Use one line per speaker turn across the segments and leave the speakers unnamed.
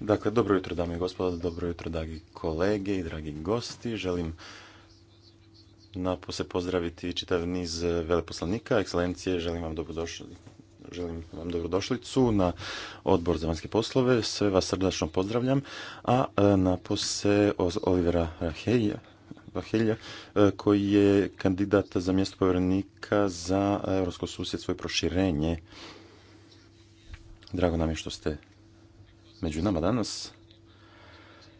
Dakle, dobro jutro dame i gospodo, dobro jutro dragi kolege i dragi gosti. Želim napose pozdraviti čitav niz veleposlanika, ekscelencije, želim vam želim vam dobrodošlicu na odbor za vanjske poslove. Sve vas srdačno pozdravljam. A e, napose Olivera Rahelja, Vahelja, e, koji je kandidat za mjesto povjerenika za europsko susjedstvo i proširenje. Drago nam je što ste među nama danas,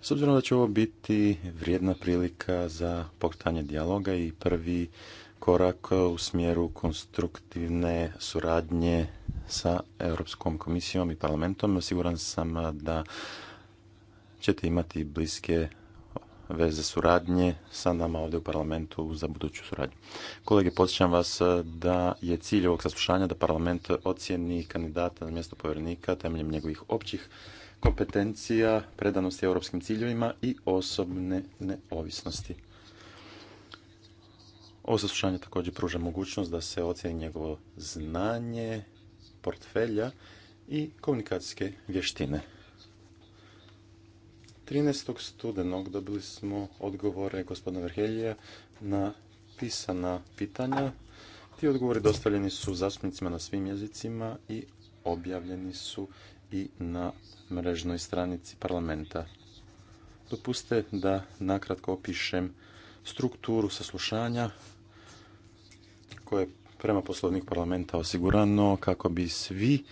s obzirom da će ovo biti vrijedna prilika za pokretanje dijaloga i prvi korak u smjeru konstruktivne suradnje sa Europskom komisijom i parlamentom. Siguran sam da ćete imati bliske veze suradnje sa nama ovdje u parlamentu za buduću suradnju. Kolege, podsjećam vas da je cilj ovog saslušanja da parlament ocjeni kandidata na mjesto povjerenika temeljem njegovih općih kompetencija, predanosti europskim ciljevima i osobne neovisnosti. Ovo saslušanje također pruža mogućnost da se ocjeni njegovo znanje, portfelja i komunikacijske vještine. 13. studenog dobili smo odgovore gospodina Verhelija na pisana pitanja. Ti odgovori dostavljeni su zastupnicima na svim jezicima i objavljeni su i na mrežnoj stranici parlamenta. Dopuste da nakratko opišem strukturu saslušanja koje je prema poslovniku parlamenta osigurano kako bi svi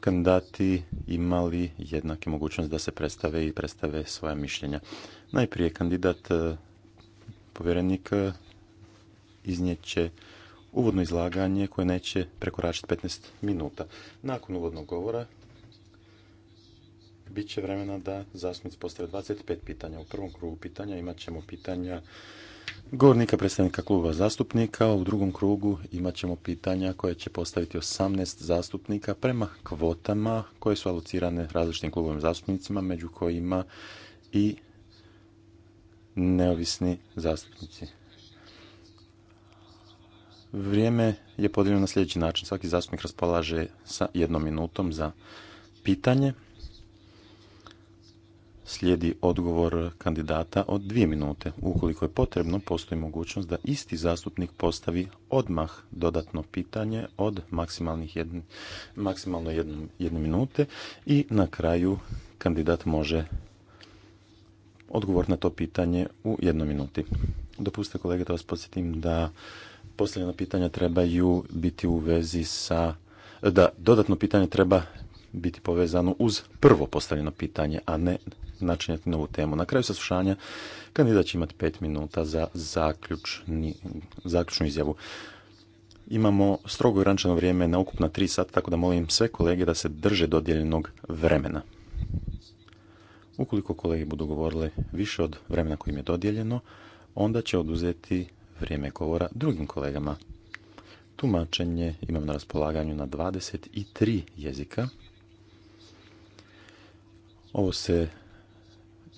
kandidati imali jednake mogućnost da se predstave i predstave svoja mišljenja. Najprije kandidat e, povjerenik e, iznijeće uvodno izlaganje koje neće prekoračiti 15 minuta. Nakon uvodnog govora bit će vremena da zastupnici postave 25 pitanja. U prvom krugu pitanja imat ćemo pitanja govornika predstavnika kluba zastupnika, u drugom krugu imat ćemo pitanja koje će postaviti 18 zastupnika prema kvotama koje su alocirane različitim klubovima zastupnicima, među kojima i neovisni zastupnici. Vrijeme je podijeljeno na sljedeći način. Svaki zastupnik raspolaže sa jednom minutom za pitanje slijedi odgovor kandidata od dvije minute. Ukoliko je potrebno, postoji mogućnost da isti zastupnik postavi odmah dodatno pitanje od maksimalnih maksimalno jedne, minute i na kraju kandidat može odgovor na to pitanje u jednoj minuti. Dopustite kolege da vas podsjetim da postavljena pitanja trebaju biti u vezi sa da dodatno pitanje treba biti povezano uz prvo postavljeno pitanje, a ne načinjati novu temu. Na kraju saslušanja kandidat će imati pet minuta za zaključni, zaključnu izjavu. Imamo strogo ograničeno vrijeme na ukupno tri sata, tako da molim sve kolege da se drže dodijeljenog vremena. Ukoliko kolege budu govorile više od vremena kojim je dodijeljeno, onda će oduzeti vrijeme govora drugim kolegama. Tumačenje imam na raspolaganju na 23 jezika. Ovo se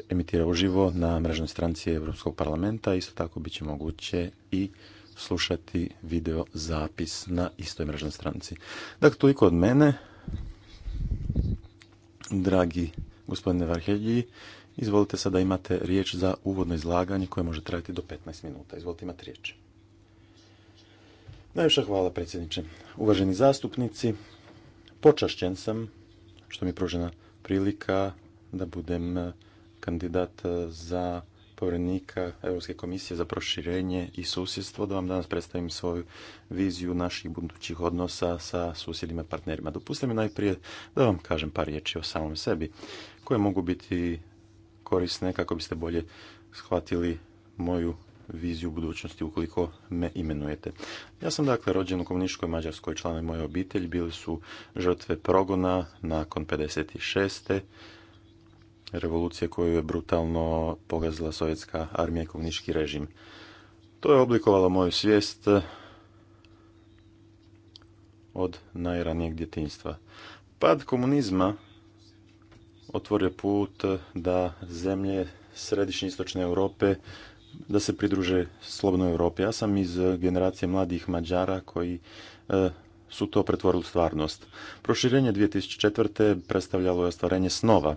emitira uživo na mrežnoj stranci Europskog parlamenta. Isto tako bit će moguće i slušati video zapis na istoj mrežnoj stranci. Dakle, toliko od mene. Dragi gospodine Varhelji, izvolite sada imate riječ za uvodno izlaganje koje može trajati do 15 minuta. Izvolite imati riječ. Najviše hvala predsjedniče. Uvaženi zastupnici, počašćen sam što mi je pružena prilika da budem kandidat e, za povjerenika Europske komisije za proširenje i susjedstvo, da vam danas predstavim svoju viziju naših budućih odnosa sa susjedima i partnerima. Dopustite mi najprije da vam kažem par riječi o samom sebi, koje mogu biti korisne kako biste bolje shvatili moju viziju budućnosti ukoliko me imenujete. Ja sam dakle rođen u komunističkoj Mađarskoj, članovi moje obitelji bili su žrtve progona nakon 56 revolucije koju je brutalno pogazila sovjetska armija i komunistički režim. To je oblikovalo moju svijest eh, od najranijeg djetinjstva. Pad komunizma otvorio put eh, da zemlje središnje istočne Europe da se pridruže slobodnoj Europi. Ja sam iz eh, generacije mladih Mađara koji su to pretvorili stvarnost. Proširenje 2004. predstavljalo je ostvarenje snova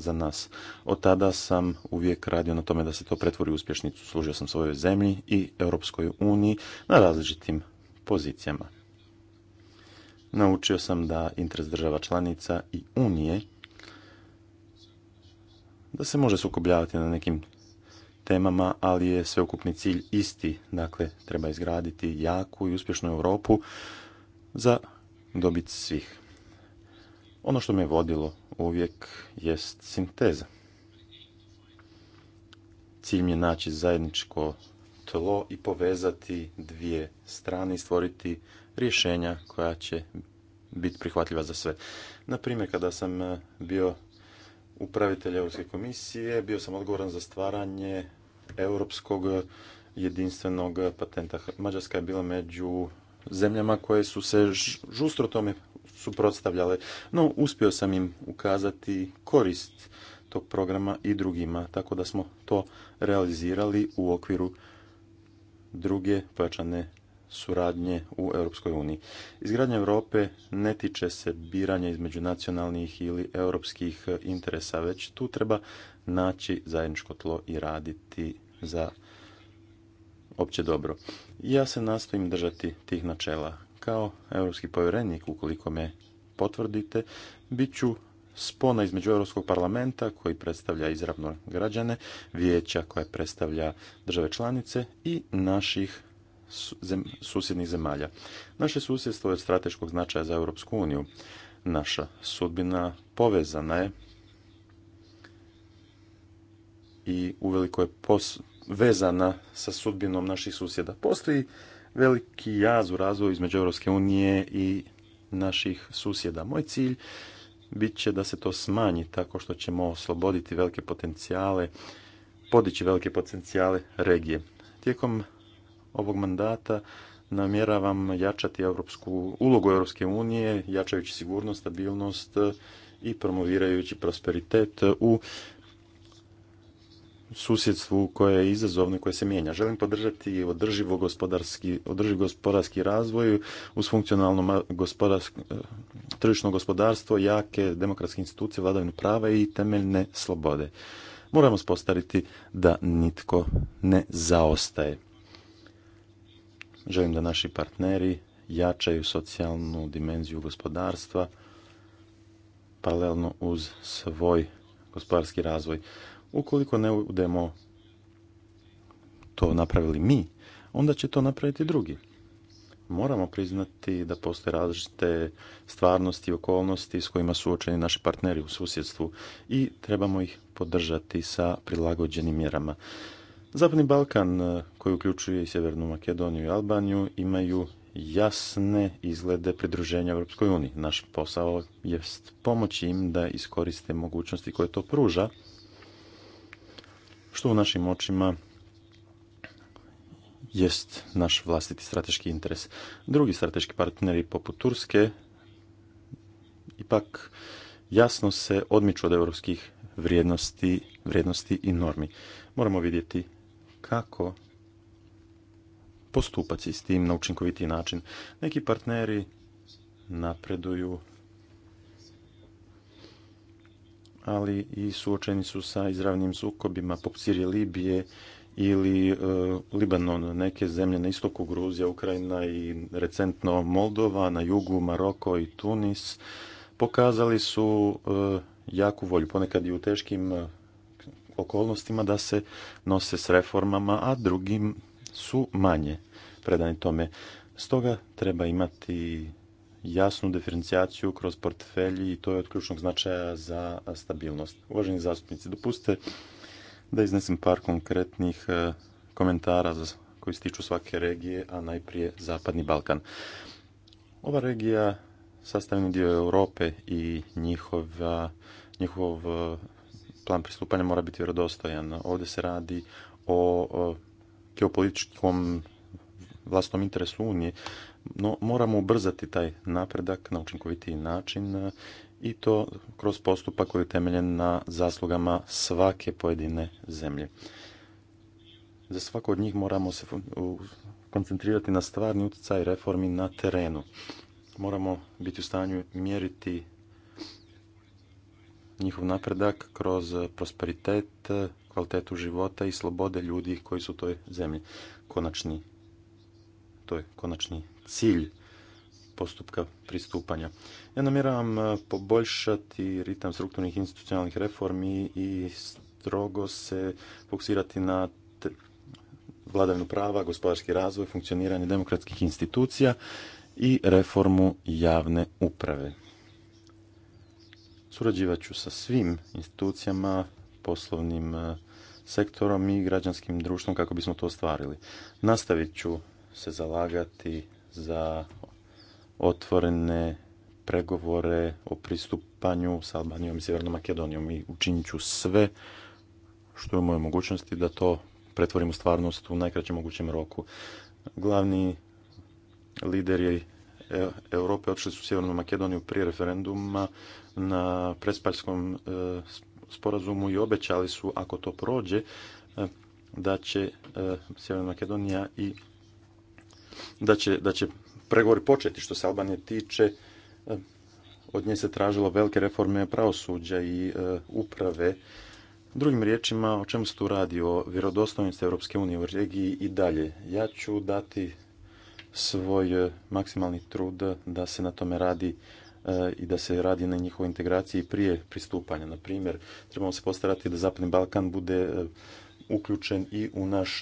za nas. Od tada sam uvijek radio na tome da se to pretvori u uspješnicu. Služio sam svojoj zemlji i Europskoj uniji na različitim pozicijama. Naučio sam da interes država članica i unije da se može sukobljavati na nekim temama, ali je sveukupni cilj isti. Dakle, treba izgraditi jaku i uspješnu Europu za dobit svih. Ono što me je vodilo uvijek jest sinteza. Cilj je naći zajedničko tlo i povezati dvije strane i stvoriti rješenja koja će biti prihvatljiva za sve. Naprimjer, kada sam eh, bio upravitelj Europske komisije, bio sam odgovoran za stvaranje europskog jedinstvenog patenta. Mađarska je bila među zemljama koje su se žustro tome suprotstavljale. No, uspio sam im ukazati korist tog programa i drugima, tako da smo to realizirali u okviru druge pojačane suradnje u Europskoj uniji. Izgradnja Europe ne tiče se biranja između nacionalnih ili europskih interesa, već tu treba naći zajedničko tlo i raditi za opće dobro. Ja se nastojim držati tih načela kao europski povjerenik, ukoliko me potvrdite, bit ću spona između Europskog parlamenta koji predstavlja izravno građane, vijeća koje predstavlja države članice i naših susjednih zemalja. Naše susjedstvo je od strateškog značaja za Europsku uniju. Naša sudbina povezana je i uveliko je vezana sa sudbinom naših susjeda. Postoji veliki jaz u razvoju između Europske unije i naših susjeda. Moj cilj bit će da se to smanji tako što ćemo osloboditi velike potencijale, podići velike potencijale regije. Tijekom ovog mandata namjeravam jačati europsku, ulogu Europske unije, jačajući sigurnost, stabilnost i promovirajući prosperitet u susjedstvu koje je izazovno i koje se mijenja. Želim podržati održivo gospodarski, održiv gospodarski razvoj uz funkcionalno eh, tržišno gospodarstvo, jake demokratske institucije, vladavinu prava i temeljne slobode. Moramo spostariti da nitko ne zaostaje. Želim da naši partneri jačaju socijalnu dimenziju gospodarstva paralelno uz svoj gospodarski razvoj. Ukoliko ne budemo to napravili mi, onda će to napraviti drugi. Moramo priznati da postoje različite stvarnosti i okolnosti s kojima su očeni naši partneri u susjedstvu i trebamo ih podržati sa prilagođenim mjerama. Zapadni Balkan, koji uključuje i Sjevernu Makedoniju i Albaniju, imaju jasne izglede pridruženja Europskoj uniji. Naš posao je pomoći im da iskoriste mogućnosti koje to pruža što u našim očima jest naš vlastiti strateški interes. Drugi strateški partneri poput Turske ipak jasno se odmiču od europskih vrijednosti, vrijednosti i normi. Moramo vidjeti kako postupati s tim na učinkovitiji način. Neki partneri napreduju ali i suočeni su sa izravnim sukobima poput Sirije, Libije ili e, Libanon, neke zemlje na istoku Gruzija, Ukrajina i recentno Moldova, na jugu Maroko i Tunis, pokazali su e, jaku volju, ponekad i u teškim e, okolnostima da se nose s reformama, a drugim su manje predani tome. Stoga treba imati jasnu diferencijaciju kroz portfelji i to je od ključnog značaja za stabilnost. Uvaženi zastupnici, dopustite da iznesem par konkretnih e, komentara koji se tiču svake regije, a najprije Zapadni Balkan. Ova regija sastavni dio Europe i njihov e, plan pristupanja mora biti vjerodostojan. Ovdje se radi o e, geopolitičkom vlastnom interesu Unije, no moramo ubrzati taj napredak na učinkovitiji način eh, i to kroz postupak koji je temeljen na zaslugama svake pojedine zemlje. Za svako od njih moramo se koncentrirati na stvarni utjecaj reformi na terenu. Moramo biti u stanju mjeriti njihov napredak kroz prosperitet, eh, kvalitetu života i slobode ljudi koji su u toj zemlji. Konačni to je konačni cilj postupka pristupanja. Ja namjeravam e, poboljšati ritam strukturnih institucionalnih reformi i strogo se fokusirati na vladavinu prava, gospodarski razvoj, funkcioniranje demokratskih institucija i reformu javne uprave. Surađivat ću sa svim institucijama, poslovnim e, sektorom i građanskim društvom kako bismo to ostvarili. Nastavit ću se zalagati za otvorene pregovore o pristupanju sa Albanijom i Sjevernom Makedonijom i učinit ću sve što je u mojoj mogućnosti da to pretvorim u stvarnost u najkraćem mogućem roku. Glavni lideri e, Europe odšli su u Sjevernu Makedoniju prije referenduma na prespaljskom e, sporazumu i obećali su ako to prođe e, da će Sjeverna Makedonija i da će, da pregovori početi što se Albanije tiče. E, od nje se tražilo velike reforme pravosuđa i e, uprave. Drugim riječima, o čemu se tu radi? O vjerodostojnosti Europske unije u regiji i dalje. Ja ću dati svoj e, maksimalni trud da se na tome radi i da se radi na njihovoj integraciji prije pristupanja. Na primjer, trebamo se postarati da Zapadni Balkan bude uključen i u naš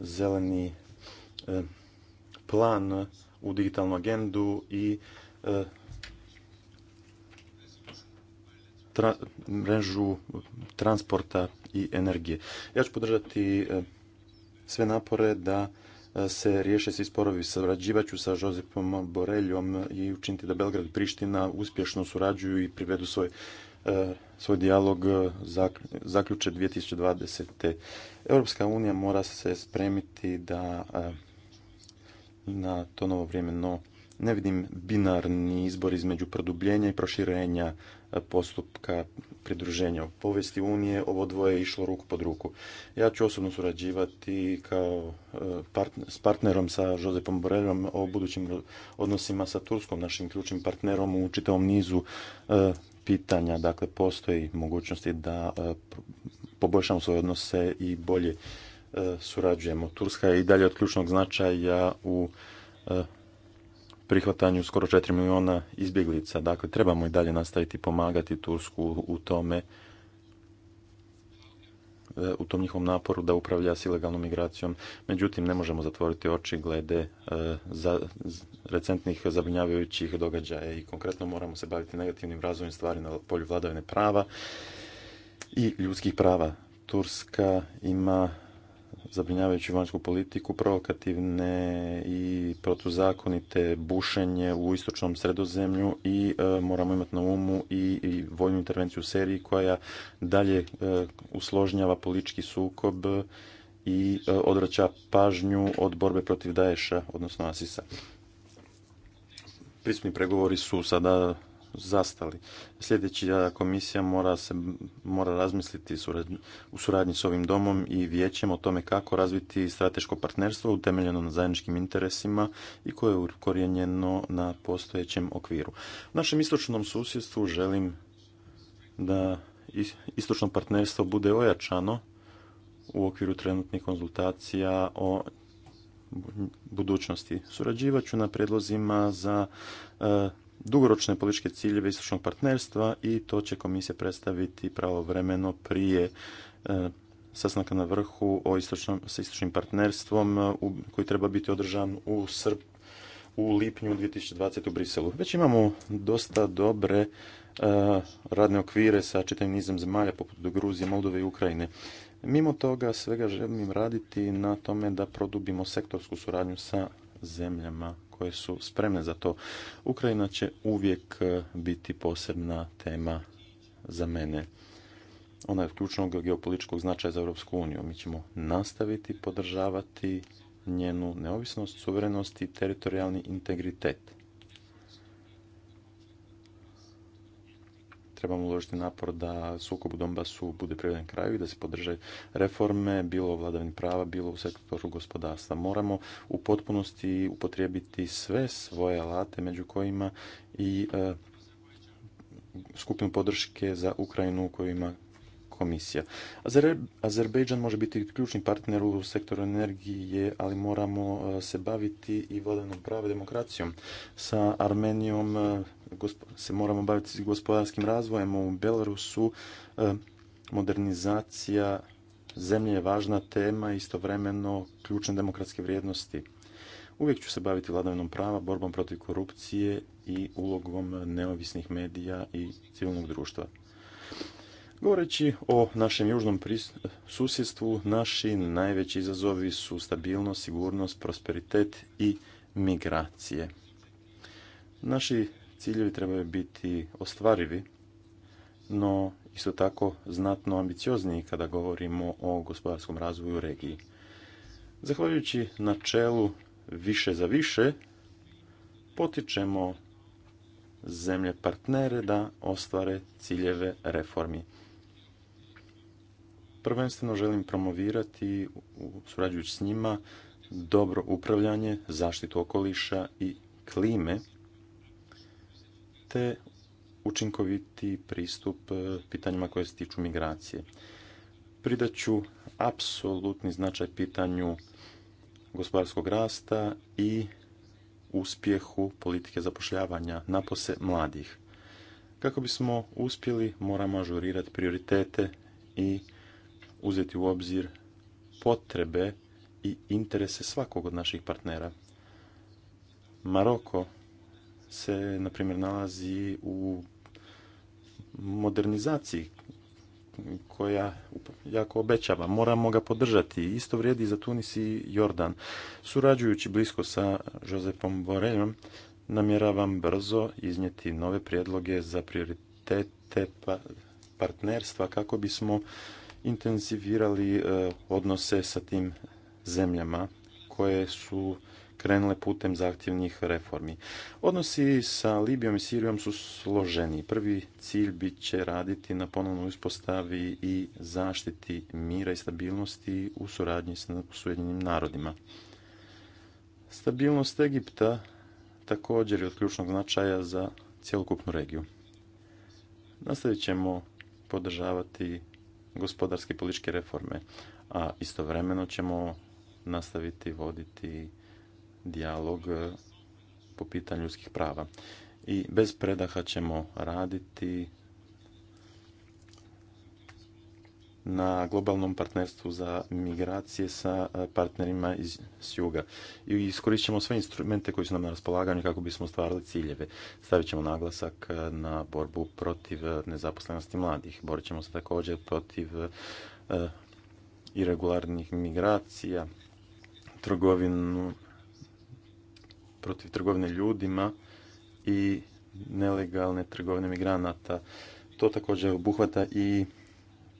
zeleni plan u digitalnu agendu i e, mrežu transporta i energije. Ja ću podržati e, sve napore da e, se riješe svi sporovi. Surađivat sa Josepom Boreljom i učiniti da Belgrad i Priština uspješno surađuju i privedu svoj, svoj dijalog zaključe 2020. Europska unija mora se spremiti da na to novo vrijeme, no ne vidim binarni izbor između produbljenja i proširenja e, postupka pridruženja. U povijesti Unije ovo dvoje je išlo ruku pod ruku. Ja ću osobno surađivati kao e, s partnerom sa Josepom Borelom o budućim odnosima sa Turskom, našim ključnim partnerom u čitavom nizu e, pitanja. Dakle, postoji mogućnosti da poboljšamo svoje odnose i bolje E, surađujemo. Turska je i dalje od ključnog značaja u e, prihvatanju skoro 4 milijuna izbjeglica. Dakle, trebamo i dalje nastaviti pomagati Tursku u tome e, u tom njihovom naporu da upravlja s ilegalnom migracijom. Međutim, ne možemo zatvoriti oči glede za recentnih zabrinjavajućih događaja i konkretno moramo se baviti negativnim razvojem stvari na polju vladavine prava i ljudskih prava. Turska ima zabrinjavajuću vanjsku politiku, provokativne i protuzakonite bušenje u istočnom sredozemlju i e, moramo imati na umu i, i vojnu intervenciju u Seriji koja dalje e, usložnjava politički sukob i e, odvraća pažnju od borbe protiv Daesha, odnosno Asisa. Pristupni pregovori su sada zastali. Sljedeći da komisija mora, se, mora razmisliti u suradnji s ovim domom i vijećem o tome kako razviti strateško partnerstvo utemeljeno na zajedničkim interesima i koje je ukorijenjeno na postojećem okviru. U našem istočnom susjedstvu želim da istočno partnerstvo bude ojačano u okviru trenutnih konzultacija o budućnosti. Surađivaću na predlozima za dugoročne političke ciljeve istočnog partnerstva i to će komisija predstaviti pravovremeno prije e, sastanka na vrhu o istočnom, sa istočnim partnerstvom e, koji treba biti održan u srp, u lipnju 2020. u Briselu. Već imamo dosta dobre e, radne okvire sa čitavim nizom zemalja poput Gruzije, Moldove i Ukrajine. Mimo toga svega želim raditi na tome da produbimo sektorsku suradnju sa zemljama koje su spremne za to. Ukrajina će uvijek e, biti posebna tema za mene. Ona je od ključnog geopolitičkog značaja za Europsku uniju. Mi ćemo nastaviti podržavati njenu neovisnost, suverenost i teritorijalni integritet. trebamo uložiti napor da sukob u Donbasu bude priveden kraju i da se podrže reforme, bilo vladavnih prava, bilo u sektoru gospodarstva. Moramo u potpunosti upotrijebiti sve svoje alate, među kojima i e, skupinu podrške za Ukrajinu u ima komisija. Azerbejdžan može biti ključni partner u sektoru energije, ali moramo e, se baviti i vladanom prave demokracijom. Sa Armenijom e, se moramo baviti gospodarskim razvojem u Belarusu. E, modernizacija zemlje je važna tema, istovremeno ključne demokratske vrijednosti. Uvijek ću se baviti vladavinom prava, borbom protiv korupcije i ulogom neovisnih medija i civilnog društva. Govoreći o našem južnom susjedstvu, naši najveći izazovi su stabilnost, sigurnost, prosperitet i migracije. Naši ciljevi trebaju biti ostvarivi, no isto tako znatno ambiciozniji kada govorimo o gospodarskom razvoju regiji. Zahvaljujući načelu više za više, potičemo zemlje partnere da ostvare ciljeve reformi prvenstveno želim promovirati, surađujući s njima, dobro upravljanje, zaštitu okoliša i klime, te učinkoviti pristup e, pitanjima koje se tiču migracije. Pridaću apsolutni značaj pitanju gospodarskog rasta i uspjehu politike zapošljavanja, napose mladih. Kako bismo uspjeli, moramo ažurirati prioritete i uzeti u obzir potrebe i interese svakog od naših partnera. Maroko se, na primjer, nalazi u modernizaciji koja jako obećava. Moramo ga podržati. Isto vrijedi za Tunis i Jordan. Surađujući blisko sa Josepom Borelom, namjeravam brzo iznijeti nove prijedloge za prioritete pa partnerstva kako bismo intenzivirali e, odnose sa tim zemljama koje su krenule putem zahtjevnih reformi. Odnosi sa Libijom i Sirijom su složeni. Prvi cilj bit će raditi na ponovnoj uspostavi i zaštiti mira i stabilnosti u suradnji s sujedinim narodima. Stabilnost Egipta također je od ključnog značaja za cjelokupnu regiju. Nastavit ćemo podržavati gospodarske i političke reforme, a istovremeno ćemo nastaviti voditi dijalog e, po pitanju ljudskih prava. I bez predaha ćemo raditi na globalnom partnerstvu za migracije sa e, partnerima iz juga. I iskoristit ćemo sve instrumente koji su nam na raspolaganju kako bismo ostvarili ciljeve. Stavit ćemo naglasak e, na borbu protiv e, nezaposlenosti mladih. Borit ćemo se također protiv irregularnih migracija, trgovinu, protiv trgovine ljudima i nelegalne trgovine migranata. To također obuhvata i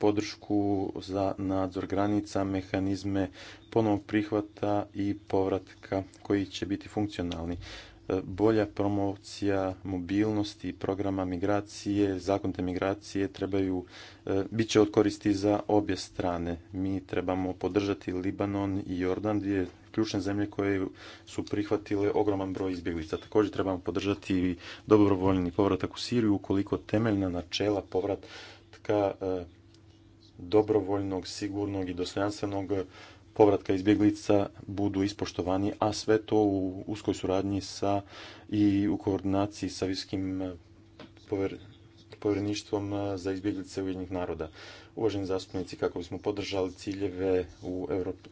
podršku za nadzor granica, mehanizme ponovnog prihvata i povratka koji će biti funkcionalni. E, bolja promocija mobilnosti, programa migracije, zakonite migracije trebaju, e, bit će od za obje strane. Mi trebamo podržati Libanon i Jordan, dvije ključne zemlje koje su prihvatile ogroman broj izbjeglica. Također trebamo podržati dobrovoljni povratak u Siriju ukoliko temeljna načela povratka e, dobrovoljnog, sigurnog i dostojanstvenog povratka izbjeglica budu ispoštovani, a sve to u uskoj suradnji sa i u koordinaciji sa viskim eh, povjereništvom eh, za izbjeglice Ujedinjenih naroda. Uvaženi zastupnici, kako bismo podržali ciljeve u Europi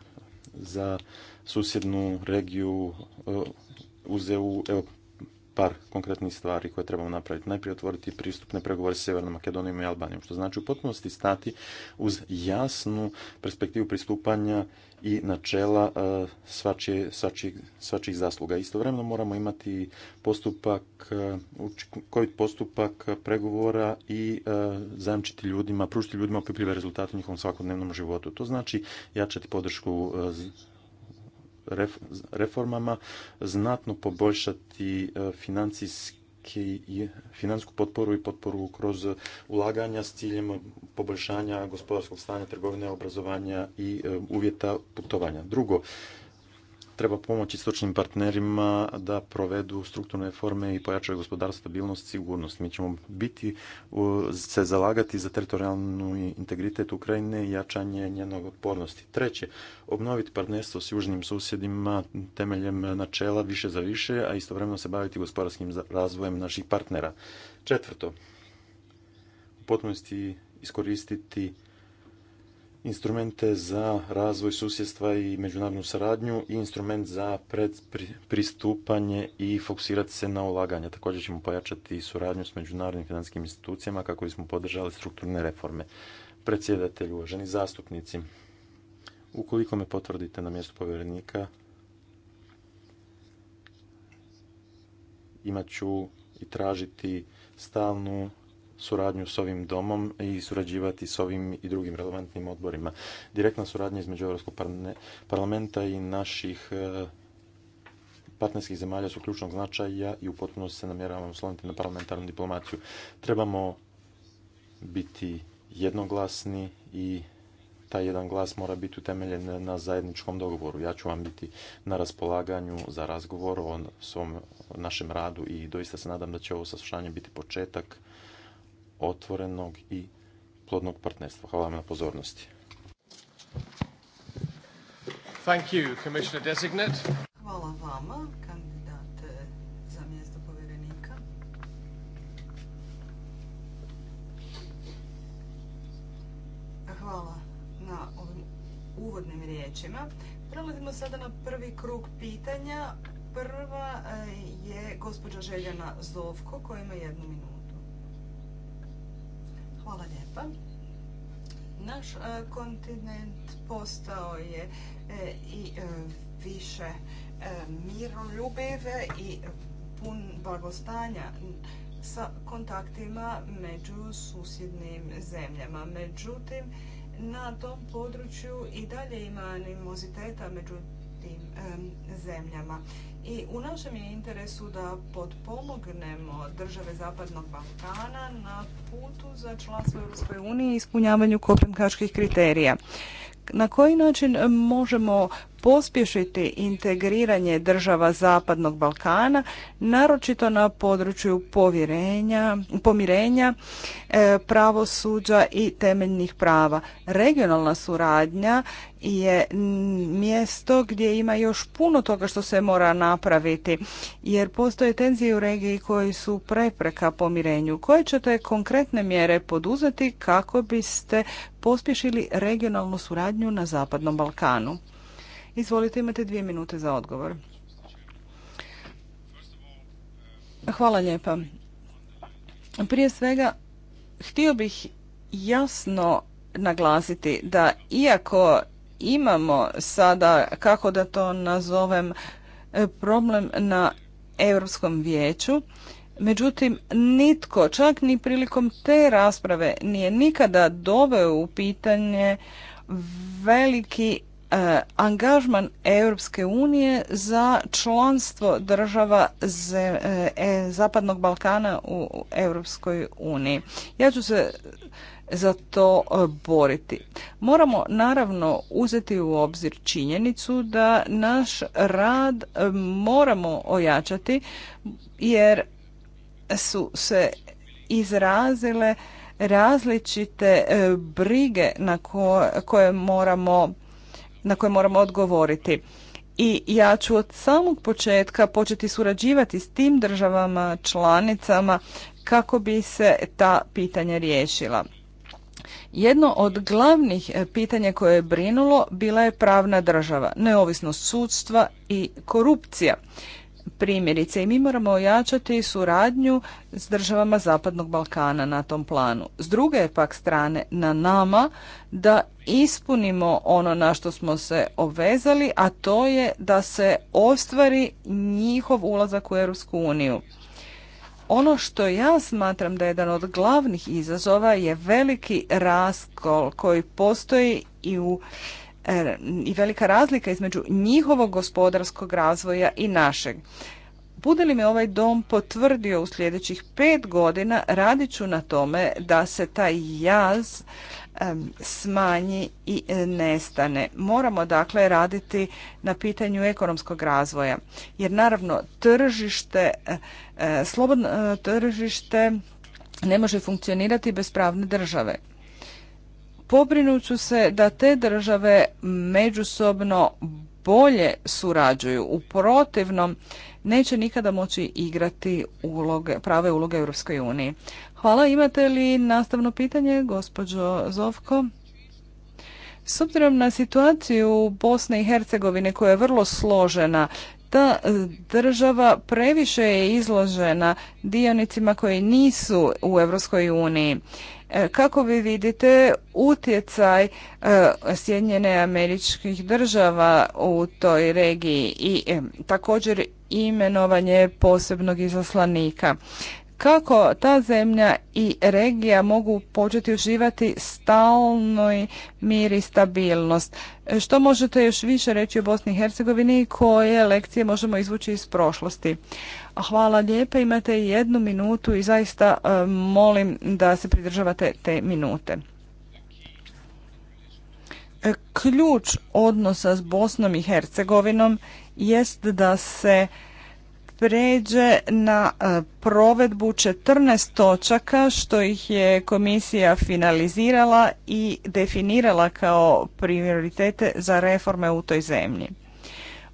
za susjednu regiju eh, uz EU, par konkretnih stvari koje trebamo napraviti. Najprije otvoriti pristupne pregovore s Severnom Makedonijom i Albanijom, što znači u potpunosti stati uz jasnu perspektivu pristupanja i načela e, svačije, zasluga. Istovremeno moramo imati postupak, e, koji postupak pregovora i e, zajamčiti ljudima, pružiti ljudima opipljive rezultate u njihovom svakodnevnom životu. To znači jačati podršku reformama znatno poboljšati e, financijski i financijsku potporu i potporu kroz ulaganja s ciljem poboljšanja gospodarskog stanja, trgovine, obrazovanja i e, uvjeta putovanja. Drugo, treba pomoći stručnim partnerima da provedu strukturne reforme i pojačaju gospodarstvo, stabilnost, sigurnost. Mi ćemo biti, se zalagati za teritorijalnu integritet Ukrajine i jačanje njenog otpornosti. Treće, obnoviti partnerstvo s južnim susjedima temeljem načela više za više, a istovremeno se baviti gospodarskim razvojem naših partnera. Četvrto, u potpunosti iskoristiti instrumente za razvoj susjedstva i međunarodnu saradnju i instrument za pristupanje i fokusirati se na ulaganja. Također ćemo pojačati suradnju s međunarodnim financijskim institucijama kako bismo podržali strukturne reforme. Predsjedatelj, uvaženi zastupnici, ukoliko me potvrdite na mjestu povjerenika, imat ću i tražiti stalnu suradnju s ovim domom i surađivati s ovim i drugim relevantnim odborima. Direktna suradnja između Europskog parlamenta i naših e, partnerskih zemalja su ključnog značaja i u potpunosti se namjeravamo osloniti na parlamentarnu diplomaciju. Trebamo biti jednoglasni i taj jedan glas mora biti utemeljen na zajedničkom dogovoru. Ja ću vam biti na raspolaganju za razgovor o svom našem radu i doista se nadam da će ovo saslušanje biti početak otvorenog i plodnog partnerstva. Hvala vam na pozornosti.
Thank Hvala vama, kandidate za mjesto povjerenika. Hvala na uvodnim riječima. Prelazimo sada na prvi krug pitanja. Prva eh, je gospođa Željana Zovko koja ima jednu minutu. Hvala lijepa. Naš e, kontinent postao je e, i e, više miroljubive i pun blagostanja sa kontaktima među susjednim zemljama. Međutim, na tom području i dalje ima animoziteta međutim, zemljama. I u našem je interesu da potpomognemo države Zapadnog Balkana na putu za članstvo Europskoj uniji i ispunjavanju kopenhaških kriterija. Na koji način možemo pospješiti integriranje država Zapadnog Balkana, naročito na području povjerenja, pomirenja, e, pravosuđa i temeljnih prava. Regionalna suradnja je mjesto gdje imaju još puno toga što se mora napraviti, jer postoje tenzije u regiji koji su prepreka pomirenju. Koje ćete konkretne mjere poduzeti kako biste pospješili regionalnu suradnju na Zapadnom Balkanu? Izvolite, imate dvije minute za odgovor. Hvala lijepa. Prije svega, htio bih jasno naglasiti da iako imamo sada, kako da to nazovem, e, problem na Europskom vijeću. Međutim, nitko, čak ni prilikom te rasprave, nije nikada doveo u pitanje veliki e, angažman Europske unije za članstvo država ze, e, Zapadnog Balkana u Europskoj uniji. Ja ću se za to e, boriti. Moramo naravno uzeti u obzir činjenicu da naš rad e, moramo ojačati jer su se izrazile različite e, brige na koje moramo na koje moramo odgovoriti. I ja ću od samog početka početi surađivati s tim državama članicama kako bi se ta pitanja riješila. Jedno od glavnih e, pitanja koje je brinulo bila je pravna država, neovisnost sudstva i korupcija. Primjerice, i mi moramo ojačati suradnju s državama Zapadnog Balkana na tom planu. S druge je pak strane na nama da ispunimo ono na što smo se obvezali, a to je da se ostvari njihov ulazak u Europsku uniju. Ono što ja smatram da je jedan od glavnih izazova je veliki raskol koji postoji i u e, i velika razlika između njihovog gospodarskog razvoja i našeg. Bude li me ovaj dom potvrdio u sljedećih pet godina, radit ću na tome da se taj jaz smanji i e, nestane. Moramo dakle raditi na pitanju ekonomskog razvoja jer naravno tržište, e, e, slobodno tržište ne može funkcionirati bez pravne države. Pobrinut ću se da te države međusobno bolje surađuju. U protivnom neće nikada moći igrati prave uloge Europskoj uniji. Hvala. Imate li nastavno pitanje, gospođo Zovko? S obzirom na situaciju Bosne i Hercegovine koja je vrlo složena, ta država previše je izložena dionicima koji nisu u Europskoj uniji. E, kako vi vidite utjecaj e, Sjedinjene američkih država u toj regiji i također imenovanje posebnog izaslanika? kako ta zemlja i regija mogu početi uživati stalnoj mir i stabilnost. Što možete još više reći o Bosni i Hercegovini i koje lekcije možemo izvući iz prošlosti? Hvala lijepa, imate jednu minutu i zaista e, molim da se pridržavate te minute. E, ključ odnosa s Bosnom i Hercegovinom jest da se pređe na e, provedbu 14 točaka što ih je komisija finalizirala i definirala kao prioritete za reforme u toj zemlji.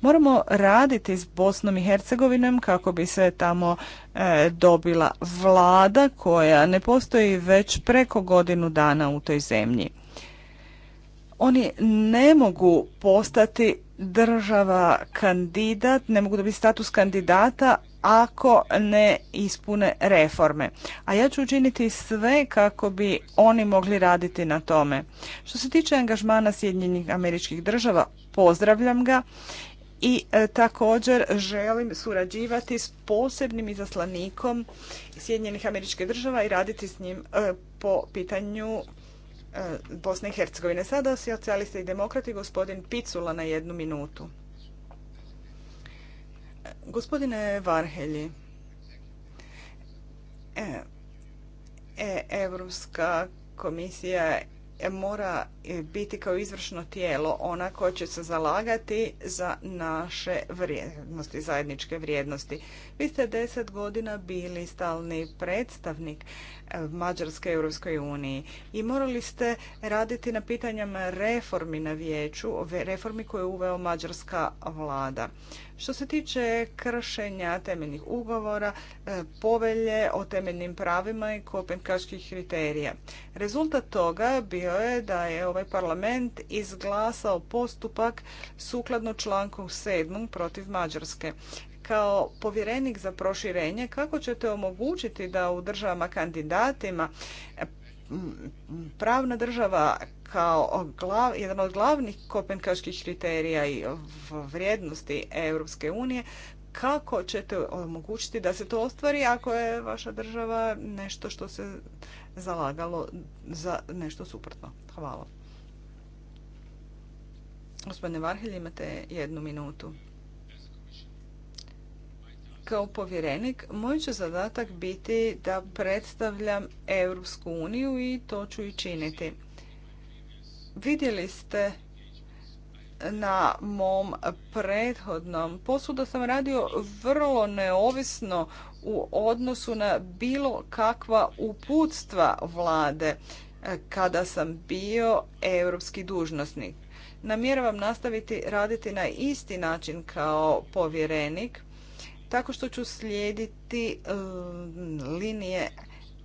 Moramo raditi s Bosnom i Hercegovinom kako bi se tamo e, dobila vlada koja ne postoji već preko godinu dana u toj zemlji. Oni ne mogu postati država kandidat ne mogu dobiti status kandidata ako ne ispune reforme. A ja ću učiniti sve kako bi oni mogli raditi na tome. Što se tiče angažmana Sjedinjenih američkih država, pozdravljam ga i e, također želim surađivati s posebnim izaslanikom Sjedinjenih američkih država i raditi s njim e, po pitanju E, Bosne i Hercegovine. Sada socijalisti i demokrati gospodin Picula na jednu minutu. E, gospodine Varhelji, e, Evropska komisija mora e, biti kao izvršno tijelo ona koja će se zalagati za naše vrijednosti, zajedničke vrijednosti. Vi ste deset godina bili stalni predstavnik e, Mađarske Europskoj uniji i morali ste raditi na pitanjama reformi na vijeću, reformi koje je uveo mađarska vlada. Što se tiče kršenja temeljnih ugovora, e, povelje o temeljnim pravima i kopenkaških kriterija. Rezultat toga bio je da je ovaj parlament izglasao postupak sukladno članku 7. protiv Mađarske kao povjerenik za proširenje kako ćete omogućiti da u državama kandidatima pravna država kao jedan od glavnih kopenkaških kriterija i vrijednosti Europske unije, kako ćete omogućiti da se to ostvari ako je vaša država nešto što se zalagalo za nešto suprotno? Hvala. Gospodine Varhelj, imate jednu minutu. Kao povjerenik, moj će zadatak biti da predstavljam Europsku uniju i to ću i činiti. Vidjeli ste na mom prethodnom poslu da sam radio vrlo neovisno u odnosu na bilo kakva uputstva vlade kada sam bio europski dužnosnik. Namjeravam nastaviti raditi na isti način kao povjerenik, tako što ću slijediti mm, linije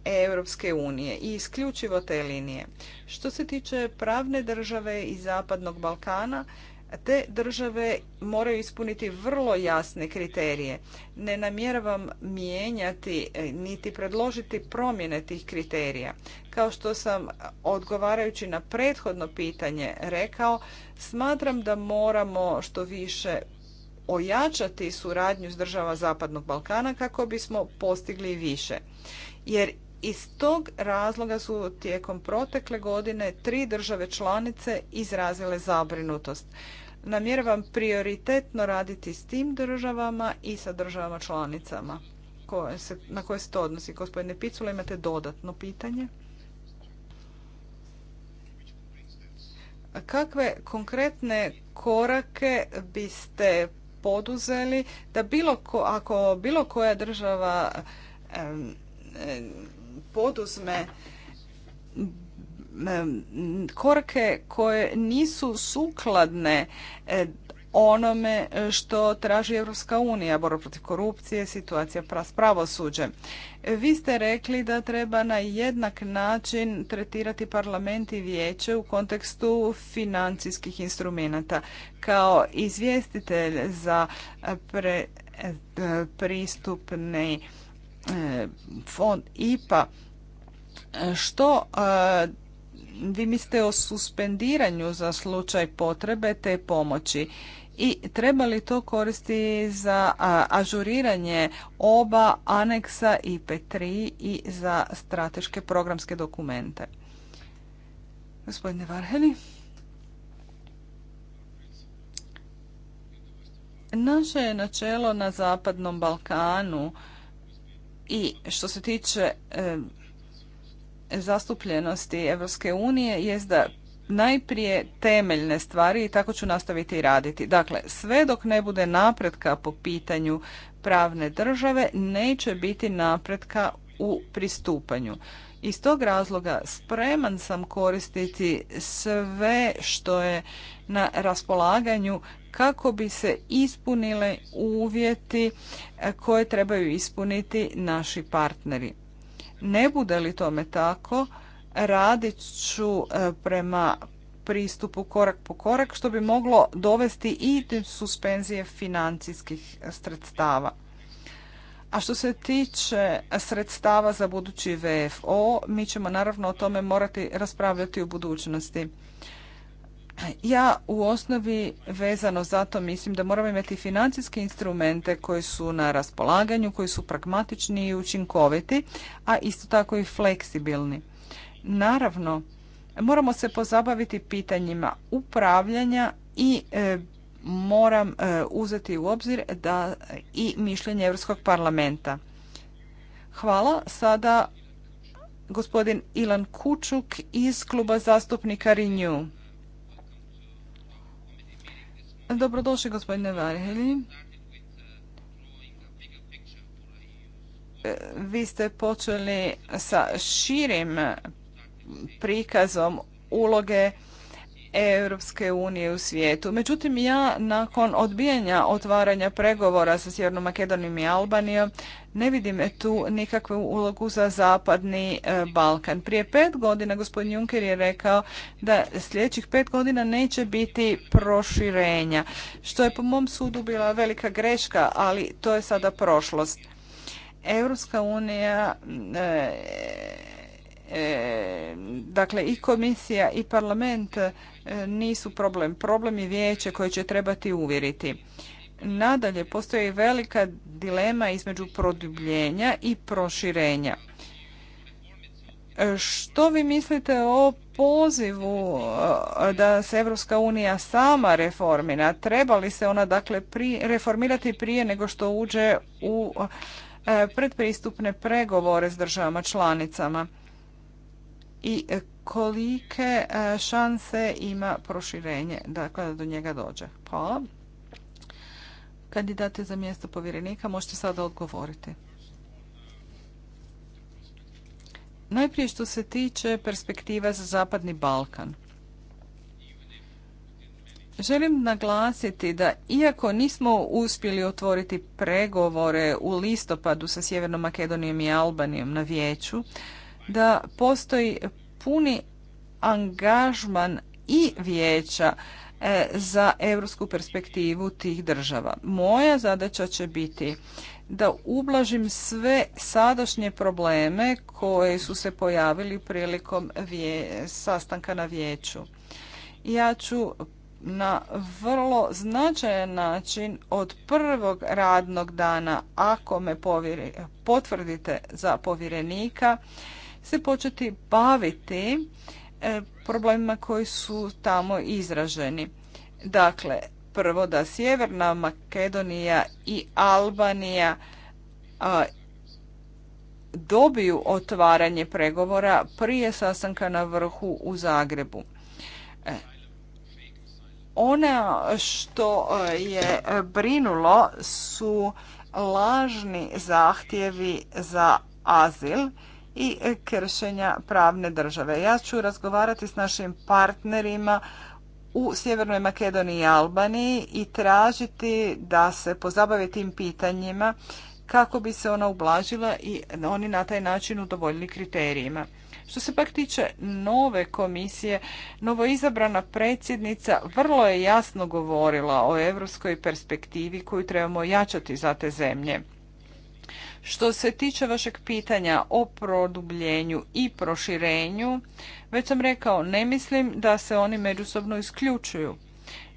Europske unije i isključivo te linije. Što se tiče pravne države i Zapadnog Balkana, te države moraju ispuniti vrlo jasne kriterije. Ne namjeravam mijenjati e, niti predložiti promjene tih kriterija. Kao što sam odgovarajući na prethodno pitanje rekao, smatram da moramo što više ojačati suradnju s država Zapadnog Balkana kako bismo postigli više. Jer iz tog razloga su tijekom protekle godine tri države članice izrazile zabrinutost. Namjeravam prioritetno raditi s tim državama i sa državama članicama koje se, na koje se to odnosi. Gospodine Picula, imate dodatno pitanje? Kakve konkretne korake biste poduzeli da bilo ko, ako bilo koja država poduzme korke koje nisu sukladne e, onome što traži Europska unija, borba protiv korupcije, situacija s pravosuđe. Vi ste rekli da treba na jednak način tretirati parlament i vijeće u kontekstu financijskih instrumenata. Kao izvjestitelj za pre, e, pristupni fond IPA, što e, vi mislite o suspendiranju za slučaj potrebe te pomoći i treba li to koristi za ažuriranje oba aneksa IP3 i za strateške programske dokumente? Gospodine Varheli. Naše je načelo na Zapadnom Balkanu i što se tiče zastupljenosti Europske unije jest da najprije temeljne stvari i tako ću nastaviti i raditi. Dakle, sve dok ne bude napretka po pitanju pravne države, neće biti napretka u pristupanju. Iz tog razloga spreman sam koristiti sve što je na raspolaganju kako bi se ispunile uvjeti e, koje trebaju ispuniti naši partneri. Ne bude li tome tako, radit ću e, prema pristupu korak po korak što bi moglo dovesti i do suspenzije financijskih sredstava. A što se tiče sredstava za budući VFO, mi ćemo naravno o tome morati raspravljati u budućnosti. Ja u osnovi vezano za to mislim da moramo imati financijske instrumente koji su na raspolaganju, koji su pragmatični i učinkoviti, a isto tako i fleksibilni. Naravno, moramo se pozabaviti pitanjima upravljanja i e, moram e, uzeti u obzir da i mišljenje Europskog parlamenta. Hvala. Sada gospodin Ilan Kučuk iz kluba zastupnika Renew. Dobrodošli gospodine Varheli. E, vi ste počeli sa širim prikazom uloge Europske unije u svijetu. Međutim, ja nakon odbijanja otvaranja pregovora sa Sjevernom Makedonijom i Albanijom ne vidim tu nikakvu ulogu za zapadni e, Balkan. Prije pet godina gospodin Juncker je rekao da sljedećih pet godina neće biti proširenja, što je po mom sudu bila velika greška, ali to je sada prošlost. Europska unija e, E, dakle i komisija i parlament e, nisu problem. Problem je vijeće koje će trebati uvjeriti. Nadalje, postoji velika dilema između produbljenja i proširenja. E, što vi mislite o pozivu da se Evropska unija sama reformira? Treba li se ona dakle reformirati prije nego što uđe u predpristupne pregovore s državama članicama? i e, kolike e, šanse ima proširenje dakle, da do njega dođe. Hvala. Kandidate za mjesto povjerenika, možete sada odgovoriti. Najprije što se tiče perspektiva za Zapadni Balkan. Želim naglasiti da iako nismo uspjeli otvoriti pregovore u listopadu sa Sjevernom Makedonijom i Albanijom na vijeću, da postoji puni angažman i vijeća e, za europsku perspektivu tih država. Moja zadaća će biti da ublažim sve sadašnje probleme koji su se pojavili prilikom sastanka na vijeću. Ja ću na vrlo značajan način od prvog radnog dana, ako me potvrdite za povjerenika, se početi baviti e, problemima koji su tamo izraženi. Dakle, prvo da Sjeverna Makedonija i Albanija dobiju otvaranje pregovora prije sastanka na vrhu u Zagrebu. E, ona što e, je brinulo su lažni zahtjevi za azil i kršenja pravne države. Ja ću razgovarati s našim partnerima u Sjevernoj Makedoniji i Albaniji i tražiti da se pozabave tim pitanjima kako bi se ona ublažila i oni na taj način udovoljili kriterijima. Što se pak tiče nove komisije, novoizabrana predsjednica vrlo je jasno govorila o europskoj perspektivi koju trebamo jačati za te zemlje. Što se tiče vašeg pitanja o produbljenju i proširenju, već sam rekao, ne mislim da se oni međusobno isključuju.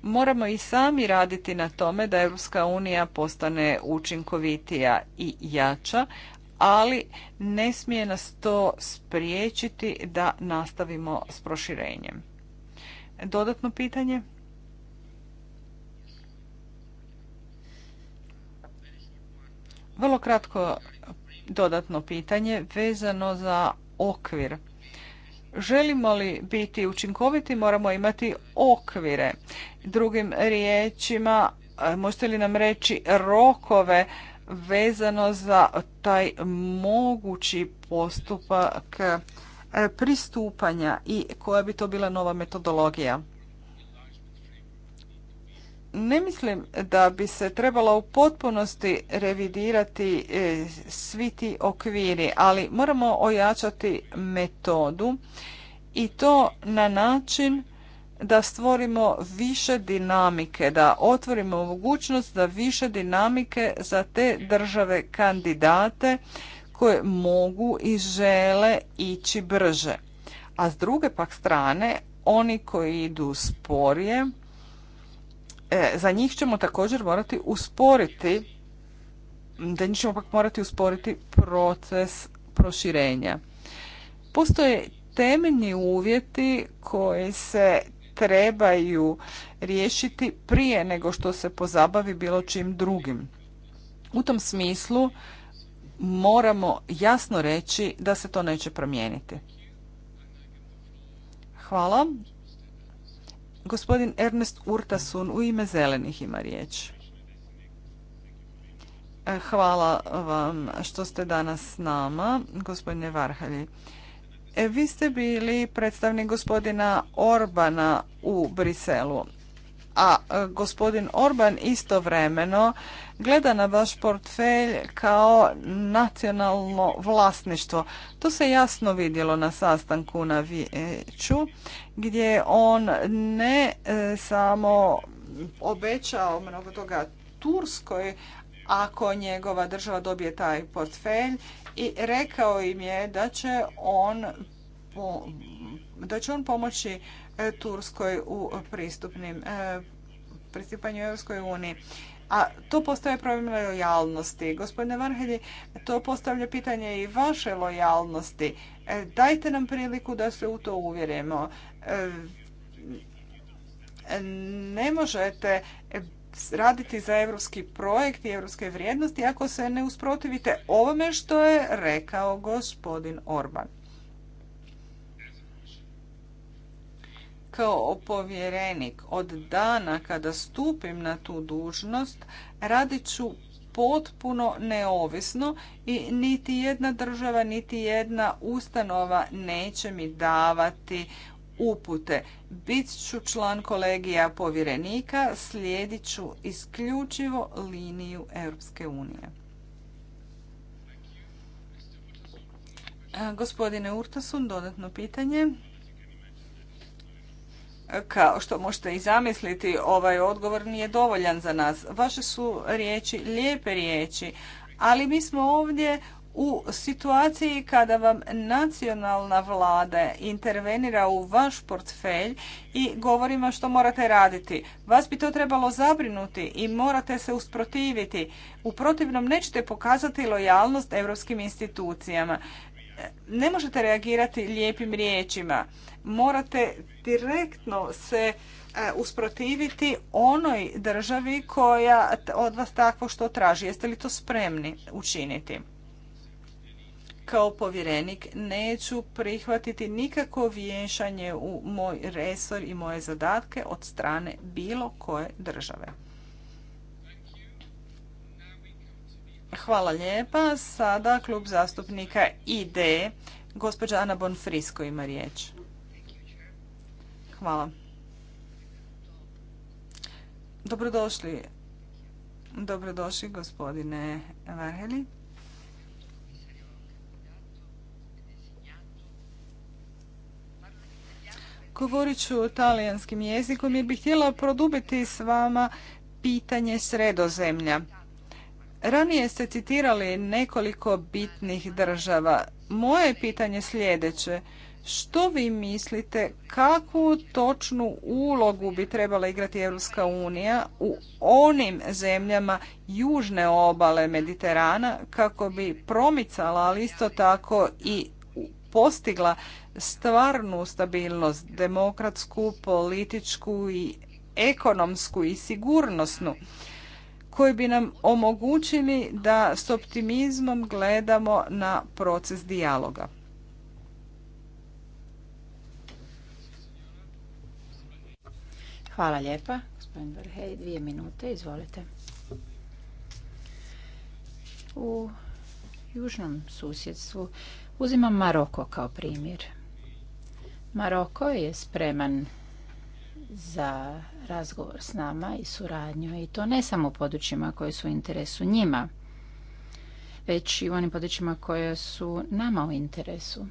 Moramo i sami raditi na tome da Europska unija postane učinkovitija i jača, ali ne smije nas to spriječiti da nastavimo s proširenjem. Dodatno pitanje? Vrlo kratko dodatno pitanje vezano za okvir. Želimo li biti učinkoviti, moramo imati okvire. Drugim riječima, možete li nam reći rokove vezano za taj mogući postupak pristupanja i koja bi to bila nova metodologija? ne mislim da bi se trebalo u potpunosti revidirati e, svi ti okviri, ali moramo ojačati metodu i to na način da stvorimo više dinamike, da otvorimo mogućnost da više dinamike za te države kandidate koje mogu i žele ići brže. A s druge pak strane, oni koji idu sporije, E, za njih ćemo također morati usporiti, da njih ćemo pak morati usporiti proces proširenja. Postoje temeljni uvjeti koji se trebaju riješiti prije nego što se pozabavi bilo čim drugim. U tom smislu moramo jasno reći da se to neće promijeniti. Hvala. Gospodin Ernest Urtasun u ime zelenih ima riječ. E, hvala vam što ste danas s nama, gospodine Varhalji. E, vi ste bili predstavnik gospodina Orbana u Briselu, a e, gospodin Orban istovremeno gleda na vaš portfelj kao nacionalno vlasništvo. To se jasno vidjelo na sastanku na vijeću gdje on ne e, samo obećao mnogo toga Turskoj ako njegova država dobije taj portfelj i rekao im je da će on da će on pomoći E, Turskoj u pristupnim e, pristupanju Europskoj uniji. A to postaje problem lojalnosti. Gospodine Varhelji, to postavlja pitanje i vaše lojalnosti. E, dajte nam priliku da se u to uvjerimo. Ne možete raditi za europski projekt i europske vrijednosti ako se ne usprotivite ovome što je rekao gospodin Orban. kao povjerenik od dana kada stupim na tu dužnost radit ću potpuno neovisno i niti jedna država, niti jedna ustanova neće mi davati upute. Bit ću član kolegija povjerenika, slijedit ću isključivo liniju Europske unije. E, gospodine Urtasun, dodatno pitanje. Kao što možete i zamisliti, ovaj odgovor nije dovoljan za nas. Vaše su riječi lijepe riječi, ali mi smo ovdje u situaciji kada vam nacionalna vlada intervenira u vaš portfelj i govori vam što morate raditi. Vas bi to trebalo zabrinuti i morate se usprotiviti. U protivnom nećete pokazati lojalnost europskim institucijama ne možete reagirati lijepim riječima. Morate direktno se e, usprotiviti onoj državi koja od vas takvo što traži. Jeste li to spremni učiniti? Kao povjerenik neću prihvatiti nikako vješanje u moj resor i moje zadatke od strane bilo koje države. Hvala lijepa. Sada klub zastupnika ID. Gospođa Ana Bonfrisko ima riječ. Hvala. Dobrodošli. Dobrodošli gospodine Varheli. Govorit ću talijanskim jezikom jer bih htjela produbiti s vama pitanje sredozemlja. Ranije ste citirali nekoliko bitnih država. Moje pitanje sljedeće. Što vi mislite kakvu točnu ulogu bi trebala igrati Europska unija u onim zemljama južne obale Mediterana kako bi promicala, ali isto tako i postigla stvarnu stabilnost, demokratsku, političku i ekonomsku i sigurnosnu koji bi nam omogućili da s optimizmom gledamo na proces dijaloga.
Hvala lijepa. Gospodin Verhej, dvije minute, izvolite. U južnom susjedstvu uzimam Maroko kao primjer. Maroko je spreman za razgovor s nama i suradnju i to ne samo u područjima koje su u interesu njima, već i u onim područjima koje su nama u interesu.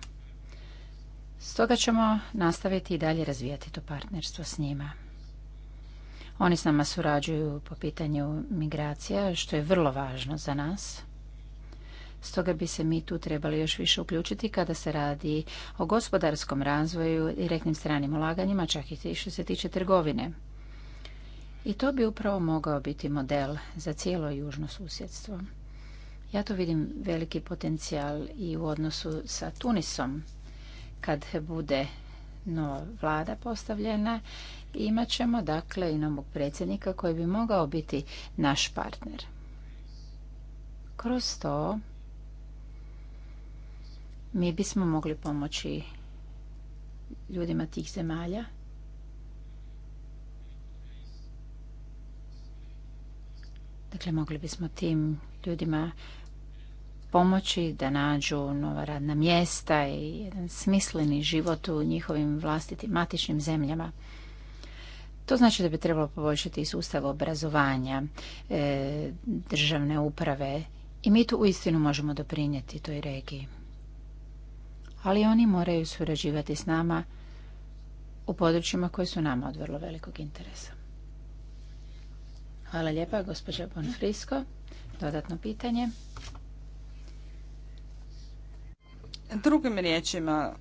Stoga ćemo nastaviti i dalje razvijati to partnerstvo s njima. Oni s nama surađuju po pitanju migracija, što je vrlo važno za nas. Stoga bi se mi tu trebali još više uključiti kada se radi o gospodarskom razvoju, i, direktnim stranim ulaganjima, čak i što se tiče trgovine. I to bi upravo mogao biti model za cijelo južno susjedstvo. Ja to vidim veliki potencijal i u odnosu sa Tunisom. Kad bude nova vlada postavljena, imat ćemo dakle i novog predsjednika koji bi mogao biti naš partner. Kroz to mi bismo mogli pomoći ljudima tih zemalja. Dakle, mogli bismo tim ljudima pomoći da nađu nova radna mjesta i jedan smisleni život u njihovim vlastitim matičnim zemljama. To znači da bi trebalo poboljšati sustav obrazovanja, e, državne uprave i mi tu uistinu možemo doprinijeti toj regiji ali oni moraju surađivati s nama u područjima koje su nama od vrlo velikog interesa. Hvala lijepa, gospođa Bonfrisco.
Dodatno pitanje. Drugim riječima,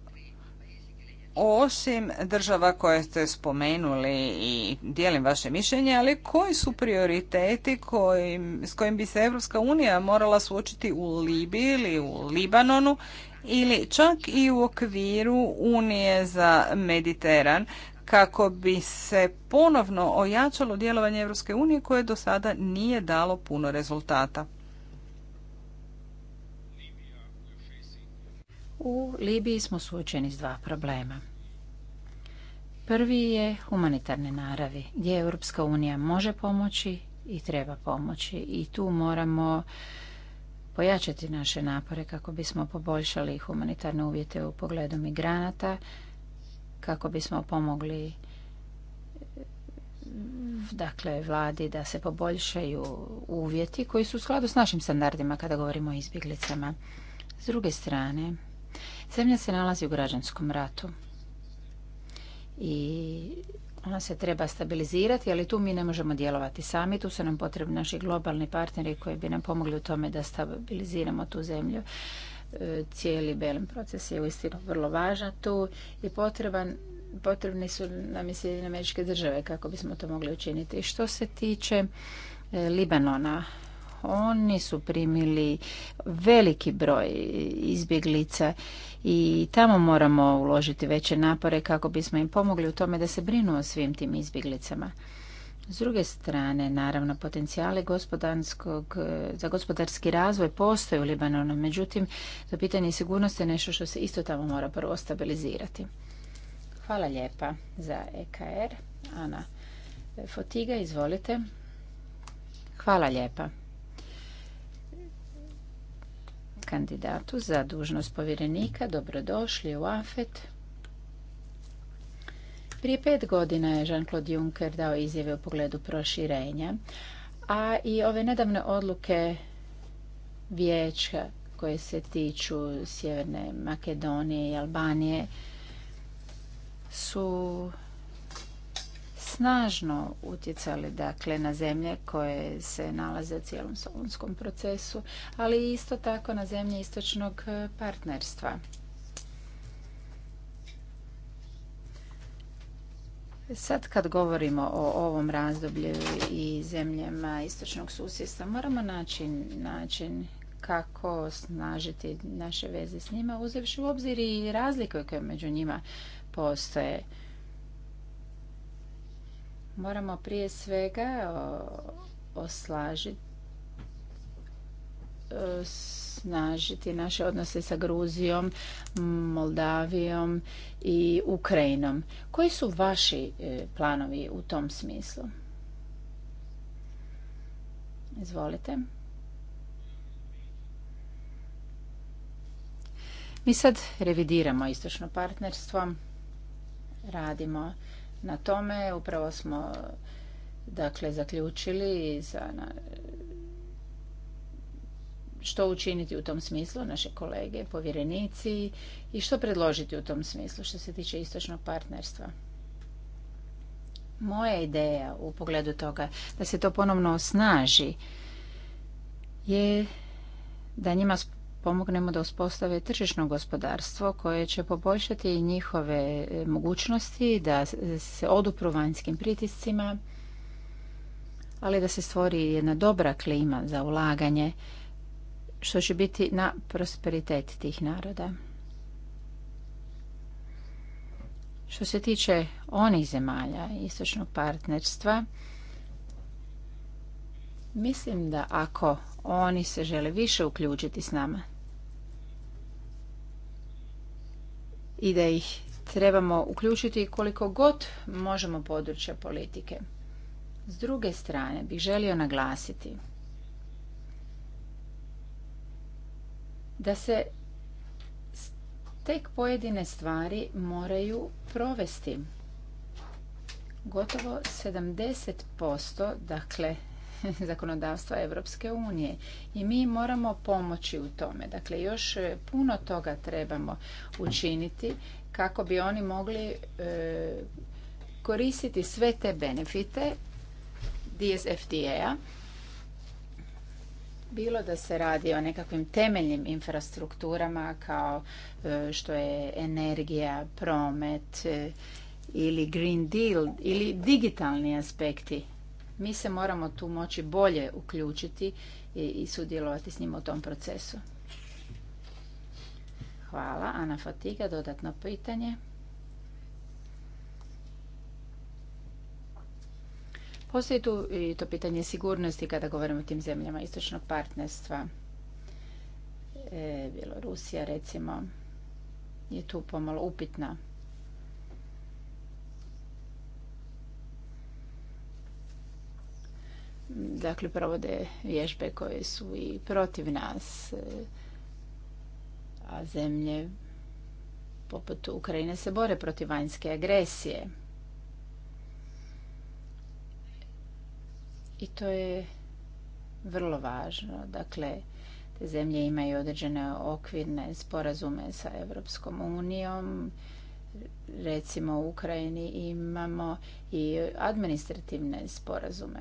osim država koje ste spomenuli i dijelim vaše mišljenje, ali koji su prioriteti kojim, s kojim bi se Europska unija morala suočiti u Libiji ili u Libanonu ili čak i u okviru Unije za Mediteran kako bi se ponovno ojačalo djelovanje Europske unije koje do sada nije dalo puno rezultata.
U Libiji smo suočeni s dva problema. Prvi je humanitarne naravi, gdje Europska unija može pomoći i treba pomoći. I tu moramo pojačati naše napore kako bismo poboljšali humanitarne uvjete u pogledu migranata, kako bismo pomogli eh, dakle vladi da se poboljšaju uvjeti koji su u skladu s našim standardima kada govorimo o izbjeglicama. S druge strane, zemlja se nalazi u građanskom ratu i ona se treba stabilizirati, ali tu mi ne možemo djelovati sami. Tu su nam potrebni naši globalni partneri koji bi nam pomogli u tome da stabiliziramo tu zemlju. E, cijeli Belen proces je uistinu vrlo važan tu i potreban potrebni su nam i Sjedinjene američke države kako bismo to mogli učiniti. Što se tiče e, Libanona, oni su primili veliki broj izbjeglica i tamo moramo uložiti veće napore kako bismo im pomogli u tome da se brinu o svim tim izbjeglicama. S druge strane, naravno, potencijale gospodarskog, e, za gospodarski razvoj postoje u Libanonu, međutim, za pitanje sigurnosti je nešto što se isto tamo mora prvo stabilizirati. Hvala lijepa za EKR. Ana Fotiga, izvolite. Hvala lijepa. kandidatu za dužnost povjerenika. Dobrodošli u AFET. Prije pet godina je Jean-Claude Juncker dao izjave u pogledu proširenja, a i ove nedavne odluke vijeća koje se tiču Sjeverne Makedonije i Albanije su snažno utjecali dakle na zemlje koje se nalaze u cijelom solunskom procesu, ali isto tako na zemlje istočnog partnerstva. Sad kad govorimo o ovom razdoblju i zemljama istočnog susjedstva, moramo naći način kako snažiti naše veze s njima, uzevši u obzir i razlike koje među njima postoje moramo prije svega oslažiti e, snažiti naše odnose sa Gruzijom, Moldavijom i Ukrajinom. Koji su vaši e, planovi u tom smislu? Izvolite. Mi sad revidiramo istočno partnerstvo, radimo na tome. Upravo smo dakle zaključili za što učiniti u tom smislu, naše kolege, povjerenici i što predložiti u tom smislu što se tiče istočnog partnerstva. Moja ideja u pogledu toga da se to ponovno osnaži je da njima pomognemo da uspostave tržišno gospodarstvo koje će poboljšati njihove e, mogućnosti da se odupru vanjskim pritiscima, ali da se stvori jedna dobra klima za ulaganje što će biti na prosperitet tih naroda. Što se tiče onih zemalja istočnog partnerstva, mislim da ako oni se žele više uključiti s nama, i da ih trebamo uključiti koliko god možemo područja politike. S druge strane bih želio naglasiti da se tek pojedine stvari moraju provesti. Gotovo 70%, dakle zakonodavstva Europske unije i mi moramo pomoći u tome. Dakle, još e, puno toga trebamo učiniti kako bi oni mogli e, koristiti sve te benefite dsfda a bilo da se radi o nekakvim temeljnim infrastrukturama kao e, što je energija, promet, ili Green Deal ili digitalni aspekti mi se moramo tu moći bolje uključiti i sudjelovati s njima u tom procesu. Hvala. Ana Fatiga, dodatno pitanje. Postoji tu i to pitanje sigurnosti kada govorimo o tim zemljama istočnog partnerstva. E, Bjelorusija recimo je tu pomalo upitna. dakle provode vježbe koje su i protiv nas a zemlje poput Ukrajine se bore protiv vanjske agresije i to je vrlo važno dakle te zemlje imaju određene okvirne sporazume sa Europskom unijom recimo u Ukrajini imamo i administrativne sporazume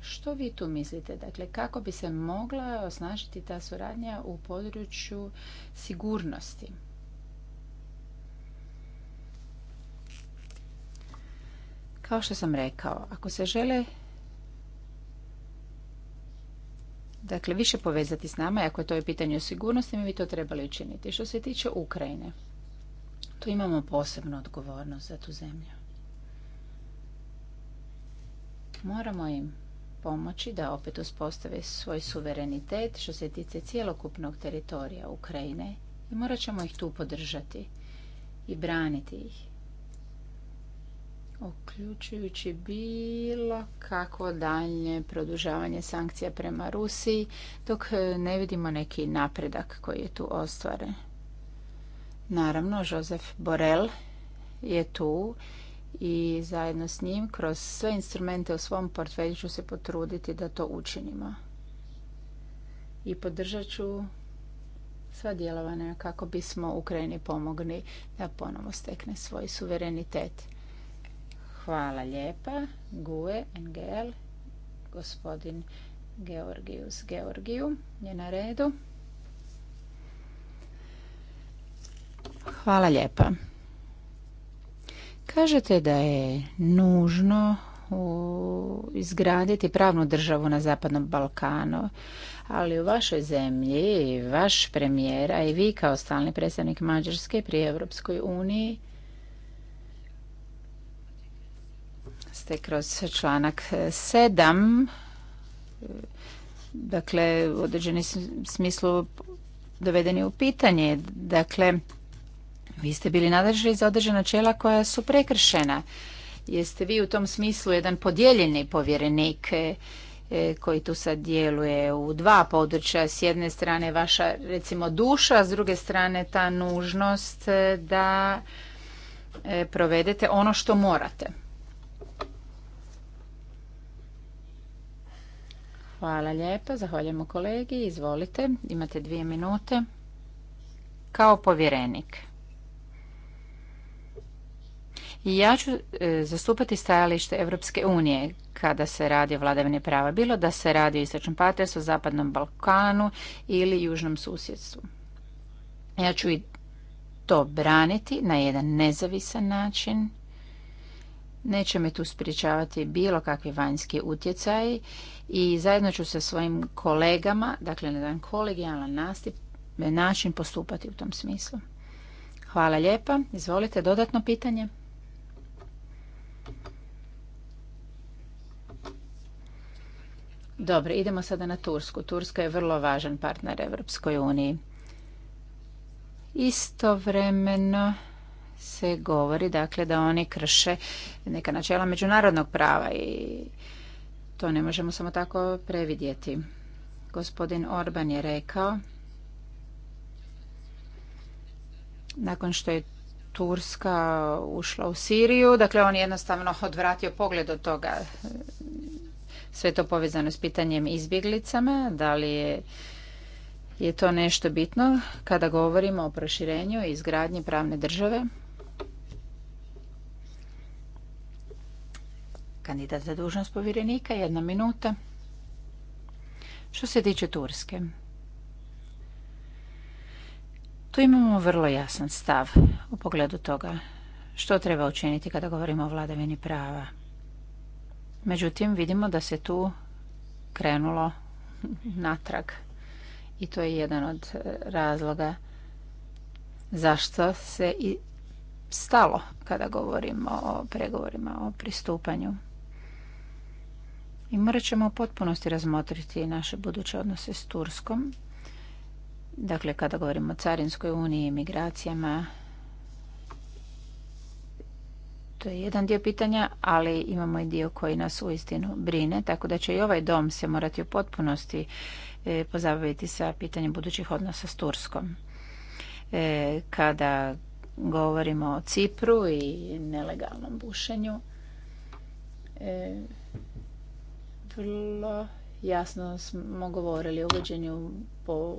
što vi tu mislite? Dakle, kako bi se mogla osnažiti ta suradnja u području sigurnosti? Kao što sam rekao, ako se žele dakle, više povezati s nama, ako je to je pitanje o sigurnosti, mi bi to trebali učiniti. Što se tiče Ukrajine, tu imamo posebnu odgovornost za tu zemlju. Moramo im pomoći da opet uspostave svoj suverenitet što se tiče cjelokupnog teritorija Ukrajine i morat ćemo ih tu podržati i braniti ih uključujući bilo kako dalje produžavanje sankcija prema Rusiji, dok e, ne vidimo neki napredak koji je tu ostvaren. Naravno, Josef Borel je tu i zajedno s njim kroz sve instrumente u svom portfelju ću se potruditi da to učinimo. I podržat ću sva djelovanja kako bismo Ukrajini pomogli da ponovo stekne svoj suverenitet. Hvala lijepa. Gue, NGL, gospodin Georgius Georgiju je na redu. Hvala lijepa. Kažete da je nužno izgraditi pravnu državu na Zapadnom Balkanu, ali u vašoj zemlji, vaš premijer, a i vi kao stalni predstavnik Mađarske pri Europskoj uniji, ste kroz članak sedam dakle u određenom smislu dovedeni u pitanje dakle vi ste bili nadležni za određena čela koja su prekršena. Jeste vi u tom smislu jedan podijeljeni povjerenik e, e, koji tu sad djeluje u dva područja. S jedne strane vaša recimo duša, s druge strane ta nužnost e, da provedete ono što morate. Hvala lijepa, zahvaljujemo kolegi. Izvolite, imate dvije minute. Kao povjerenik. Ja ću e, zastupati stajalište Europske unije kada se radi o vladavini prava, bilo da se radi o istočnom partnerstvu, zapadnom Balkanu ili južnom susjedstvu. Ja ću i to braniti na jedan nezavisan način. Neće me tu spriječavati bilo kakvi vanjski utjecaji i zajedno ću sa svojim kolegama, dakle na jedan kolegijalan način postupati u tom smislu. Hvala lijepa. Izvolite dodatno pitanje. Dobro, idemo sada na Tursku. Turska je vrlo važan partner Evropskoj uniji. Istovremeno se govori dakle da oni krše neka načela međunarodnog prava i to ne možemo samo tako previdjeti. Gospodin Orban je rekao nakon što je Turska ušla u Siriju, dakle on jednostavno odvratio pogled od toga sve to povezano s pitanjem izbjeglicama, da li je, je to nešto bitno kada govorimo o proširenju i izgradnji pravne države. Kandidat za dužnost povjerenika, jedna minuta. Što se tiče Turske, tu imamo vrlo jasan stav u pogledu toga što treba učiniti kada govorimo o vladavini prava. Međutim, vidimo da se tu krenulo natrag. I to je jedan od e, razloga zašto se i stalo kada govorimo o pregovorima, o pristupanju. I morat ćemo u potpunosti razmotriti naše buduće odnose s Turskom. Dakle, kada govorimo o Carinskoj uniji, migracijama, to je jedan dio pitanja, ali imamo i dio koji nas uistinu brine, tako da će i ovaj dom se morati u potpunosti e, pozabaviti sa pitanjem budućih odnosa s Turskom. E, kada govorimo o Cipru i nelegalnom bušenju, e, vrlo jasno smo govorili o uvođenju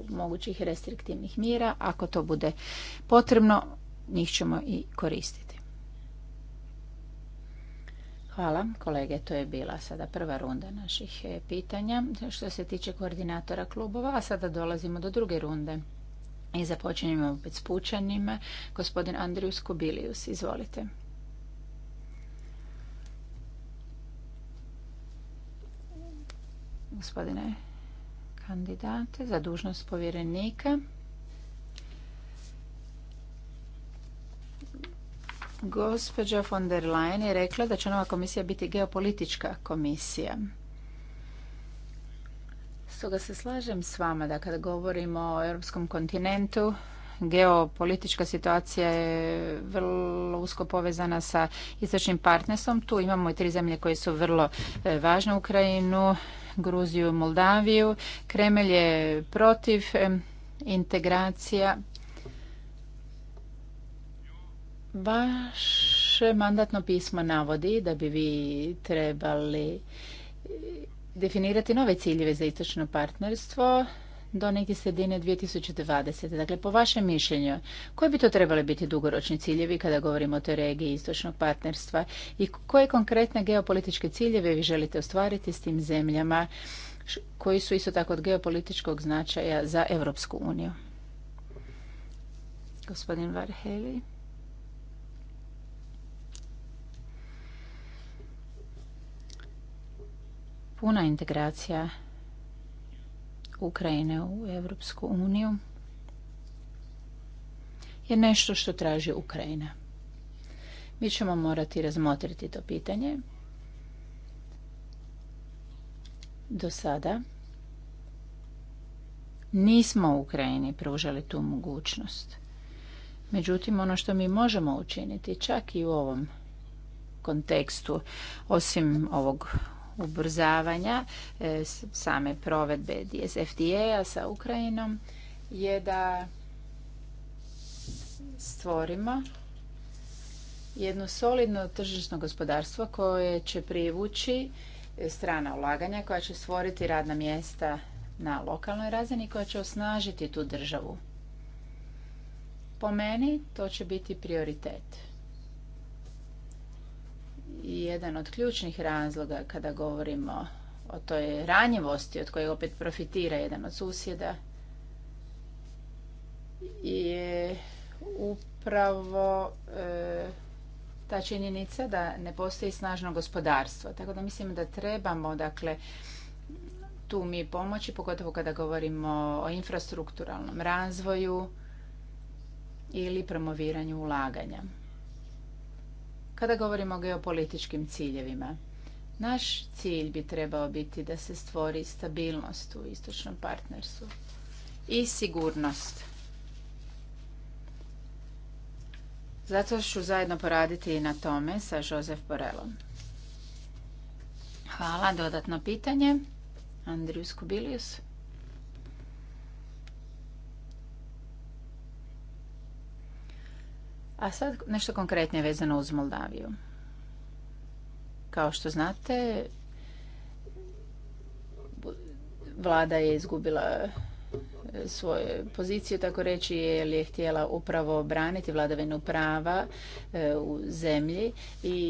mogućih restriktivnih mjera. Ako to bude potrebno, njih ćemo i koristiti. Hvala kolege, to je bila sada prva runda naših e, pitanja što se tiče koordinatora klubova, a sada dolazimo do druge runde. I započinjemo opet s pučanima. Gospodin Andrius Kubilius, izvolite. Gospodine kandidate za dužnost povjerenika. Gospođa von der Leyen je rekla da će nova komisija biti geopolitička komisija. Stoga se slažem s vama da kada govorimo o europskom kontinentu, geopolitička situacija je vrlo usko povezana sa istočnim partnerstvom. Tu imamo i tri zemlje koje su vrlo e, važne, Ukrajinu, Gruziju i Moldaviju. Kremelj je protiv integracija Vaše mandatno pismo navodi da bi vi trebali definirati nove ciljeve za istočno partnerstvo do neke sredine 2020. Dakle, po vašem mišljenju, koji bi to trebali biti dugoročni ciljevi kada govorimo o toj regiji istočnog partnerstva i koje konkretne geopolitičke ciljeve vi želite ostvariti s tim zemljama koji su isto tako od geopolitičkog značaja za Europsku uniju? Gospodin Varheli. puna integracija Ukrajine u Europsku uniju je nešto što traži Ukrajina. Mi ćemo morati razmotriti to pitanje. Do sada nismo u Ukrajini pružali tu mogućnost. Međutim, ono što mi možemo učiniti čak i u ovom kontekstu, osim ovog ubrzavanja e, same provedbe DSFDA-a sa Ukrajinom je da stvorimo jedno solidno tržišno gospodarstvo koje će privući strana ulaganja koja će stvoriti radna mjesta na lokalnoj razini koja će osnažiti tu državu. Po meni to će biti prioritet jedan od ključnih razloga kada govorimo o toj ranjivosti od koje opet profitira jedan od susjeda je upravo e, ta činjenica da ne postoji snažno gospodarstvo. Tako da mislim da trebamo dakle tu mi pomoći, pogotovo kada govorimo o infrastrukturalnom razvoju ili promoviranju ulaganja kada govorimo o geopolitičkim ciljevima. Naš cilj bi trebao biti da se stvori stabilnost u istočnom partnerstvu i sigurnost. Zato ću zajedno poraditi i na tome sa Josef Borelom. Hvala. Dodatno pitanje. Andrius Kubilius. A sad nešto konkretnije vezano uz Moldaviju. Kao što znate, vlada je izgubila e, svoju poziciju, tako reći, jer je htjela upravo braniti vladavinu prava e, u zemlji i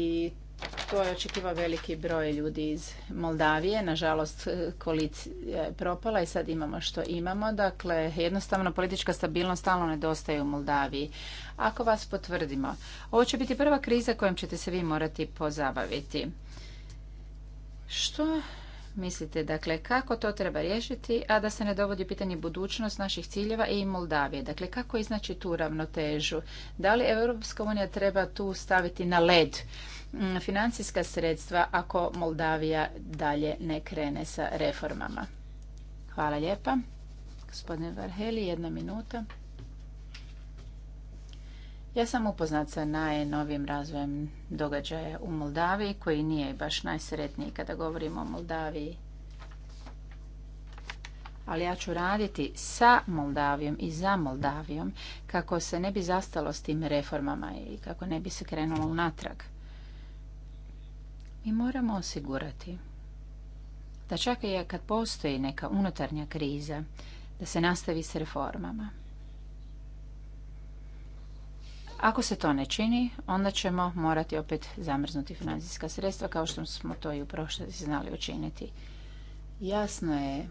to je očekivao veliki broj ljudi iz Moldavije. Nažalost, koalicija je propala i sad imamo što imamo. Dakle, jednostavno politička stabilnost stalno nedostaje u Moldaviji. Ako vas potvrdimo, ovo će biti prva kriza kojom ćete se vi morati pozabaviti. Što mislite, dakle, kako to treba riješiti, a da se ne dovodi pitanje budućnost naših ciljeva i Moldavije? Dakle, kako iznaći tu ravnotežu? Da li Europska unija treba tu staviti na led? Mm, financijska sredstva ako Moldavija dalje ne krene sa reformama. Hvala lijepa. Gospodine Varheli, jedna minuta. Ja sam upoznat sa najnovijim razvojem događaja u Moldaviji, koji nije baš najsretniji kada govorimo o Moldaviji. Ali ja ću raditi sa Moldavijom i za Moldavijom kako se ne bi zastalo s tim reformama i kako ne bi se krenulo unatrag. Mi moramo osigurati da čak i kad postoji neka unutarnja kriza, da se nastavi s reformama. Ako se to ne čini, onda ćemo morati opet zamrznuti financijska sredstva kao što smo to i u prošlosti znali učiniti. Jasno je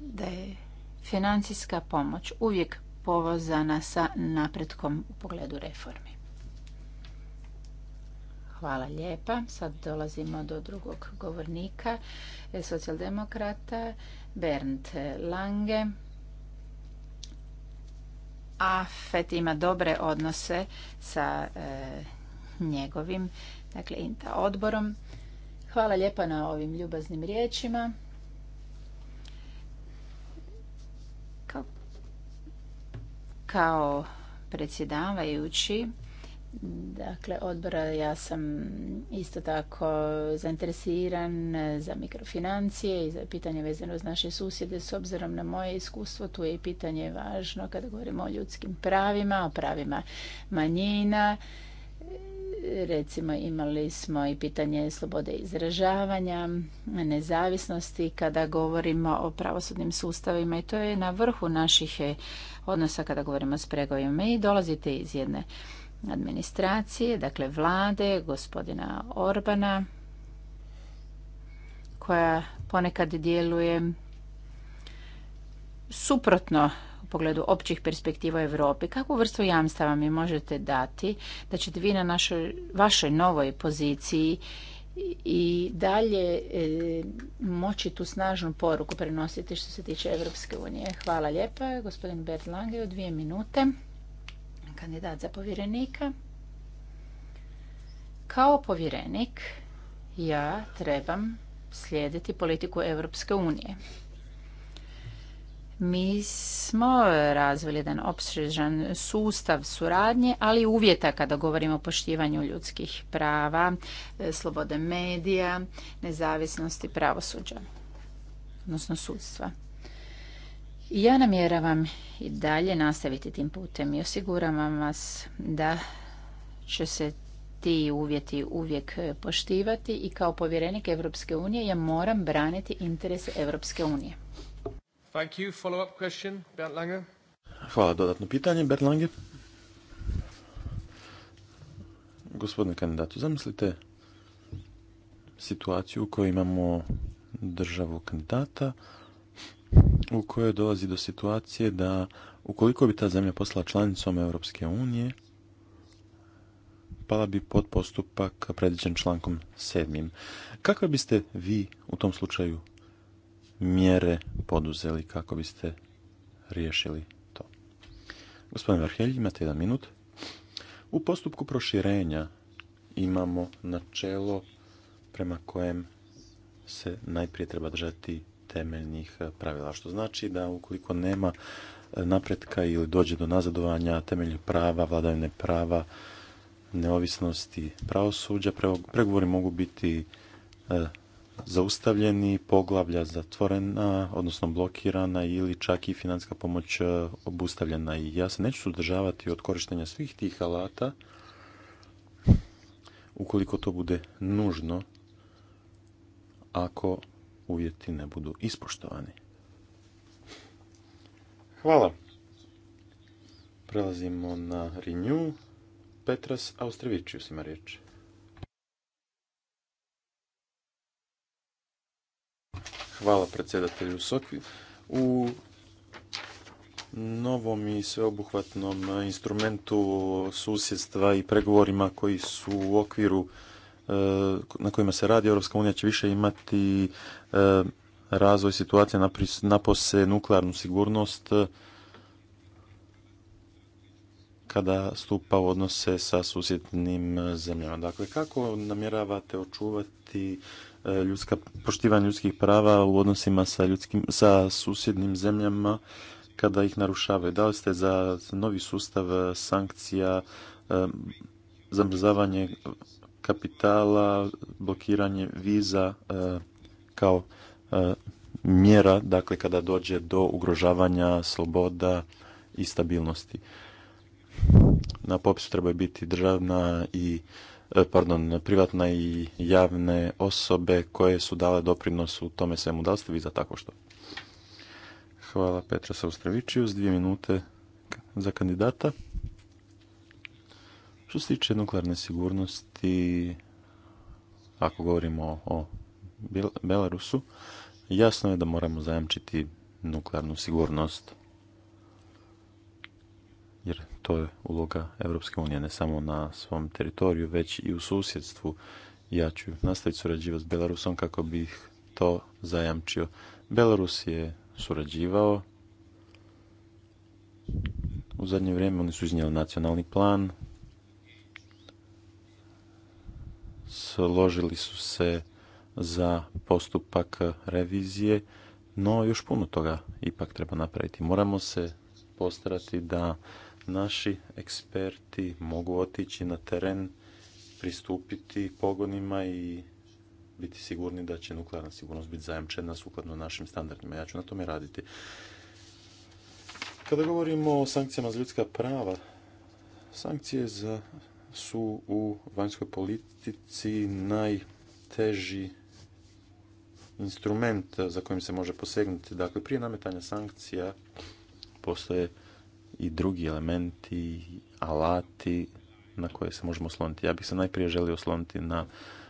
da je financijska pomoć uvijek povozana sa napretkom u pogledu reformi. Hvala lijepa. Sad dolazimo do drugog govornika, e, socijaldemokrata Bernd Lange. AFET ima dobre odnose sa e, njegovim, dakle, INTA odborom. Hvala lijepa na ovim ljubaznim riječima. kao predsjedavajući Dakle, odbora ja sam isto tako zainteresiran za mikrofinancije i za pitanje vezano uz naše susjede. S obzirom na moje iskustvo, tu je i pitanje važno kada govorimo o ljudskim pravima, o pravima manjina. Recimo imali smo i pitanje slobode izražavanja, nezavisnosti kada govorimo o pravosudnim sustavima i to je na vrhu naših odnosa kada govorimo s pregovima. I dolazite iz jedne administracije, dakle vlade, gospodina Orbana, koja ponekad djeluje suprotno u pogledu općih perspektiva Europe. Kakvu vrstu jamstava mi možete dati da ćete vi na vašoj novoj poziciji i dalje e, moći tu snažnu poruku prenositi što se tiče Europske unije. Hvala lijepa. Gospodin Bert Lange u dvije minute kandidat za povjerenika. Kao povjerenik ja trebam slijediti politiku Europske unije. Mi smo razvili jedan opsežan sustav suradnje, ali uvjeta kada govorimo o poštivanju ljudskih prava, e, slobode medija, nezavisnosti pravosuđa, odnosno sudstva. Ja namjeravam i dalje nastaviti tim putem i osiguravam vas da će se ti uvjeti uvijek poštivati i kao povjerenik Europske unije ja moram braniti interese Europske unije.
Thank
Hvala, dodatno pitanje, Bert Lange. Gospodine kandidatu, zamislite situaciju u kojoj imamo državu kandidata, u kojoj dolazi do situacije da ukoliko bi ta zemlja postala članicom Europske unije, pala bi pod postupak predviđen člankom 7. Kakve biste vi u tom slučaju mjere poduzeli kako biste riješili to? Gospodin Varhelj, imate jedan minut. U postupku proširenja imamo načelo prema kojem se najprije treba držati temeljnih e, pravila. Što znači da ukoliko nema e, napretka ili dođe do nazadovanja temeljnih prava, vladavine prava, neovisnosti pravosuđa, pregovori mogu biti e, zaustavljeni, poglavlja zatvorena, odnosno blokirana ili čak i financijska pomoć obustavljena. I ja se neću sudržavati od korištenja svih tih alata ukoliko to bude nužno ako uvjeti ne budu ispoštovani. Hvala. Prelazimo na Renew. Petras Austrevičius ima riječ. Hvala predsjedatelju Sokvi. U novom i sveobuhvatnom instrumentu susjedstva i pregovorima koji su u okviru na kojima se radi, Europska unija će više imati e, razvoj situacije napose nuklearnu sigurnost e, kada stupa u odnose sa susjednim e, zemljama. Dakle, kako namjeravate očuvati ljudska, poštivanje ljudskih prava u odnosima sa, sa susjednim zemljama kada ih narušavaju? Da li ste za novi sustav sankcija, zamrzavanje kapitala, blokiranje viza e, kao e, mjera, dakle kada dođe do ugrožavanja sloboda i stabilnosti. Na popisu trebaju biti državna i e, pardon, privatna i javne osobe koje su dale doprinos u tome svemu. Da li ste za tako što? Hvala Petra Saustraviću S dvije minute za kandidata. Što se tiče nuklearne sigurnosti, ako govorimo o Belarusu, jasno je da moramo zajamčiti nuklearnu sigurnost. Jer to je uloga Europske unije, ne samo na svom teritoriju, već i u susjedstvu. Ja ću nastaviti surađivati s Belarusom kako bih to zajamčio. Belarus je surađivao. U zadnje vrijeme oni su iznijeli nacionalni plan, složili su se za postupak revizije, no još puno toga ipak treba napraviti. Moramo se postarati da naši eksperti mogu otići na teren, pristupiti pogonima i biti sigurni da će nuklearna sigurnost biti zajamčena sukladno našim standardima. Ja ću na tome raditi. Kada govorimo o sankcijama za ljudska prava, sankcije za su u vanjskoj politici najteži instrument za kojim se može posegnuti. Dakle, prije nametanja sankcija postoje i drugi elementi, alati na koje se možemo osloniti. Ja bih se najprije želio osloniti na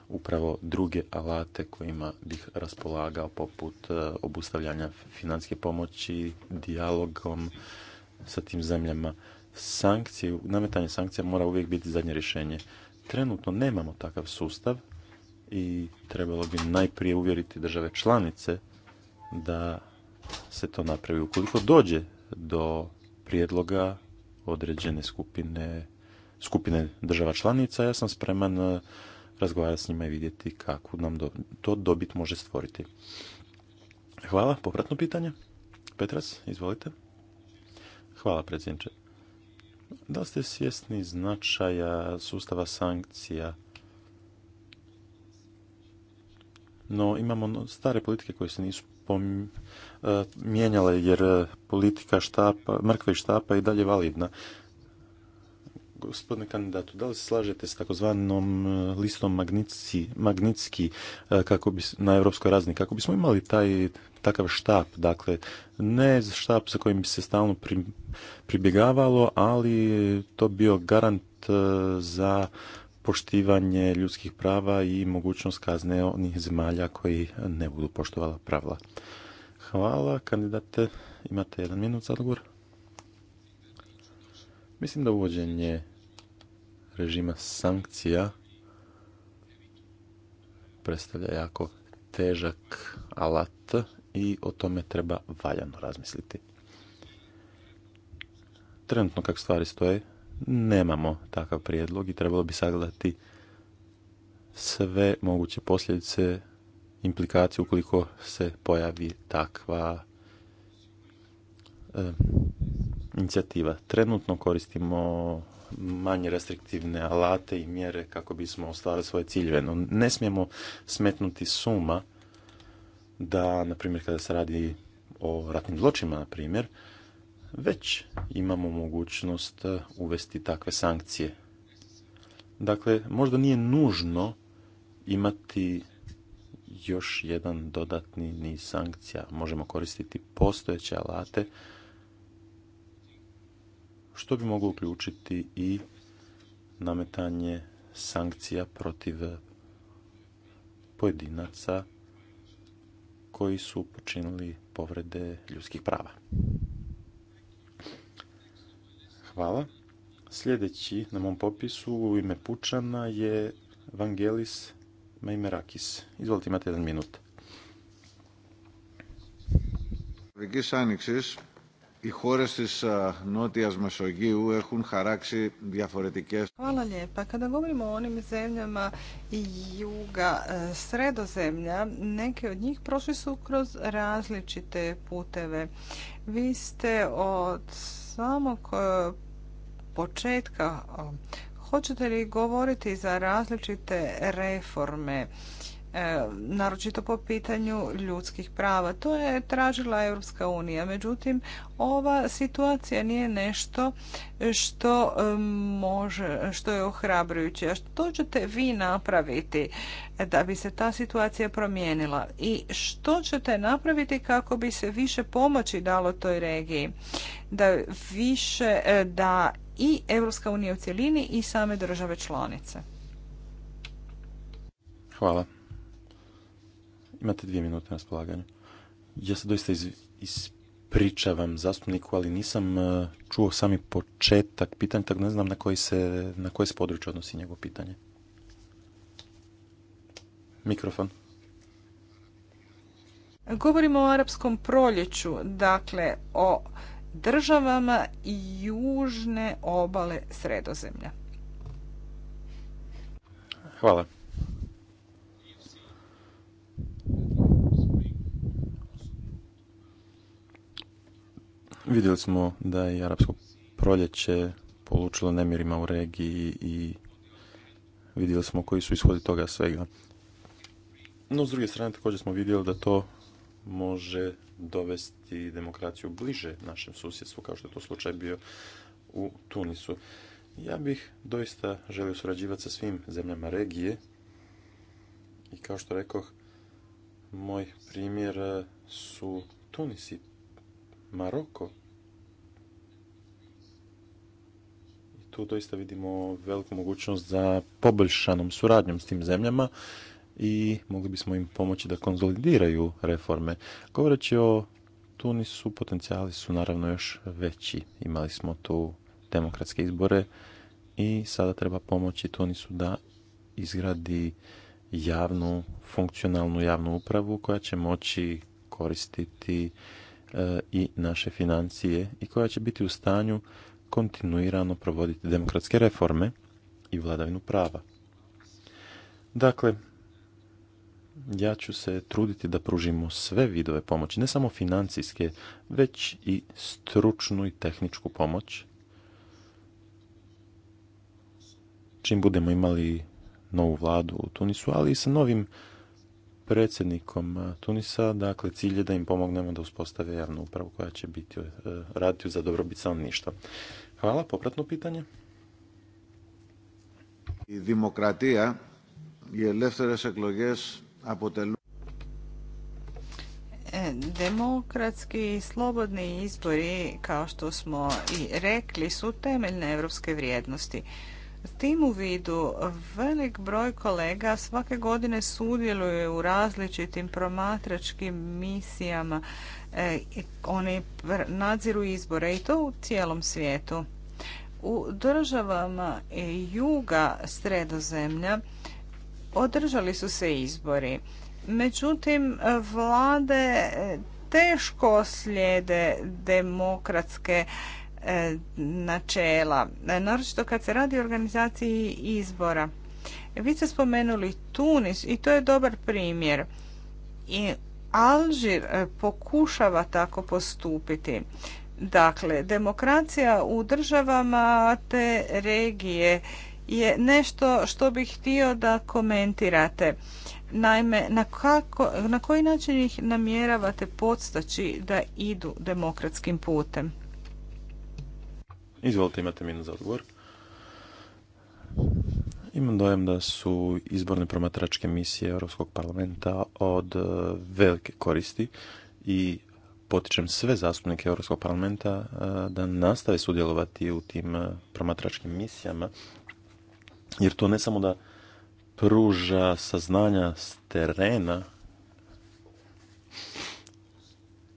upravo druge alate kojima bih raspolagao, poput e, obustavljanja financijske pomoći, dijalogom sa tim zemljama sankcije, nametanje sankcija mora uvijek biti zadnje rješenje. Trenutno nemamo takav sustav i trebalo bi najprije uvjeriti države članice da se to napravi. Ukoliko dođe do prijedloga određene skupine, skupine država članica, ja sam spreman eh, razgovarati s njima i vidjeti kako nam to dobit može stvoriti. Hvala. povratno pitanje? Petras, izvolite. Hvala predsjedniče. Da ste svjesni značaja sustava sankcija? No, imamo stare politike koje se nisu e, mijenjale jer politika štapa, mrkve i štapa je i dalje validna gospodine kandidatu, da li se slažete s takozvanom e, listom magnitski, magnitski e, kako bi, na europskoj razini, kako bismo imali taj takav štap, dakle ne štap sa kojim bi se stalno pri, pribjegavalo, ali to bio garant e, za poštivanje ljudskih prava i mogućnost kazne onih zemalja koji ne budu poštovala pravila. Hvala, kandidate, imate jedan minut za odgovor. Mislim da uvođenje režima sankcija predstavlja jako težak alat i o tome treba valjano razmisliti. Trenutno kak stvari stoje, nemamo takav prijedlog i trebalo bi sagledati sve moguće posljedice, implikacije ukoliko se pojavi takva inicijativa. Trenutno koristimo manje restriktivne alate i mjere kako bismo ostvarili svoje ciljeve. No, ne smijemo smetnuti suma da, na primjer, kada se radi o ratnim zločima, na primjer, već imamo mogućnost eh, uvesti takve sankcije. Dakle, možda nije nužno imati još jedan dodatni niz sankcija. Možemo koristiti postojeće alate što bi moglo uključiti i nametanje sankcija protiv pojedinaca koji su počinili povrede ljudskih prava. Hvala. Sljedeći na mom popisu u ime Pučana je Vangelis Meimerakis. Izvolite, imate jedan minut. Vegis Aniksis, οι Μεσογείου έχουν χαράξει
Hvala lijepa. Kada govorimo o onim zemljama i juga sredozemlja, neke od njih prošli su kroz različite puteve. Vi ste od samog e, početka Hoćete li govoriti za različite reforme E, naročito po pitanju ljudskih prava. To je tražila Europska unija. Međutim, ova situacija nije nešto što e, može, što je ohrabrujuće. A što ćete vi napraviti da bi se ta situacija promijenila i što ćete napraviti kako bi se više pomoći dalo toj regiji? Da više e, da i Europska unija u cjelini i same države članice.
Hvala. Imate dvije minute na raspolaganju. Ja se doista ispričavam zastupniku, ali nisam e, čuo sami početak pitanja, tako ne znam na koji se, na koje se područje odnosi njegovo pitanje. Mikrofon.
Govorimo o arapskom proljeću, dakle o državama i južne obale Sredozemlja.
Hvala. Vidjeli smo da je arapsko proljeće polučilo nemirima u regiji i vidjeli smo koji su ishodi toga svega. No, s druge strane, također smo vidjeli da to može dovesti demokraciju bliže našem susjedstvu, kao što je to slučaj bio u Tunisu. Ja bih doista želio surađivati sa svim zemljama regije i kao što rekoh, moj primjer su Tunisi. Maroko. I tu doista vidimo veliku mogućnost za poboljšanom suradnjom s tim zemljama i mogli bismo im pomoći da konzolidiraju reforme. Govoreći o Tunisu, potencijali su naravno još veći. Imali smo tu demokratske izbore i sada treba pomoći Tunisu da izgradi javnu, funkcionalnu javnu upravu koja će moći koristiti E, i naše financije i koja će biti u stanju kontinuirano provoditi demokratske reforme i vladavinu prava. Dakle, ja ću se truditi da pružimo sve vidove pomoći, ne samo financijske, već i stručnu i tehničku pomoć. Čim budemo imali novu vladu u Tunisu, ali i sa novim predsjednikom eh, Tunisa. Dakle, cilj je da im pomognemo da uspostave javnu upravu koja će biti eh, raditi za dobrobit stanovništva. Hvala, popratno pitanje. I demokratija i apotelu
Demokratski i slobodni izbori, kao što smo i rekli, su temeljne evropske vrijednosti tim u vidu velik broj kolega svake godine sudjeluje u različitim promatračkim misijama. E, oni nadziru izbore i to u cijelom svijetu. U državama juga sredozemlja održali su se izbori. Međutim, vlade e, teško slijede demokratske E, načela, e, naročito kad se radi o organizaciji izbora. Vi ste spomenuli Tunis i to je dobar primjer. I Alžir e, pokušava tako postupiti. Dakle, demokracija u državama te regije je nešto što bih htio da komentirate. Naime, na, kako, na koji način ih namjeravate podstaći da idu demokratskim
putem? Izvolite, imate minut za odgovor. Imam dojam da su izborne promatračke misije Europskog parlamenta od e, velike koristi i potičem sve zastupnike Europskog parlamenta e, da nastave sudjelovati u tim e, promatračkim misijama, jer to ne samo da pruža saznanja s terena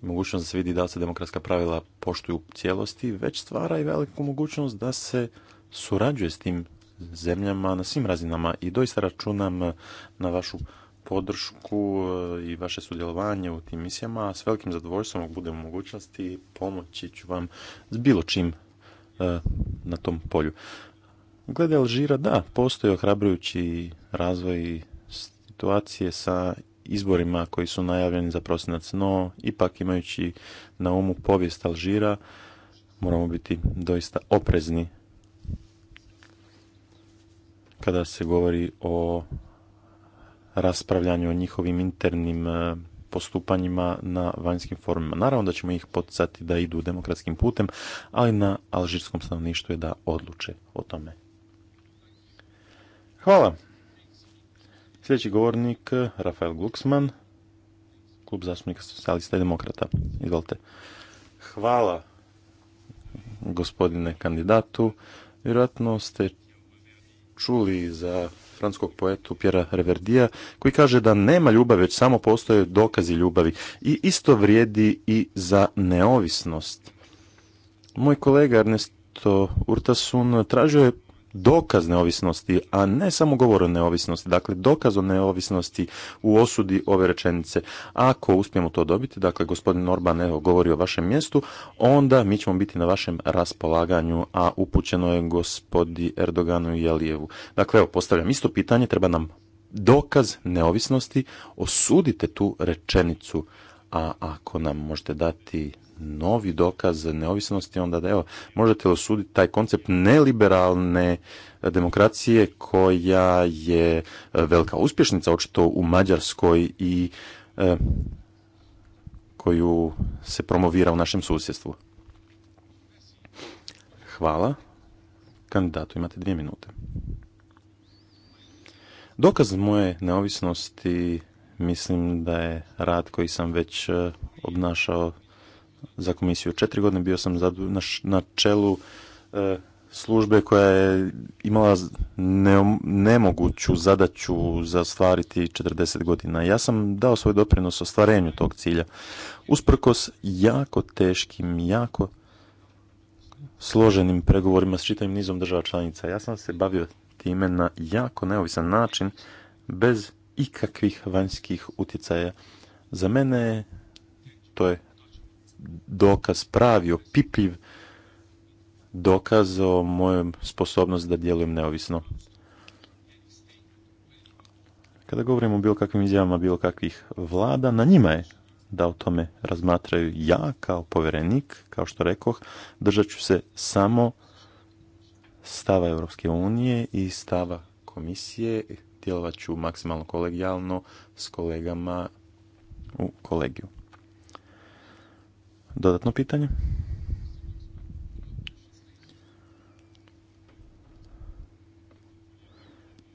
mogućnost da se vidi da se demokratska pravila poštuju u cijelosti, već stvara i veliku mogućnost da se surađuje s tim zemljama na svim razinama i doista računam na vašu podršku e, i vaše sudjelovanje u tim misijama. S velikim zadovoljstvom ako budem u mogućnosti pomoći ću vam s bilo čim e, na tom polju. Glede Alžira, da, postoji ohrabrujući razvoj situacije sa izborima koji su najavljeni za prosinac, no ipak imajući na umu povijest Alžira, moramo biti doista oprezni kada se govori o raspravljanju o njihovim internim e, postupanjima na vanjskim forumima. Naravno da ćemo ih poticati da idu demokratskim putem, ali na alžirskom stanovništvu je da odluče o tome. Hvala. Sljedeći govornik, Rafael Glucksmann, klub zastupnika socijalista i demokrata. Izvolite. Hvala gospodine kandidatu. Vjerojatno ste čuli za franskog poetu Pjera Reverdija koji kaže da nema ljubavi, već samo postoje dokazi ljubavi. I isto vrijedi i za neovisnost. Moj kolega Ernesto Urtasun tražio je dokaz neovisnosti, a ne samo govor o neovisnosti, dakle dokaz o neovisnosti u osudi ove rečenice. Ako uspijemo to dobiti, dakle gospodin Orban evo govori o vašem mjestu, onda mi ćemo biti na vašem raspolaganju, a upućeno je gospodi Erdoganu i Jelijevu. Dakle, evo, postavljam isto pitanje, treba nam dokaz neovisnosti, osudite tu rečenicu, a ako nam možete dati novi dokaz neovisnosti, onda da evo, možete osuditi taj koncept neliberalne demokracije koja je e, velika uspješnica očito u Mađarskoj i e, koju se promovira u našem susjedstvu. Hvala. Kandidatu imate dvije minute. Dokaz moje neovisnosti mislim da je rad koji sam već e, obnašao za komisiju. Četiri godine bio sam na čelu e, službe koja je imala nemoguću zadaću za stvariti 40 godina. Ja sam dao svoj doprinos ostvarenju tog cilja. Usprkos jako teškim, jako složenim pregovorima s čitavim nizom država članica. Ja sam se bavio time na jako neovisan način, bez ikakvih vanjskih utjecaja. Za mene to je dokaz pravi, opipljiv dokaz o mojoj sposobnosti da djelujem neovisno. Kada govorimo o bilo kakvim izjavama bilo kakvih vlada, na njima je da o tome razmatraju ja kao povjerenik, kao što rekoh, držat ću se samo stava Europske unije i stava komisije, djelovat ću maksimalno kolegijalno s kolegama u kolegiju. Dodatno pitanje?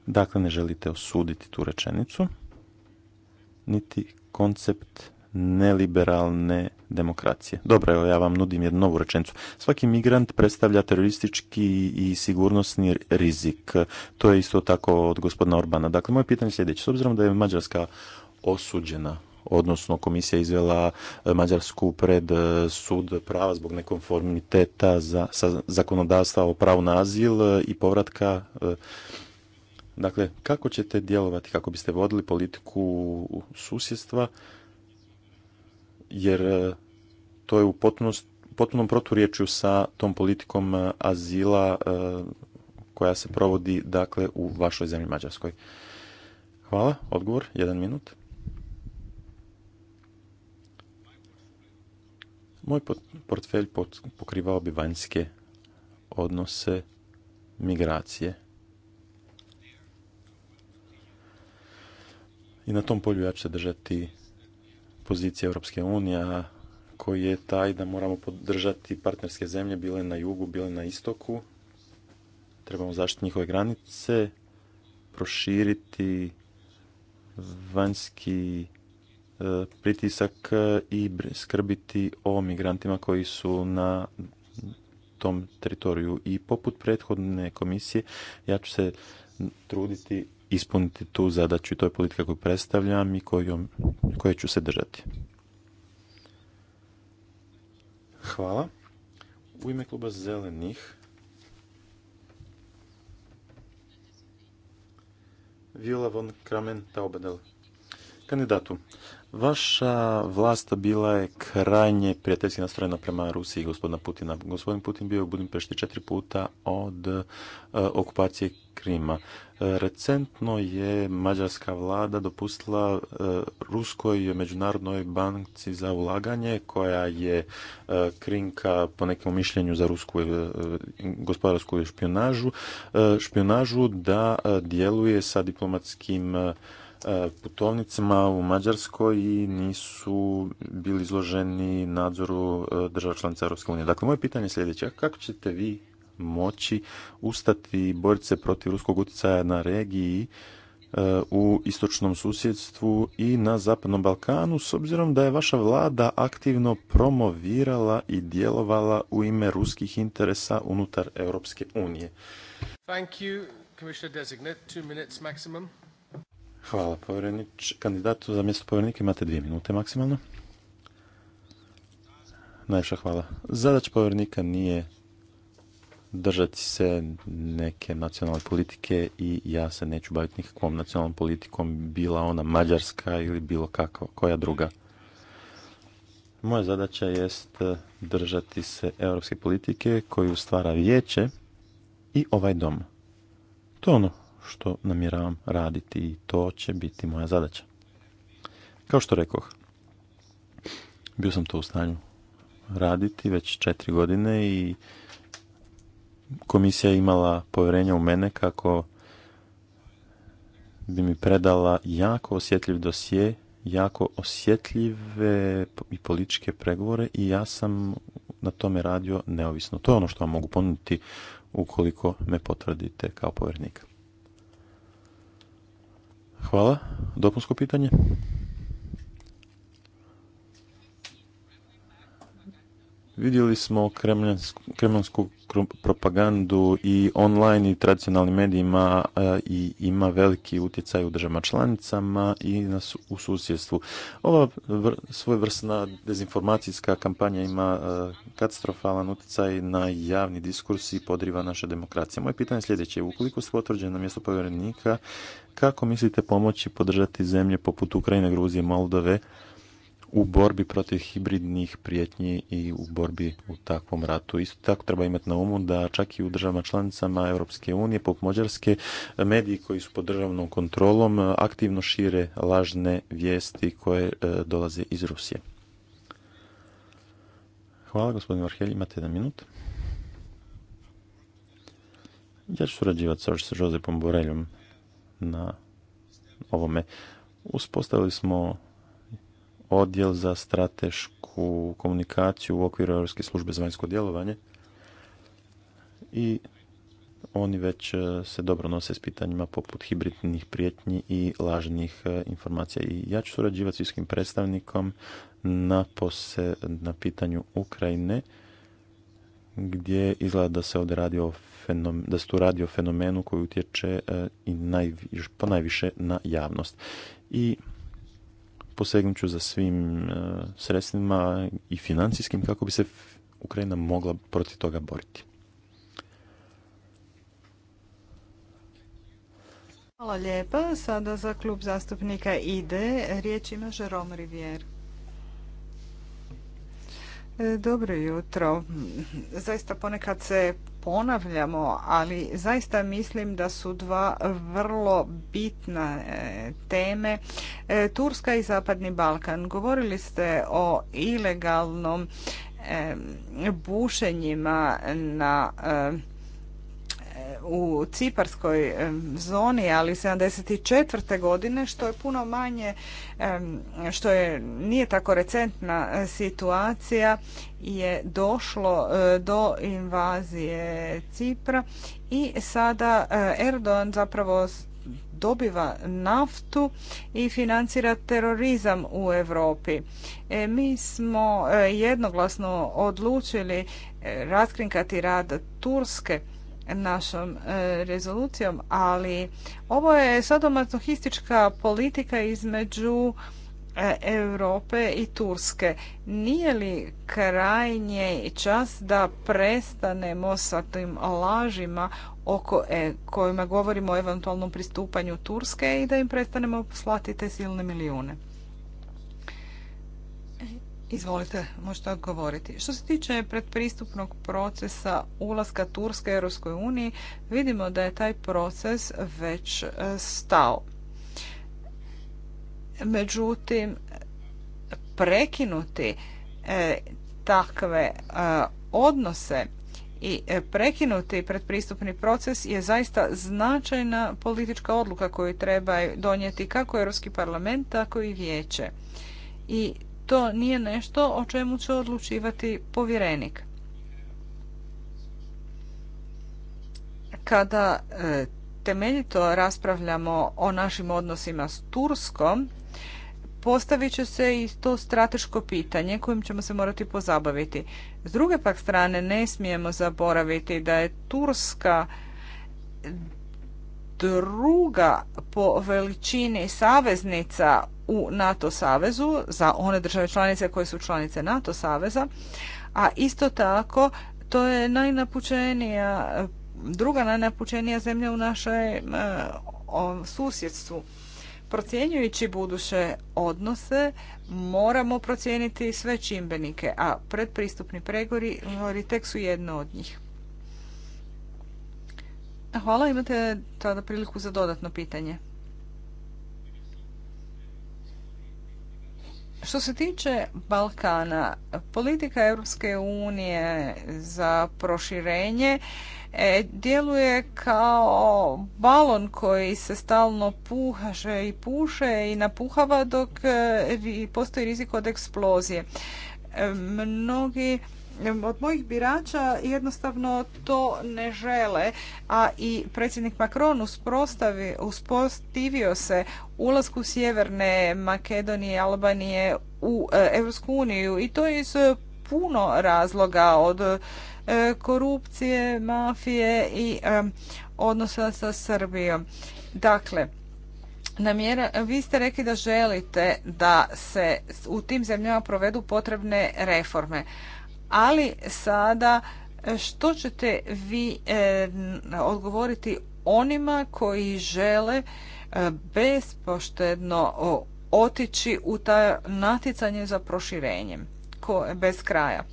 Dakle, ne želite osuditi tu rečenicu, niti koncept neliberalne demokracije. Dobro, evo ja vam nudim jednu novu rečenicu. Svaki migrant predstavlja teroristički i sigurnosni rizik. To je isto tako od gospodina Orbana. Dakle, moje pitanje je sljedeće. S obzirom da je Mađarska osuđena odnosno komisija izvela e, Mađarsku pred e, sud prava zbog nekonformiteta za, sa zakonodavstva o pravu na azil e, i povratka. Dakle, kako ćete djelovati, kako biste vodili politiku susjedstva, jer to je u potpunom proturječju sa tom politikom azila koja se provodi dakle u vašoj zemlji Mađarskoj. Hvala. Odgovor, jedan minut. Moj portfelj pokrivao bi vanjske odnose, migracije. I na tom polju ja ću se držati pozicije Europske unije, koji je taj da moramo podržati partnerske zemlje, bile na jugu, bile na istoku. Trebamo zaštiti njihove granice, proširiti vanjski E, pritisak e, i skrbiti o migrantima koji su na tom teritoriju. I poput prethodne komisije, ja ću se truditi ispuniti tu zadaću i to je politika koju predstavljam i kojom, koje ću se držati. Hvala. U ime kluba zelenih Viola von Kramen Kandidatu, Vaša vlast bila je krajnje prijateljski nastrojena prema Rusiji gospodina Putina. Gospodin Putin bio u Budimpešti četiri puta od e, okupacije Krima. E, recentno je mađarska vlada dopustila e, Ruskoj međunarodnoj banci za ulaganje koja je krinka po nekom mišljenju za rusku gospodarsku špionažu, špionažu da djeluje sa diplomatskim E, putovnicama u Mađarskoj i nisu bili izloženi nadzoru e, država članica Europske unije. Dakle, moje pitanje je sljedeće. Kako ćete vi moći ustati i boriti se protiv ruskog utjecaja na regiji e, u istočnom susjedstvu i na Zapadnom Balkanu, s obzirom da je vaša vlada aktivno promovirala i djelovala u ime ruskih interesa unutar Europske unije.
Thank you,
Designate. minutes
Hvala, povjerenič. Kandidatu za mjesto povjerenika imate dvije minute maksimalno. Naša hvala. Zadaća povjerenika nije držati se neke nacionalne politike i ja se neću baviti nikakvom nacionalnom politikom, bila ona mađarska ili bilo kako, koja druga. Moja zadaća jest držati se europske politike koju stvara vijeće i ovaj dom. To je ono što namjeravam raditi i to će biti moja zadaća. Kao što rekoh, bio sam to u stanju raditi već četiri godine i komisija je imala povjerenja u mene kako bi mi predala jako osjetljiv dosje, jako osjetljive i političke pregovore i ja sam na tome radio neovisno. To je ono što vam mogu ponuditi ukoliko me potvrdite kao povjernika. Hvala. Dopunsko pitanje? Vidjeli smo Kremljansku propagandu i online i tradicionalnim medijima e, i ima veliki utjecaj u državama članicama i nas u susjedstvu. Ova svojevrsna dezinformacijska kampanja ima e, katastrofalan utjecaj na javni diskurs i podriva naše demokracije. Moje pitanje je sljedeće. Ukoliko su otvrđeni na mjesto povjerenika, kako mislite pomoći podržati zemlje poput Ukrajine, Gruzije, Moldove, u borbi protiv hibridnih prijetnji i u borbi u takvom ratu. Isto tako treba imati na umu da čak i u državama članicama Europske unije, poput Mođarske, mediji koji su pod državnom kontrolom aktivno šire lažne vijesti koje e, dolaze iz Rusije. Hvala, gospodin Varhelj, imate jedan minut. Ja ću surađivati sa Josepom Boreljom na ovome. Uspostavili smo odjel za stratešku komunikaciju u okviru Europske službe za vanjsko djelovanje i oni već e, se dobro nose s pitanjima poput hibridnih prijetnji i lažnih e, informacija. I ja ću surađivati s viskim predstavnikom na, na pitanju Ukrajine, gdje izgleda da se ovdje radi o da tu radi o fenomenu koji utječe e, i naj, po najviše na javnost. I posegnut ću za svim e, sredstvima i financijskim kako bi se Ukrajina mogla protiv toga boriti.
Hvala lijepa. Sada za klub zastupnika ide. Riječ ima Žerom Rivijer. E, dobro jutro. Zaista ponekad se ponavljamo, ali zaista mislim da su dva vrlo bitna e, teme. E, Turska i Zapadni Balkan. Govorili ste o ilegalnom e, bušenjima na u Ciparskoj zoni, ali 74. godine, što je puno manje, što je nije tako recentna e, situacija, je došlo e, do invazije Cipra i sada e, Erdogan zapravo dobiva naftu i financira terorizam u Europi. mi smo jednoglasno odlučili raskrinkati rad Turske našom e, rezolucijom, ali ovo je sadomatohistička politika između e, Europe i Turske. Nije li krajnje čas da prestanemo sa tim lažima oko e, kojima govorimo o eventualnom pristupanju Turske i da im prestanemo slati te silne milijune? Izvolite, možete odgovoriti. Što se tiče predpristupnog procesa ulaska Turske Europskoj uniji, vidimo da je taj proces već e, stao. Međutim, prekinuti e, takve e, odnose i prekinuti predpristupni proces je zaista značajna politička odluka koju treba donijeti kako Europski parlament, tako i vijeće. I to nije nešto o čemu će odlučivati povjerenik. Kada e, temeljito raspravljamo o našim odnosima s Turskom, postavit će se i to strateško pitanje kojim ćemo se morati pozabaviti. S druge pak strane ne smijemo zaboraviti da je Turska druga po veličini saveznica u NATO savezu za one države članice koje su članice NATO saveza, a isto tako to je najnapučenija, druga najnapučenija zemlja u našem eh, susjedstvu. Procjenjujući buduće odnose, moramo procijeniti sve čimbenike, a predpristupni pregori tek su jedno od njih. Hvala, imate tada priliku za dodatno pitanje. Što se tiče Balkana, politika Europske unije za proširenje e, djeluje kao balon koji se stalno puhaše i puše i napuhava dok e, postoji rizik od eksplozije. E, mnogi od mojih birača jednostavno to ne žele, a i predsjednik Macron usprotivio se ulasku Sjeverne Makedonije i Albanije u eh, Europsku uniju i to iz eh, puno razloga od eh, korupcije, mafije i odnosa sa Srbijom. Dakle, namjera, vi ste rekli da želite da se u tim zemljama provedu potrebne reforme ali sada što ćete vi e, odgovoriti onima koji žele e, bespoštedno otići u ta natjecanje za proširenjem. bez kraja.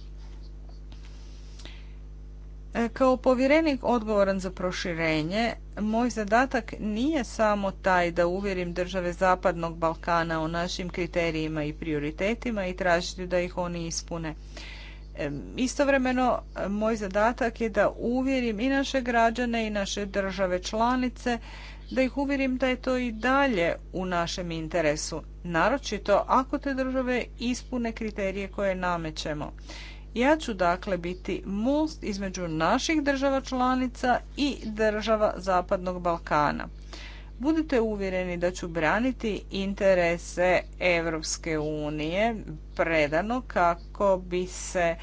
E, kao povjerenik odgovoran za proširenje, moj zadatak nije samo taj da uvjerim države Zapadnog Balkana o našim kriterijima i prioritetima i tražiti da ih oni ispune. Istovremeno, moj zadatak je da uvjerim i naše građane i naše države članice, da ih uvjerim da je to i dalje u našem interesu, naročito ako te države ispune kriterije koje namećemo. Ja ću dakle biti most između naših država članica i država Zapadnog Balkana. Budite uvjereni da ću braniti interese Europske unije predano kako bi se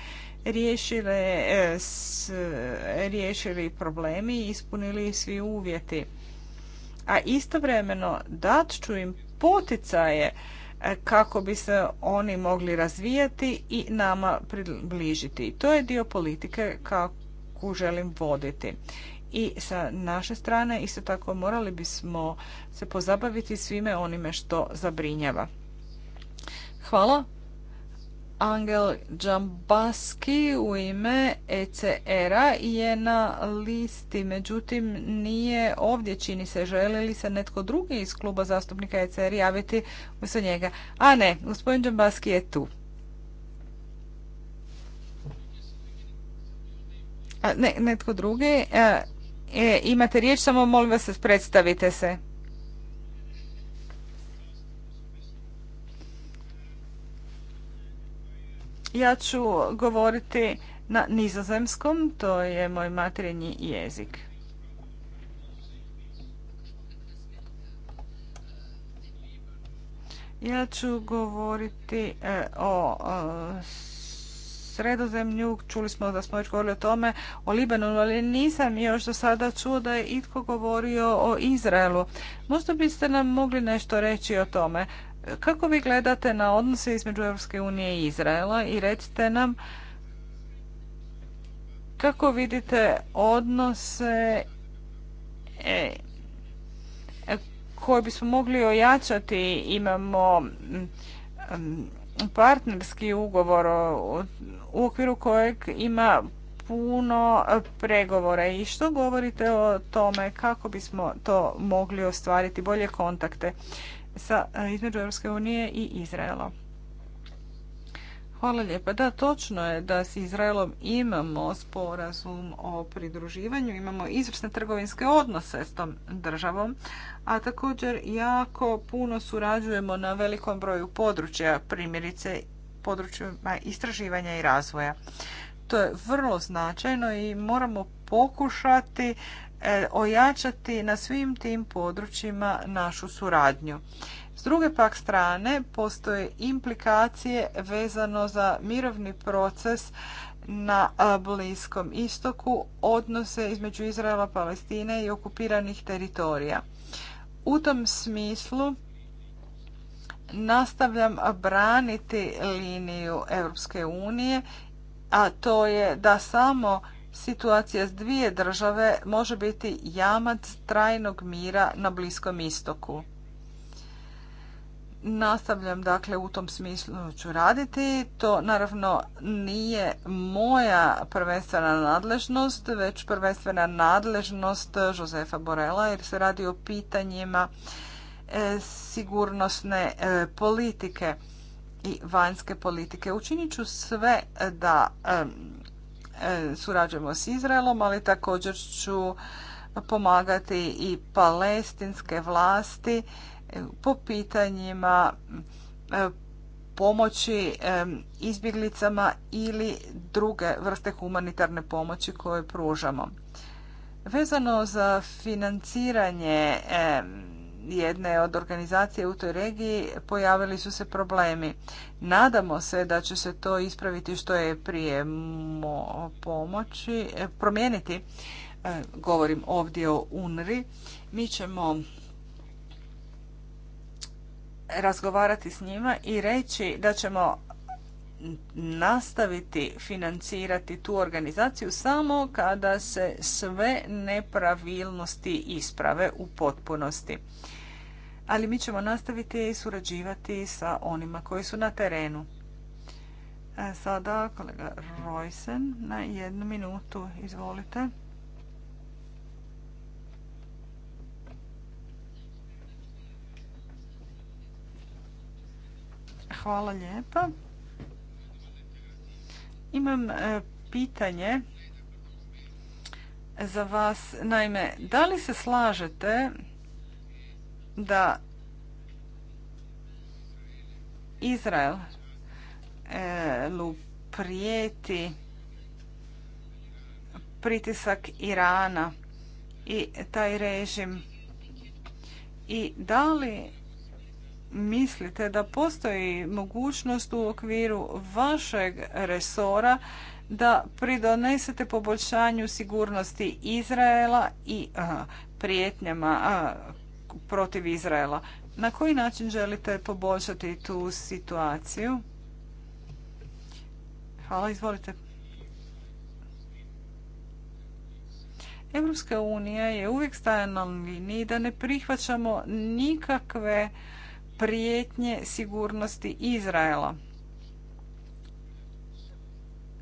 riješile, e, s, riješili problemi i ispunili svi uvjeti. A istovremeno dat ću im poticaje e, kako bi se oni mogli razvijati i nama približiti. To je dio politike kako želim voditi. I sa naše strane isto tako morali bismo se pozabaviti svime onime što zabrinjava. Hvala. Angel Džambaski u ime ECR-a je na listi, međutim nije ovdje čini se. Želi li se netko drugi iz kluba zastupnika ECR javiti sa njega? A ne, gospodin Džambaski je tu. ne, netko drugi. E, E, imate riječ, samo molim vas predstavite se. Ja ću govoriti na nizozemskom, to je moj materinji jezik. Ja ću govoriti e, o e, sredozemlju. Čuli smo da smo već govorili o tome, o Libanonu, ali nisam još do sada čuo da je itko govorio o Izraelu. Možda biste nam mogli nešto reći o tome. Kako vi gledate na odnose između Europske unije i Izraela i recite nam kako vidite odnose e, e koje bismo mogli ojačati imamo mm, mm, partnerski ugovor u okviru kojeg ima puno pregovora i što govorite o tome kako bismo to mogli ostvariti bolje kontakte sa, između Europske unije i Izraela? Hvala lijepa. Da, točno je da s Izraelom imamo sporazum o pridruživanju, imamo izvrsne trgovinske odnose s tom državom, a također jako puno surađujemo na velikom broju područja, primjerice područjima istraživanja i razvoja. To je vrlo značajno i moramo pokušati e, ojačati na svim tim područjima našu suradnju druge pak strane postoje implikacije vezano za mirovni proces na Bliskom istoku, odnose između Izraela, Palestine i okupiranih teritorija. U tom smislu nastavljam braniti liniju Europske unije, a to je da samo situacija s dvije države može biti jamac trajnog mira na Bliskom istoku. Nastavljam dakle u tom smislu ću raditi. To naravno nije moja prvenstvena nadležnost, već prvenstvena nadležnost Josefa Borela jer se radi o pitanjima e, sigurnosne e, politike i vanjske politike. Učinit ću sve da e, surađujemo s Izraelom, ali također ću pomagati i palestinske vlasti po pitanjima e, pomoći e, izbjeglicama ili druge vrste humanitarne pomoći koje pružamo. Vezano za financiranje e, jedne od organizacije u toj regiji pojavili su se problemi. Nadamo se da će se to ispraviti što je prije pomoći, promijeniti. Govorim ovdje o UNRI. Mi ćemo razgovarati s njima i reći da ćemo nastaviti financirati tu organizaciju samo kada se sve nepravilnosti isprave u potpunosti. Ali mi ćemo nastaviti i surađivati sa onima koji su na terenu. E, sada kolega Roysen, na jednu minutu. Izvolite. Hvala lijepa. Imam e, pitanje za vas. Naime, da li se slažete da Izrael e, prijeti pritisak Irana i taj režim i da li mislite da postoji mogućnost u okviru vašeg resora da pridonesete poboljšanju sigurnosti Izraela i prijetnjama protiv Izraela. Na koji način želite poboljšati tu situaciju? Hvala, izvolite. Europska unija je uvijek stajala na liniji da ne prihvaćamo nikakve prijetnje sigurnosti Izraela.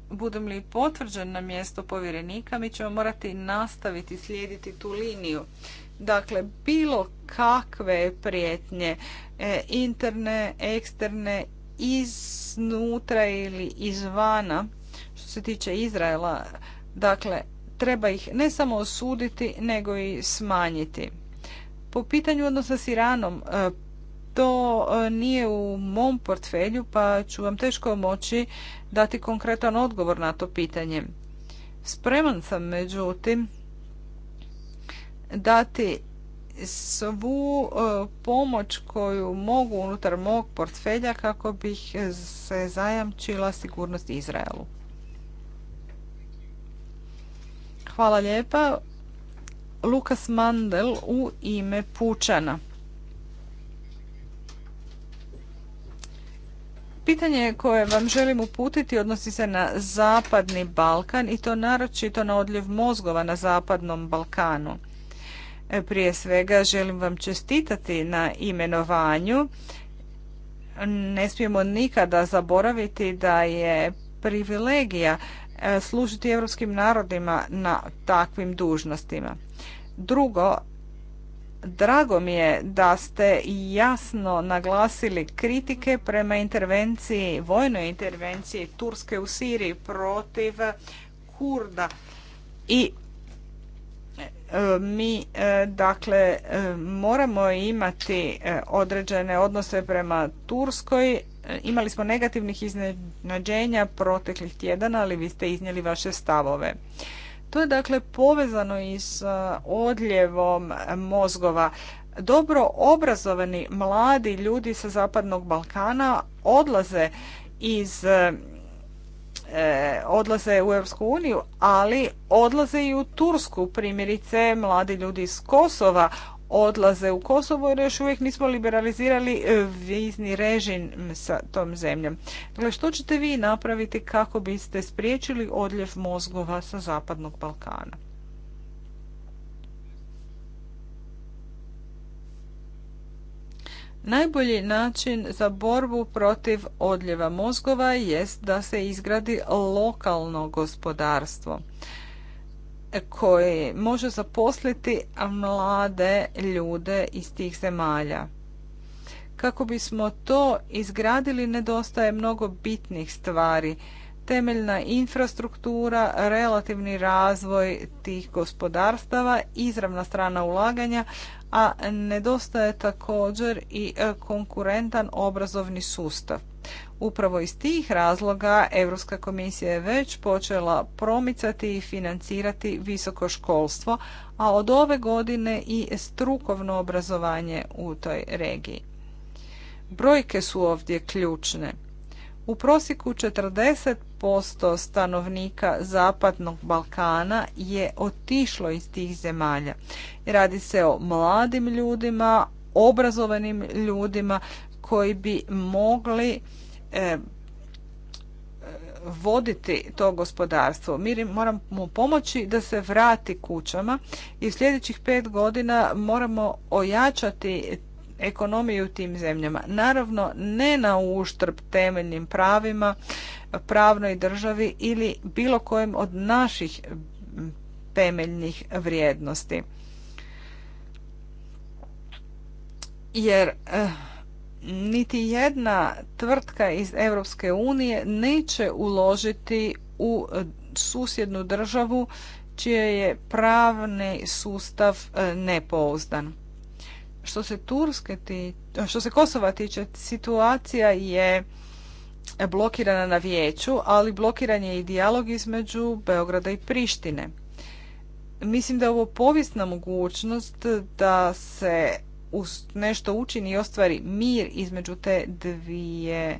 Budem li potvrđen na mjesto povjerenika, mi ćemo morati nastaviti slijediti tu liniju. Dakle, bilo kakve prijetnje, e, interne, eksterne, iznutra ili izvana, što se tiče Izraela, dakle, treba ih ne samo osuditi, nego i smanjiti. Po pitanju odnosa s Iranom, e, to e, nije u mom portfelju pa ću vam teško moći dati konkretan odgovor na to pitanje. Spreman sam međutim dati svu e, pomoć koju mogu unutar mog portfelja kako bih se zajamčila sigurnost Izraelu. Hvala lijepa. Lukas Mandel u ime Pučana. Pitanje koje vam želim uputiti odnosi se na Zapadni Balkan i to naročito na odljev mozgova na Zapadnom Balkanu. E, prije svega želim vam čestitati na imenovanju. Ne smijemo nikada zaboraviti da je privilegija e, služiti europskim narodima na takvim dužnostima. Drugo, Drago mi je da ste jasno naglasili kritike prema intervenciji, vojnoj intervenciji Turske u Siriji protiv Kurda. I e, mi e, dakle e, moramo imati određene odnose prema Turskoj. Imali smo negativnih iznenađenja proteklih tjedana, ali vi ste iznijeli vaše stavove. To je dakle povezano i s e, odljevom mozgova. Dobro obrazovani mladi ljudi sa Zapadnog Balkana odlaze iz e, e, odlaze u Europsku uniju, ali odlaze i u Tursku. Primjerice, mladi ljudi iz Kosova odlaze u Kosovo jer još uvijek nismo liberalizirali e, vizni režim sa tom zemljom. Dakle, što ćete vi napraviti kako biste spriječili odljev mozgova sa Zapadnog Balkana? Najbolji način za borbu protiv odljeva mozgova jest da se izgradi lokalno gospodarstvo koji može zaposliti mlade ljude iz tih zemalja. Kako bismo to izgradili nedostaje mnogo bitnih stvari. Temeljna infrastruktura, relativni razvoj tih gospodarstava, izravna strana ulaganja, a nedostaje također i konkurentan obrazovni sustav. Upravo iz tih razloga Europska komisija je već počela promicati i financirati visoko školstvo, a od ove godine i strukovno obrazovanje u toj regiji. Brojke su ovdje ključne. U prosjeku 40% stanovnika Zapadnog Balkana je otišlo iz tih zemalja. Radi se o mladim ljudima, obrazovanim ljudima koji bi mogli e, e, voditi to gospodarstvo. Mi moramo pomoći da se vrati kućama i u sljedećih pet godina moramo ojačati ekonomiju u tim zemljama. Naravno, ne na uštrb temeljnim pravima, pravnoj državi ili bilo kojem od naših temeljnih vrijednosti. Jer eh, niti jedna tvrtka iz Europske unije neće uložiti u e, susjednu državu čije je pravni sustav e, nepouzdan. Što se Turske ti, e, što se Kosova tiče, situacija je blokirana na vijeću, ali blokiran je i dijalog između Beograda i Prištine. Mislim da je ovo povijesna mogućnost da se nešto učini i ostvari mir između te dvije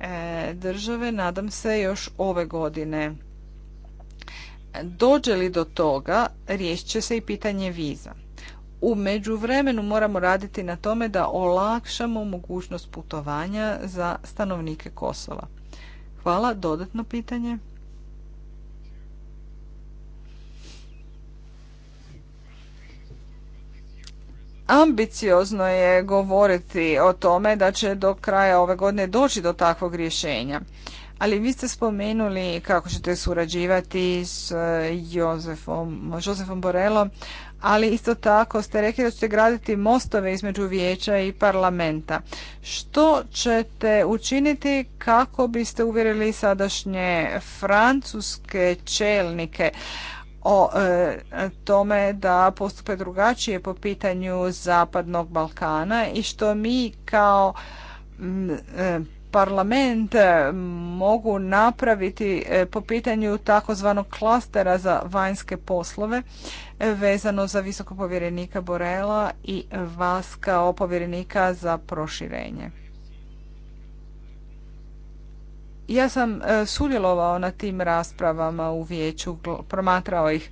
e, države, nadam se još ove godine. Dođe li do toga, riješit će se i pitanje viza. U međuvremenu moramo raditi na tome da olakšamo mogućnost putovanja za stanovnike Kosova. Hvala, dodatno pitanje. Ambiciozno je govoriti o tome da će do kraja ove godine doći do takvog rješenja. Ali vi ste spomenuli kako ćete surađivati s e, Jozefom, Josefom Borelom, ali isto tako ste rekli da ćete graditi mostove između vijeća i parlamenta. Što ćete učiniti kako biste uvjerili sadašnje francuske čelnike o e, tome da postupe drugačije po pitanju Zapadnog Balkana i što mi kao e, parlament mogu napraviti e, po pitanju takozvanog klastera za vanjske poslove vezano za visoko povjerenika Borela i vas kao povjerenika za proširenje. Ja sam e, sudjelovao na tim raspravama u vijeću, promatrao ih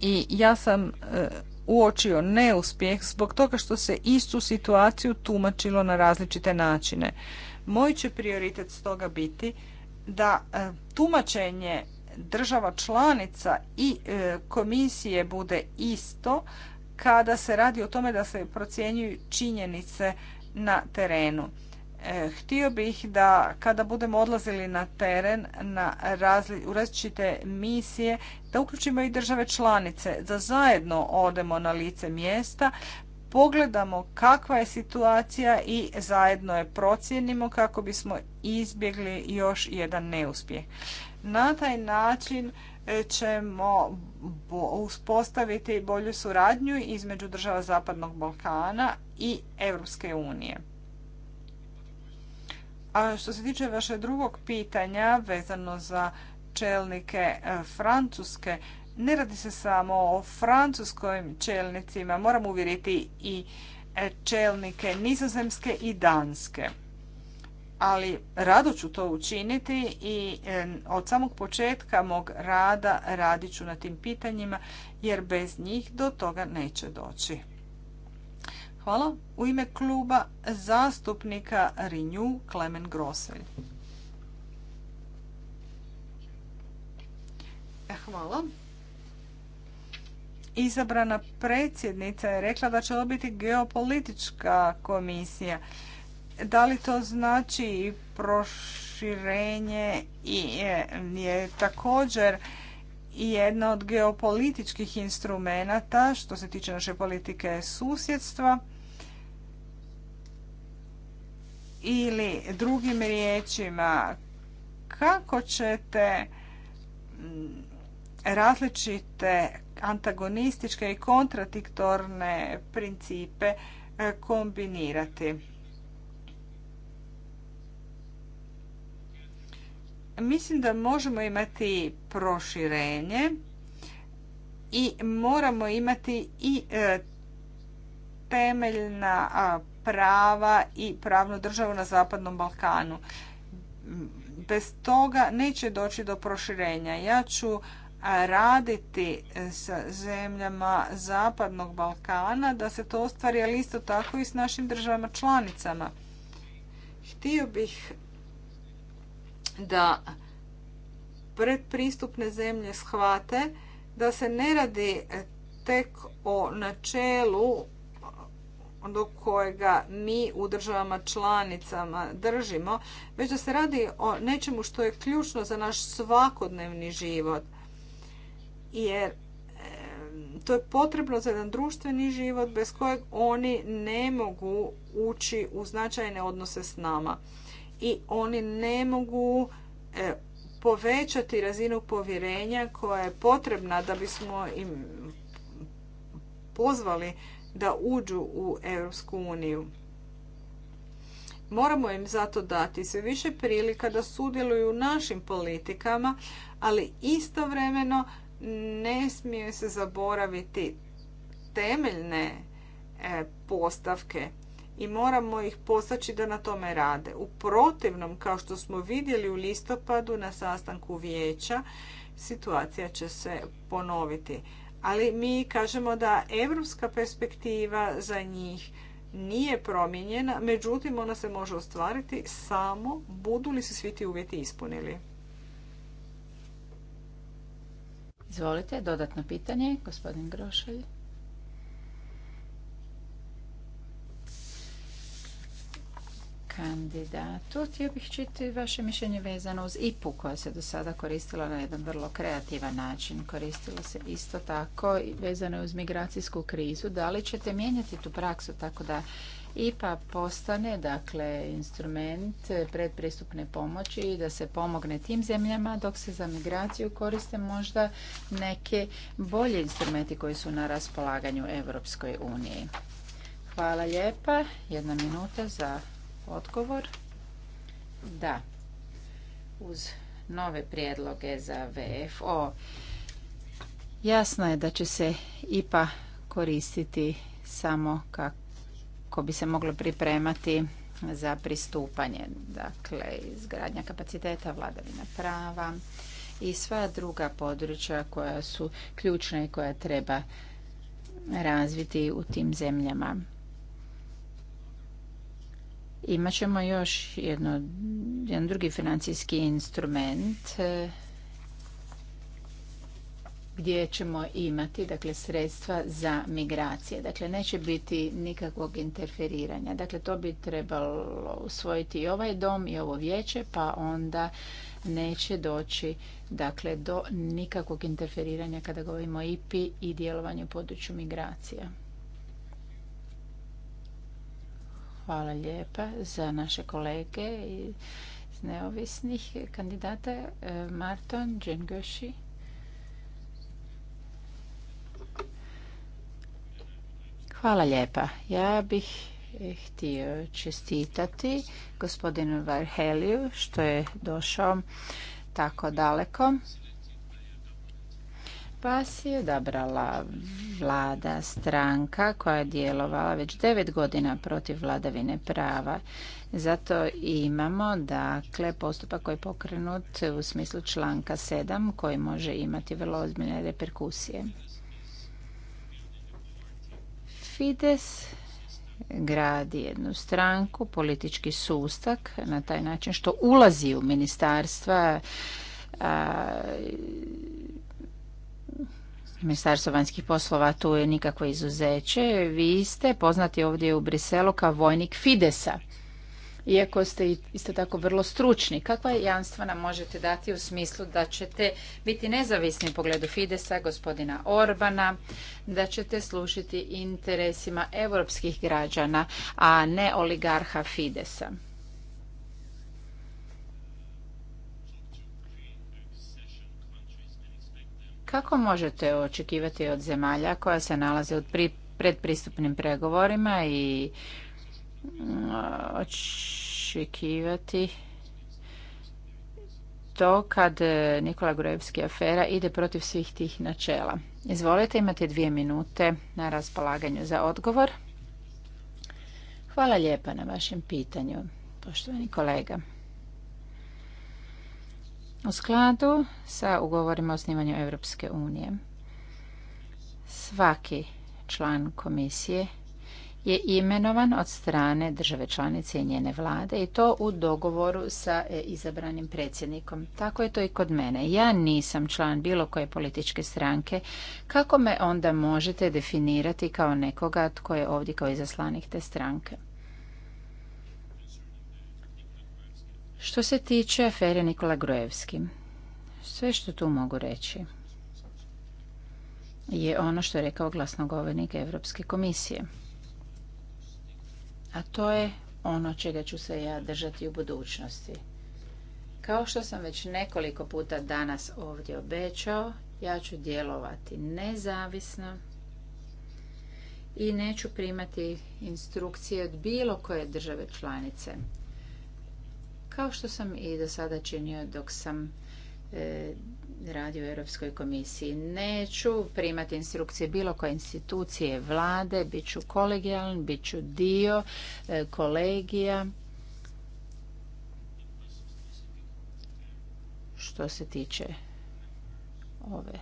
i ja sam e, uočio neuspjeh zbog toga što se istu situaciju tumačilo na različite načine. Moj će prioritet stoga biti da e, tumačenje država članica i komisije bude isto kada se radi o tome da se procjenjuju činjenice na terenu. E, htio bih da kada budemo odlazili na teren na razli, u različite misije, da uključimo i države članice, da zajedno odemo na lice mjesta, pogledamo kakva je situacija i zajedno je procijenimo kako bismo izbjegli još jedan neuspjeh. Na taj način e, ćemo uspostaviti bolju suradnju između država Zapadnog Balkana i Europske unije. A što se tiče vaše drugog pitanja vezano za čelnike e, Francuske, ne radi se samo o francuskim čelnicima, moram uvjeriti i e, čelnike nizozemske i danske. Ali rado ću to učiniti i e, od samog početka mog rada radit ću na tim pitanjima jer bez njih do toga neće doći. Hvala. U ime kluba zastupnika RINJU, Klemen Grosvelj. E, hvala. Izabrana predsjednica je rekla da će ovo biti geopolitička komisija. Da li to znači proširenje i je, je također jedna od geopolitičkih instrumenata što se tiče naše politike susjedstva Ili drugim riječima, kako ćete mm, različite antagonističke i kontradiktorne principe e, kombinirati. Mislim da možemo imati proširenje i moramo imati i e, temeljna prava i pravnu državu na Zapadnom Balkanu. Bez toga neće doći do proširenja. Ja ću raditi sa zemljama Zapadnog Balkana da se to ostvari, ali isto tako i s našim državama članicama. Htio bih da predpristupne zemlje shvate da se ne radi tek o načelu do kojega mi u državama članicama držimo, već da se radi o nečemu što je ključno za naš svakodnevni život. Jer to je potrebno za jedan društveni život bez kojeg oni ne mogu ući u značajne odnose s nama. I oni ne mogu e, povećati razinu povjerenja koja je potrebna da bismo im pozvali da uđu u Europsku uniju. Moramo im zato dati sve više prilika da sudjeluju u našim politikama, ali istovremeno ne smije se zaboraviti temeljne e, postavke i moramo ih postaći da na tome rade. U protivnom, kao što smo vidjeli u listopadu na sastanku vijeća, situacija će se ponoviti ali mi kažemo da europska perspektiva za njih nije promijenjena, međutim ona se može ostvariti samo budu li se svi ti uvjeti ispunili.
Izvolite, dodatno pitanje, gospodin Grošelj. kandidatu. Htio bih čiti vaše mišljenje vezano uz IPU koja se do sada koristila na jedan vrlo kreativan način. Koristila se isto tako i vezano uz migracijsku krizu. Da li ćete mijenjati tu praksu tako da IPA postane dakle instrument predpristupne pomoći i da se pomogne tim zemljama dok se za migraciju koriste možda neke bolje instrumenti koji su na raspolaganju Europskoj uniji. Hvala lijepa. Jedna minuta za Odgovor? Da. Uz nove prijedloge za VFO jasno je da će se IPA koristiti samo kako bi se moglo pripremati za pristupanje, dakle izgradnja kapaciteta, vladavina prava i sva druga područja koja su ključna i koja treba razviti u tim zemljama. Imat ćemo još jedan drugi financijski instrument e, gdje ćemo imati dakle, sredstva za migracije. Dakle, neće biti nikakvog interferiranja. Dakle, to bi trebalo usvojiti i ovaj dom i ovo vijeće, pa onda neće doći dakle, do nikakvog interferiranja kada govorimo o IPI i djelovanju u području migracija. Hvala lijepa za naše kolege iz neovisnih kandidata. E, Marton Džengoši. Hvala lijepa. Ja bih htio čestitati gospodinu Varheliju što je došao tako daleko Vas je odabrala vlada stranka koja je djelovala već devet godina protiv vladavine prava. Zato imamo dakle postupak koji je pokrenut u smislu članka 7 koji može imati vrlo ozbiljne reperkusije. Fides gradi jednu stranku, politički sustak na taj način što ulazi u ministarstva a, Ministarstvo vanjskih poslova tu je nikakvo izuzeće. Vi ste poznati ovdje u Briselu kao vojnik Fidesa. Iako ste isto tako vrlo stručni, kakva jamstva nam možete dati u smislu da ćete biti nezavisni u pogledu Fidesa, gospodina Orbana, da ćete slušiti interesima europskih građana, a ne oligarha Fidesa? Kako možete očekivati od zemalja koja se nalaze u predpristupnim pregovorima i mm, očekivati to kad e, Nikola Gurevski afera ide protiv svih tih načela? Izvolite, imate dvije minute na raspolaganju za odgovor. Hvala lijepa na vašem pitanju, poštovani kolega u skladu sa ugovorima o osnivanju Europske unije. Svaki član komisije je imenovan od strane države članice i njene vlade i to u dogovoru sa e, izabranim predsjednikom. Tako je to i kod mene. Ja nisam član bilo koje političke stranke. Kako me onda možete definirati kao nekoga tko je ovdje kao izaslanik te stranke? Što se tiče afere Nikola Grojevski, sve što tu mogu reći je ono što je rekao glasnogovornik Europske komisije. A to je ono čega ću se ja držati u budućnosti. Kao što sam već nekoliko puta danas ovdje obećao, ja ću djelovati nezavisno i neću primati instrukcije od bilo koje države članice kao što sam i do sada činio dok sam e, radio u Europskoj komisiji. Neću primati instrukcije bilo koje institucije vlade, bit ću kolegijalan, bit ću dio e, kolegija. Što se tiče ove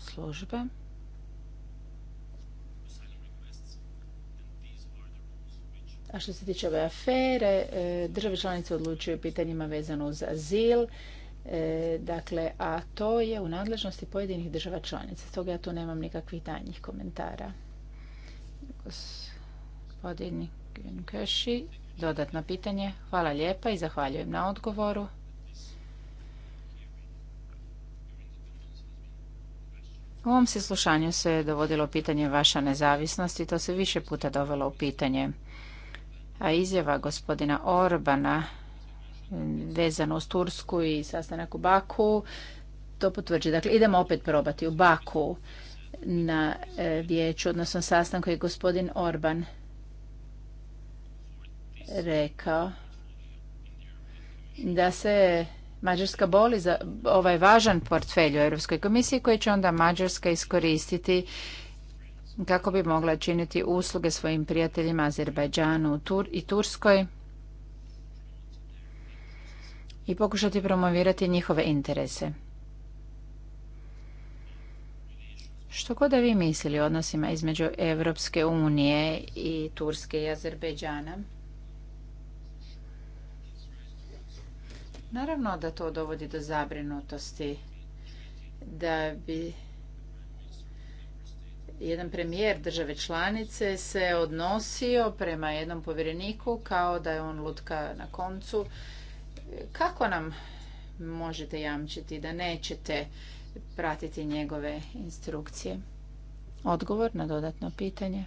službe. A što se tiče ove afere, e, države članice odlučuju pitanjima vezano uz azil, e, dakle, a to je u nadležnosti pojedinih država članica. Stoga ja tu nemam nikakvih danjih komentara. Gospodin dodatno pitanje. Hvala lijepa i zahvaljujem na odgovoru. U ovom se slušanju se dovodilo pitanje vaša nezavisnost i to se više puta dovelo u pitanje. A izjava gospodina Orbana vezano uz Tursku i sastanak u Baku to potvrđuje. Dakle, idemo opet probati u Baku na e, vijeću, odnosno sastanku je gospodin Orban rekao da se Mađarska boli za ovaj važan portfelj u Europskoj komisiji koji će onda Mađarska iskoristiti kako bi mogla činiti usluge svojim prijateljima Azerbajdžanu i Turskoj i pokušati promovirati njihove interese. Što god da vi mislili o odnosima između Europske unije i Turske i Azerbejdžana, naravno da to dovodi do zabrinutosti da bi jedan premijer države članice se odnosio prema jednom povjereniku kao da je on lutka na koncu. Kako nam možete jamčiti da nećete pratiti njegove instrukcije? Odgovor na dodatno pitanje.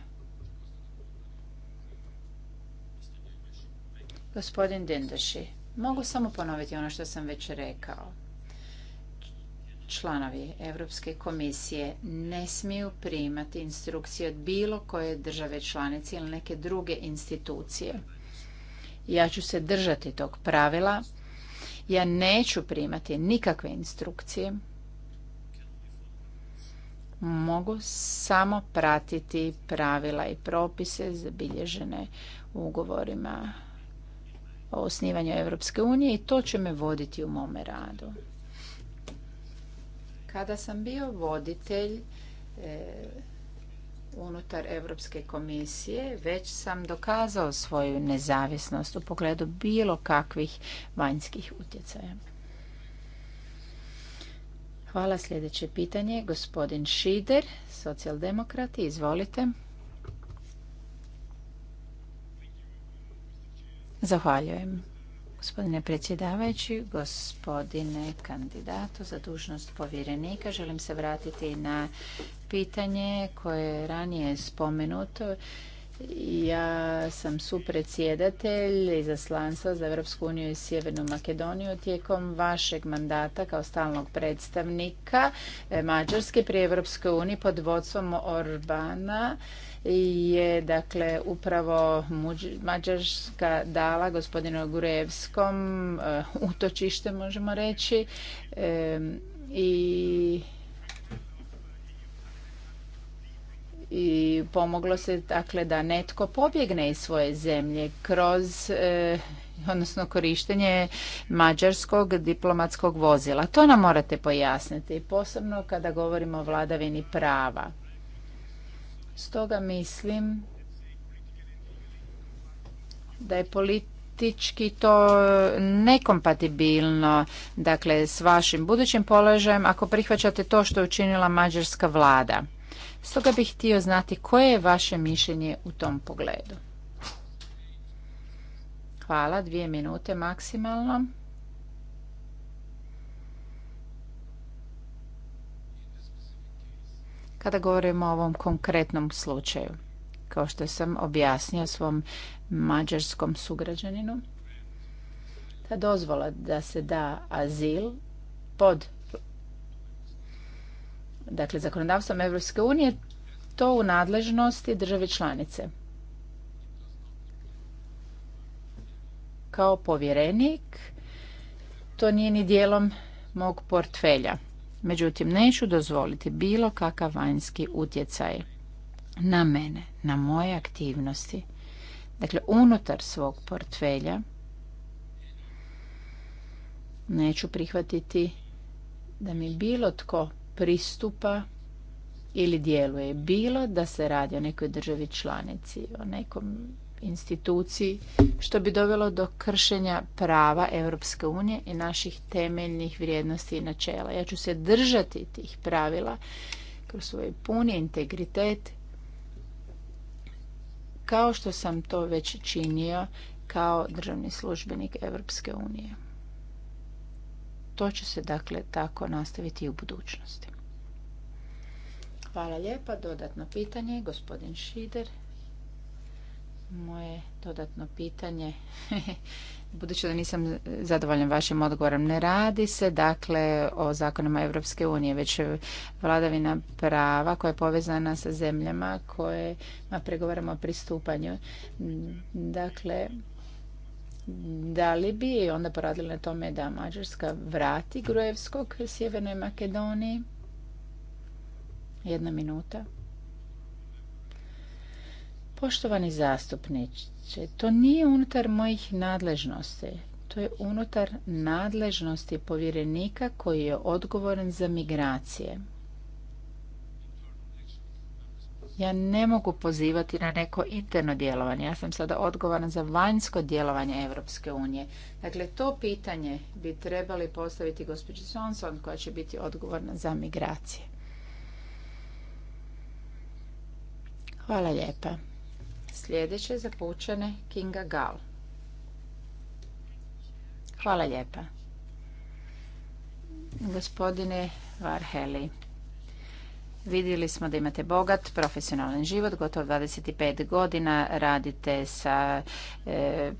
Gospodin Dindeši, mogu samo ponoviti ono što sam već rekao članovi Europske komisije ne smiju primati instrukcije od bilo koje države članice ili neke druge institucije. Ja ću se držati tog pravila. Ja neću primati nikakve instrukcije. Mogu samo pratiti pravila i propise zabilježene u ugovorima o osnivanju Europske unije i to će me voditi u mome radu. Kada sam bio voditelj e, unutar Europske komisije, već sam dokazao svoju nezavisnost u pogledu bilo kakvih vanjskih utjecaja. Hvala. Sljedeće pitanje, gospodin Šider, socijaldemokrati, izvolite. Zahvaljujem. Gospodine predsjedavajući, gospodine kandidatu za dužnost povjerenika, želim se vratiti na pitanje koje je ranije spomenuto. Ja sam supredsjedatelj izaslanstva za Europsku uniju i Sjevernu Makedoniju tijekom vašeg mandata kao stalnog predstavnika Mađarske pri Europskoj uniji pod vodstvom Orbana je dakle upravo Mađarska dala gospodinu Gurevskom eh, utočište možemo reći i i pomoglo se dakle da netko pobjegne iz svoje zemlje kroz eh, odnosno korištenje mađarskog diplomatskog vozila. To nam morate pojasniti, posebno kada govorimo o vladavini prava. Stoga mislim da je politički to nekompatibilno dakle s vašim budućim položajem ako prihvaćate to što je učinila mađarska vlada. Stoga bih htio znati koje je vaše mišljenje u tom pogledu. Hvala, dvije minute maksimalno. kada govorimo o ovom konkretnom slučaju. Kao što sam objasnio svom mađarskom sugrađaninu, ta dozvola da se da azil pod dakle, zakonodavstvom Europske unije, to u nadležnosti države članice. Kao povjerenik, to nije ni dijelom mog portfelja. Međutim, neću dozvoliti bilo kakav vanjski utjecaj na mene, na moje aktivnosti. Dakle, unutar svog portfelja neću prihvatiti da mi bilo tko pristupa ili djeluje. Bilo da se radi o nekoj državi članici, o nekom instituciji, što bi dovelo do kršenja prava Europske unije i naših temeljnih vrijednosti i načela. Ja ću se držati tih pravila kroz svoj puni integritet, kao što sam to već činio kao državni službenik Europske unije. To će se dakle tako nastaviti i u budućnosti. Hvala lijepa. Dodatno pitanje, gospodin Šider. Moje dodatno pitanje, budući da nisam zadovoljan vašim odgovorom, ne radi se dakle o zakonima Europske unije, već vladavina prava koja je povezana sa zemljama koje pregovaramo o pristupanju. Dakle, da li bi onda poradili na tome da Mađarska vrati Grujevskog Sjevernoj Makedoniji? Jedna minuta. Poštovani zastupniče, to nije unutar mojih nadležnosti. To je unutar nadležnosti povjerenika koji je odgovoran za migracije. Ja ne mogu pozivati na neko interno djelovanje. Ja sam sada odgovoran za vanjsko djelovanje Europske unije. Dakle, to pitanje bi trebali postaviti gospođi Sonson koja će biti odgovorna za migracije. Hvala lijepa. Sljedeće za Kinga Gal. Hvala lijepa. Gospodine Varheli, vidjeli smo da imate bogat profesionalan život, gotovo 25 godina radite sa e,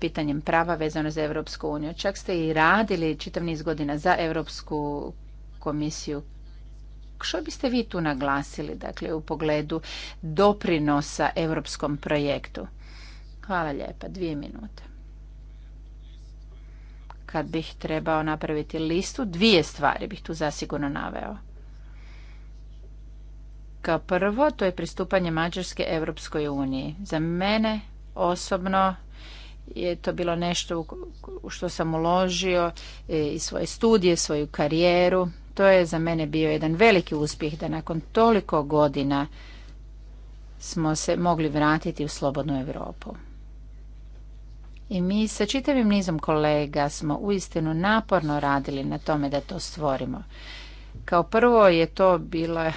pitanjem prava vezano za Europsku uniju. Čak ste i radili čitav niz godina za Europsku komisiju što biste vi tu naglasili, dakle, u pogledu doprinosa europskom projektu? Hvala lijepa, dvije minute. Kad bih trebao napraviti listu, dvije stvari bih tu zasigurno naveo. Kao prvo, to je pristupanje Mađarske Evropskoj uniji. Za mene osobno je to bilo nešto u što sam uložio e, i svoje studije, svoju karijeru. To je za mene bio jedan veliki uspjeh da nakon toliko godina smo se mogli vratiti u slobodnu Europu. I mi sa čitavim nizom kolega smo uistinu naporno radili na tome da to stvorimo. Kao prvo je to bila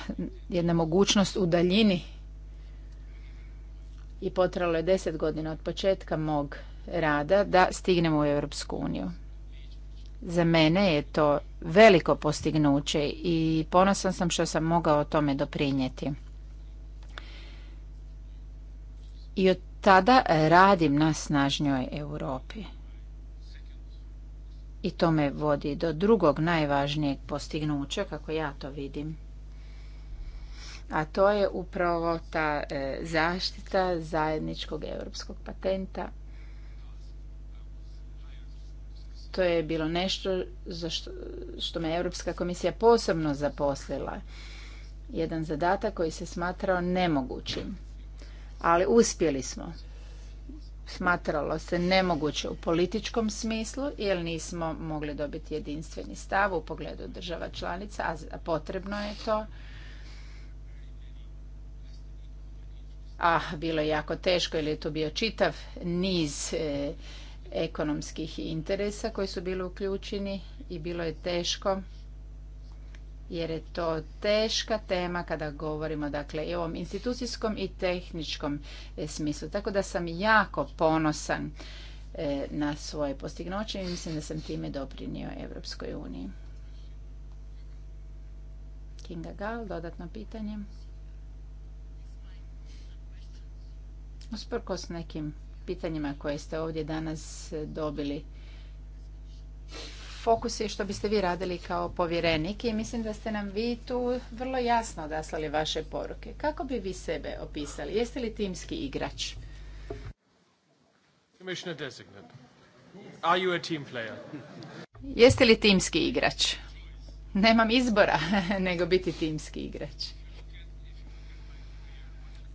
jedna mogućnost u daljini i potralo je deset godina od početka mog rada da stignemo u Europsku uniju. Za mene je to veliko postignuće i ponosan sam što sam mogao tome doprinijeti. I od tada radim na snažnjoj Europi. I to me vodi do drugog najvažnijeg postignuća, kako ja to vidim. A to je upravo ta e, zaštita zajedničkog europskog patenta to je bilo nešto za što, me Europska komisija posebno zaposlila. Jedan zadatak koji se smatrao nemogućim. Ali uspjeli smo. Smatralo se nemoguće u političkom smislu, jer nismo mogli dobiti jedinstveni stav u pogledu država članica, a potrebno je to. Ah, bilo je jako teško, jer je tu bio čitav niz e, ekonomskih interesa koji su bili uključeni i bilo je teško jer je to teška tema kada govorimo dakle i o ovom institucijskom i tehničkom e, smislu. Tako da sam jako ponosan e, na svoje postignoće i mislim da sam time doprinio Europskoj uniji. Kinga Gal, dodatno pitanje. Usprkos nekim pitanjima koje ste ovdje danas eh, dobili. Fokus je što biste vi radili kao povjerenik i mislim da ste nam vi tu vrlo jasno odaslali vaše poruke. Kako bi vi sebe opisali? Jeste li timski igrač? Jeste li timski igrač? Nemam izbora nego biti timski igrač.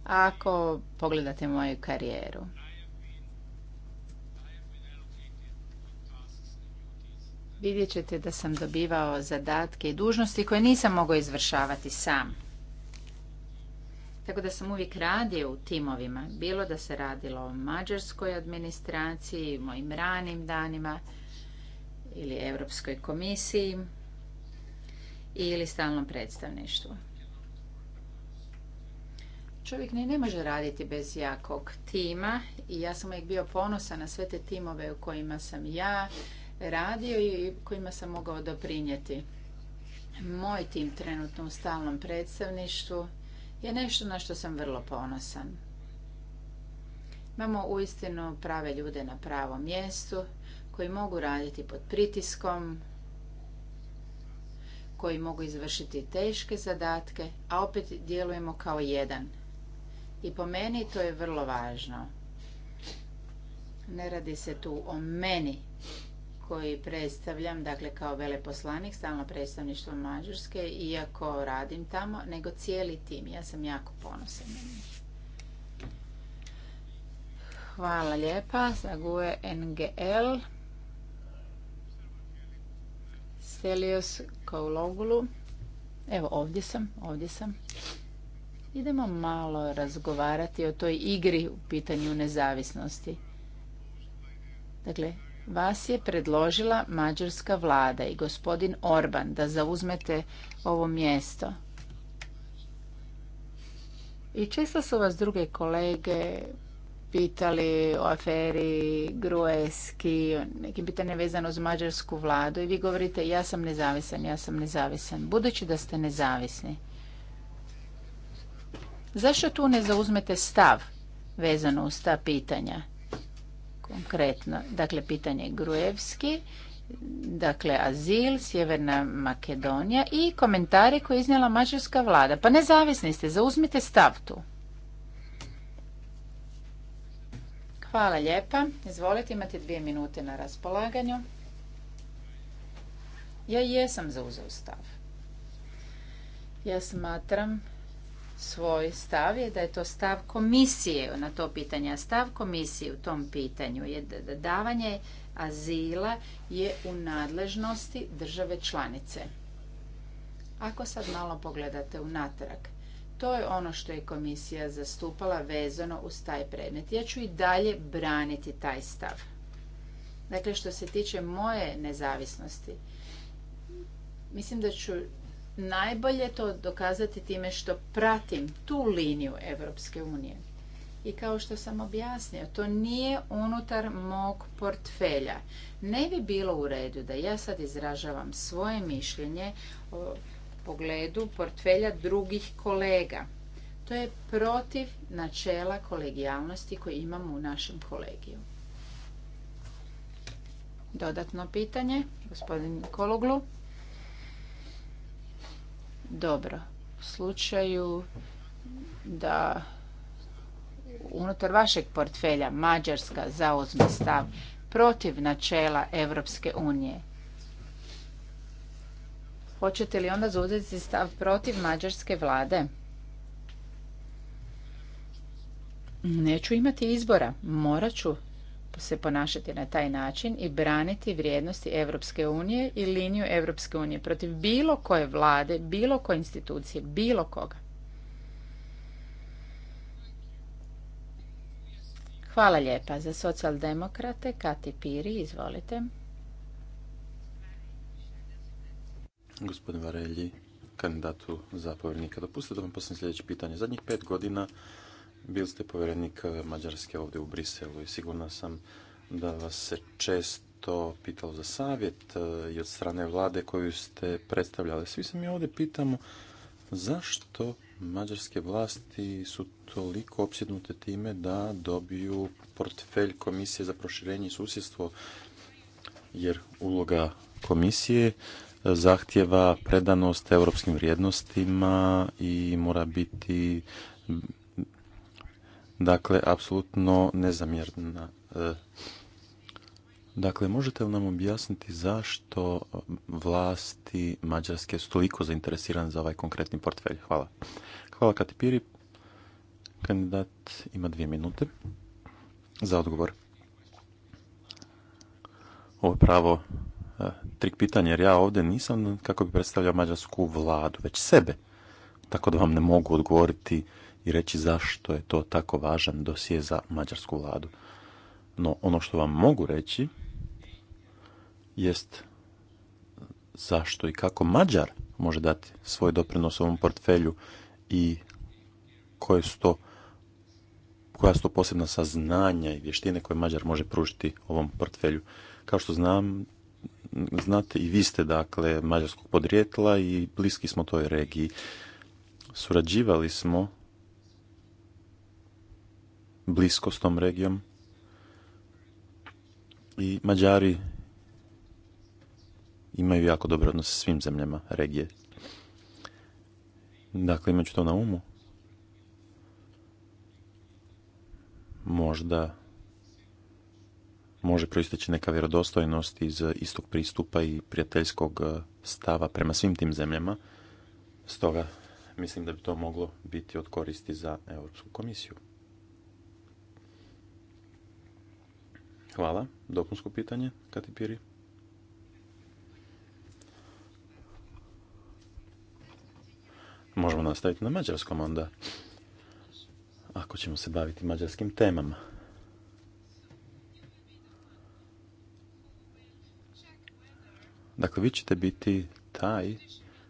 Ako pogledate moju karijeru, Vidjet ćete da sam dobivao zadatke i dužnosti koje nisam mogao izvršavati sam. Tako da sam uvijek radio u timovima. Bilo da se radilo o mađarskoj administraciji, mojim ranim danima ili Europskoj komisiji ili stalnom predstavništvu. Čovjek ni ne može raditi bez jakog tima i ja sam uvijek bio ponosan na sve te timove u kojima sam ja radio i kojima sam mogao doprinijeti. Moj tim trenutno u stalnom predstavništvu je nešto na što sam vrlo ponosan. Imamo uistinu prave ljude na pravom mjestu koji mogu raditi pod pritiskom, koji mogu izvršiti teške zadatke, a opet djelujemo kao jedan. I po meni to je vrlo važno. Ne radi se tu o meni, koji predstavljam, dakle kao veleposlanik, stalno predstavništvo Mađarske, iako radim tamo, nego cijeli tim. Ja sam jako ponosan Hvala lijepa. Zaguje NGL. Stelios Koulogulu. Evo ovdje sam, ovdje sam. Idemo malo razgovarati o toj igri u pitanju nezavisnosti. Dakle, vas je predložila mađarska vlada i gospodin Orban da zauzmete ovo mjesto. I često su vas druge kolege pitali o aferi Grueski, nekim pitanje vezano uz mađarsku vladu i vi govorite ja sam nezavisan, ja sam nezavisan. Budući da ste nezavisni, zašto tu ne zauzmete stav vezano uz ta pitanja? konkretno. Dakle, pitanje Grujevski, dakle, azil, Sjeverna Makedonija i komentari koje je iznijela mađarska vlada. Pa nezavisni ste, zauzmite stav tu. Hvala lijepa. Izvolite, imate dvije minute na raspolaganju. Ja jesam zauzeo stav. Ja smatram svoj stav je da je to stav komisije na to pitanje. A stav komisije u tom pitanju je da davanje azila je u nadležnosti države članice. Ako sad malo pogledate u unatrag, to je ono što je komisija zastupala vezano uz taj predmet. Ja ću i dalje braniti taj stav. Dakle, što se tiče moje nezavisnosti, mislim da ću najbolje to dokazati time što pratim tu liniju Europske unije. I kao što sam objasnio, to nije unutar mog portfelja. Ne bi bilo u redu da ja sad izražavam svoje mišljenje o pogledu portfelja drugih kolega. To je protiv načela kolegijalnosti koje imamo u našem kolegiju. Dodatno pitanje, gospodin Kologlu dobro. U slučaju da unutar vašeg portfelja Mađarska zauzme stav protiv načela Europske unije, hoćete li onda zauzeti stav protiv mađarske vlade? Neću imati izbora, morat ću se ponašati na taj način i braniti vrijednosti Europske unije i liniju Europske unije protiv bilo koje vlade, bilo koje institucije, bilo koga. Hvala lijepa. Za socijaldemokrate Kati Piri, izvolite.
Gospodin Varelji, kandidatu povjernika. dopustite da vam postavim sljedeće pitanje. Zadnjih pet godina bili ste povjerenik eh, Mađarske ovdje u Briselu i sigurno sam da vas se često pitalo za savjet eh, i od strane vlade koju ste predstavljali. Svi se mi ovdje pitamo zašto mađarske vlasti su toliko opsjednute time da dobiju portfelj Komisije za proširenje i susjedstvo, jer uloga Komisije eh, zahtjeva predanost europskim vrijednostima i mora biti Dakle, apsolutno nezamjerna. E, dakle, možete li nam objasniti zašto vlasti Mađarske su toliko zainteresirane za ovaj konkretni portfelj? Hvala. Hvala piri. Kandidat ima dvije minute za odgovor. Ovo je pravo e, trik pitanja jer ja ovdje nisam kako bi predstavljao mađarsku vladu, već sebe. Tako da vam ne mogu odgovoriti i reći zašto je to tako važan dosije za mađarsku vladu. No ono što vam mogu reći jest zašto i kako Mađar može dati svoj doprinos ovom portfelju i koje koja su to posebna saznanja i vještine koje Mađar može pružiti ovom portfelju. Kao što znam, znate i vi ste dakle mađarskog podrijetla i bliski smo toj regiji. Surađivali smo blisko s tom regijom. I Mađari imaju jako dobre odnos sa svim zemljama regije. Dakle, imat to na umu. Možda može proisteći neka vjerodostojnost iz istog pristupa i prijateljskog eh, stava prema svim tim zemljama. Stoga mislim da bi to moglo biti od koristi za Europsku komisiju. Hvala. Dopunsko pitanje, Kati Piri. Možemo nastaviti na mađarskom onda, ako ćemo se baviti mađarskim temama. Dakle, vi ćete biti taj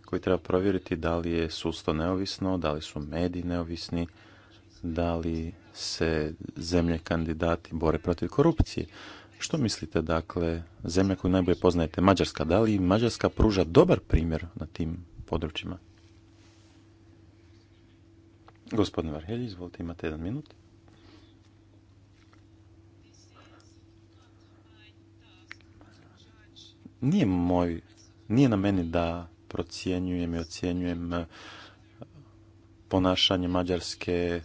koji treba provjeriti da li je sustav neovisno, da li su mediji neovisni, da li se zemlje kandidati bore protiv korupcije. Što mislite, dakle, zemlja koju najbolje poznajete, Mađarska, da li Mađarska pruža dobar primjer na tim područjima? Gospodin Varhelji, izvolite, imate jedan minut. Nije moj, nije na meni da procjenjujem i ocjenjujem eh, ponašanje Mađarske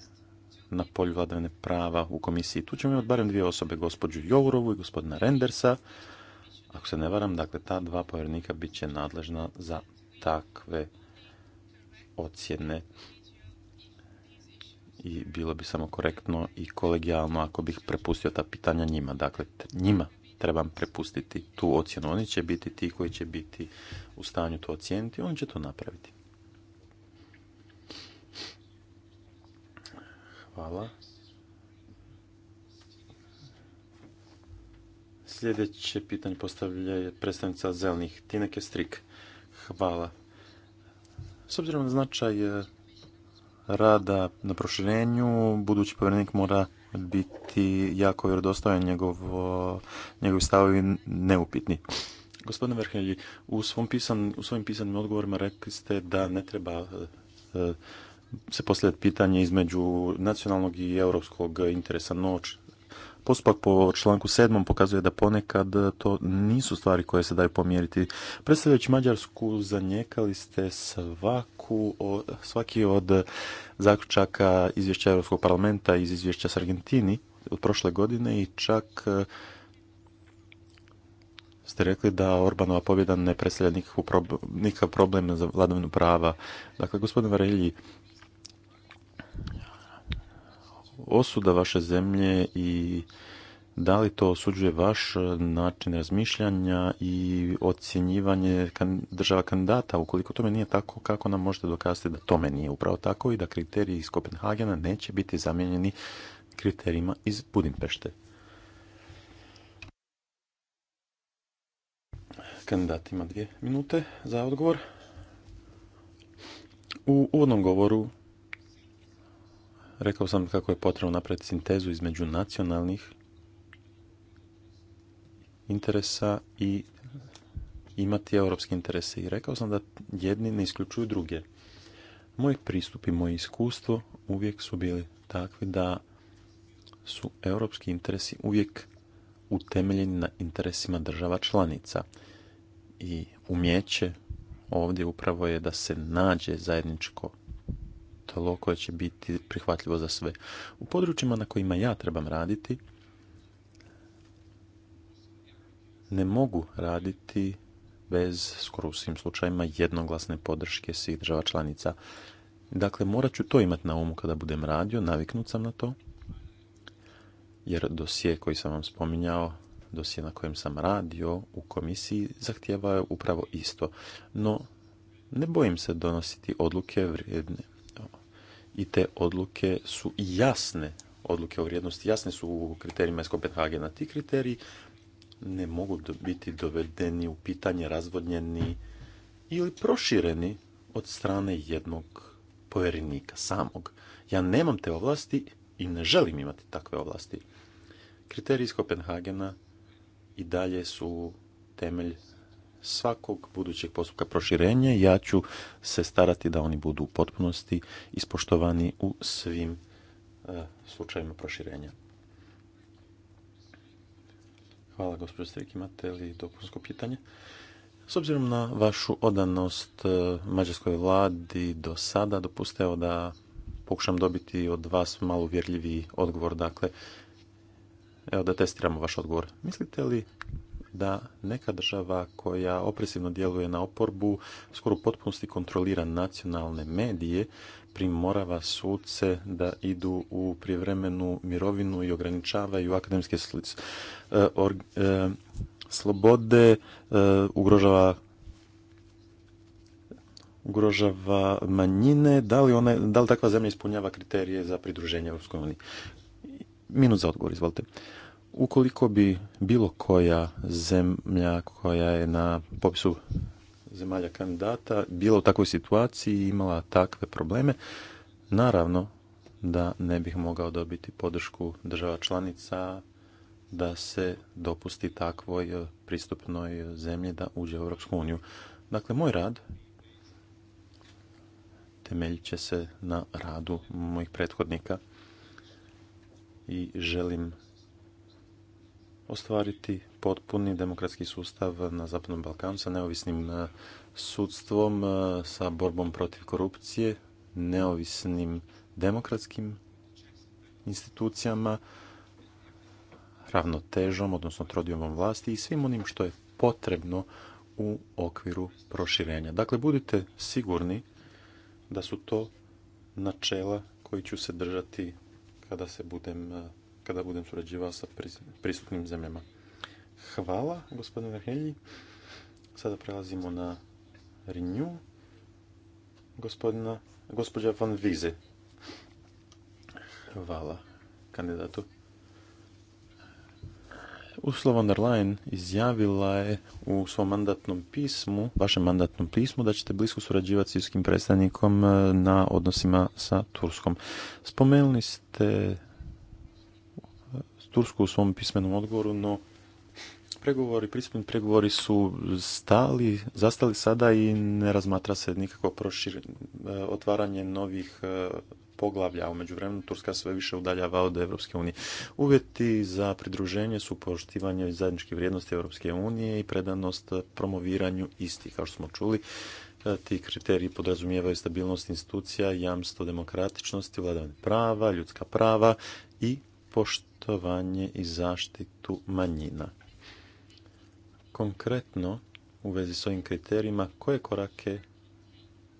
na polju vladavine prava u komisiji. Tu ćemo imati barem dvije osobe, gospođu Jourovu i gospodina Rendersa. Ako se ne varam, dakle, ta dva povjernika bit će nadležna za takve ocjene i bilo bi samo korektno i kolegijalno ako bih prepustio ta pitanja njima. Dakle, njima trebam prepustiti tu ocjenu. Oni će biti ti koji će biti u stanju to ocijeniti, oni će to napraviti. Hvala. Sljedeće pitanje postavlja je predstavnica zelnih Tineke Strik. Hvala. S obzirom na značaj e, rada na proširenju, budući povjerenik mora biti jako vjerodostojan, njegov, njegovi stavovi neupitni. Gospodine Verhelji, u, svom u svojim pisanim odgovorima rekli ste da ne treba e, se postavlja pitanje između nacionalnog i europskog interesa noć. Postupak po članku 7. pokazuje da ponekad to nisu stvari koje se daju pomjeriti. Predstavljajući Mađarsku, zanijekali ste svaku, svaki od zaključaka izvješća Europskog parlamenta iz izvješća s Argentini od prošle godine i čak e, ste rekli da Orbanova pobjeda ne predstavlja nikakav problem za vladavinu prava. Dakle, gospodin Varelji, osuda vaše zemlje i da li to osuđuje vaš e, način razmišljanja i ocjenjivanje država kandidata? Ukoliko tome nije tako, kako nam možete dokazati da tome nije upravo tako i da kriteriji iz Kopenhagena neće biti zamijenjeni kriterijima iz Budimpešte? Kandidat ima dvije minute za odgovor. U uvodnom govoru Rekao sam kako je potrebno napraviti sintezu između nacionalnih interesa i imati europske interese. I rekao sam da jedni ne isključuju druge. Moji pristup i moje iskustvo uvijek su bili takvi da su europski interesi uvijek utemeljeni na interesima država članica. I umjeće ovdje upravo je da se nađe zajedničko tlo koje će biti prihvatljivo za sve. U područjima na kojima ja trebam raditi, ne mogu raditi bez, skoro u svim slučajima, jednoglasne podrške svih država članica. Dakle, morat ću to imati na umu kada budem radio, naviknut sam na to, jer dosije koji sam vam spominjao, dosije na kojem sam radio u komisiji, zahtijevaju upravo isto. No, ne bojim se donositi odluke vrijedne, i te odluke su jasne, odluke o vrijednosti jasne su u kriterijima iz Kopenhagena. Ti kriteriji ne mogu biti dovedeni u pitanje, razvodnjeni ili prošireni od strane jednog povjerenika samog. Ja nemam te ovlasti i ne želim imati takve ovlasti. Kriteriji iz Kopenhagena i dalje su temelj svakog budućeg postupka proširenja. Ja ću se starati da oni budu u potpunosti ispoštovani u svim e, slučajevima slučajima proširenja. Hvala, gospođo Strik. Imate li dopunsko pitanje? S obzirom na vašu odanost e, mađarskoj vladi do sada, dopustite da pokušam dobiti od vas malo uvjerljiviji odgovor. Dakle, evo da testiramo vaš odgovor. Mislite li da neka država koja opresivno djeluje na oporbu skoro u potpunosti kontrolira nacionalne medije, primorava suce da idu u prijevremenu mirovinu i ograničavaju akademske e, e, slobode, e, ugrožava ugrožava manjine, da li, da li takva zemlja ispunjava kriterije za pridruženje Europskoj uniji? Minut za odgovor, izvolite. Ukoliko bi bilo koja zemlja koja je na popisu zemalja kandidata bila u takvoj situaciji i imala takve probleme, naravno da ne bih mogao dobiti podršku država članica da se dopusti takvoj pristupnoj zemlji da uđe u Europsku uniju. Dakle, moj rad temeljit će se na radu mojih prethodnika i želim ostvariti potpuni demokratski sustav na Zapadnom Balkanu sa neovisnim e, sudstvom, e, sa borbom protiv korupcije, neovisnim demokratskim institucijama, ravnotežom, odnosno trodiobom vlasti i svim onim što je potrebno u okviru proširenja. Dakle, budite sigurni da su to načela koji ću se držati kada se budem e, kada budem surađivao sa prisutnim zemljama. Hvala, gospodine Hrelji. Sada prelazimo na Renew. Gospodina, gospođa Van Vize. Hvala kandidatu. U von der Leyen izjavila je u svom mandatnom pismu, vašem mandatnom pismu, da ćete blisko surađivati s irskim predstavnikom e, na odnosima sa Turskom. Spomenuli ste Tursku u svom pismenom odgovoru, no pregovori, pristupni pregovori su stali, zastali sada i ne razmatra se nikako eh, otvaranje novih eh, poglavlja. U međuvremenu Turska sve više udaljava od Europske unije. Uvjeti za pridruženje su poštivanje zajedničke vrijednosti Europske unije i predanost promoviranju istih. Kao što smo čuli, eh, ti kriteriji podrazumijevaju stabilnost institucija, jamstvo demokratičnosti, vladavine prava, ljudska prava i poštivanje poštovanje i zaštitu manjina. Konkretno, u vezi s ovim kriterijima, koje korake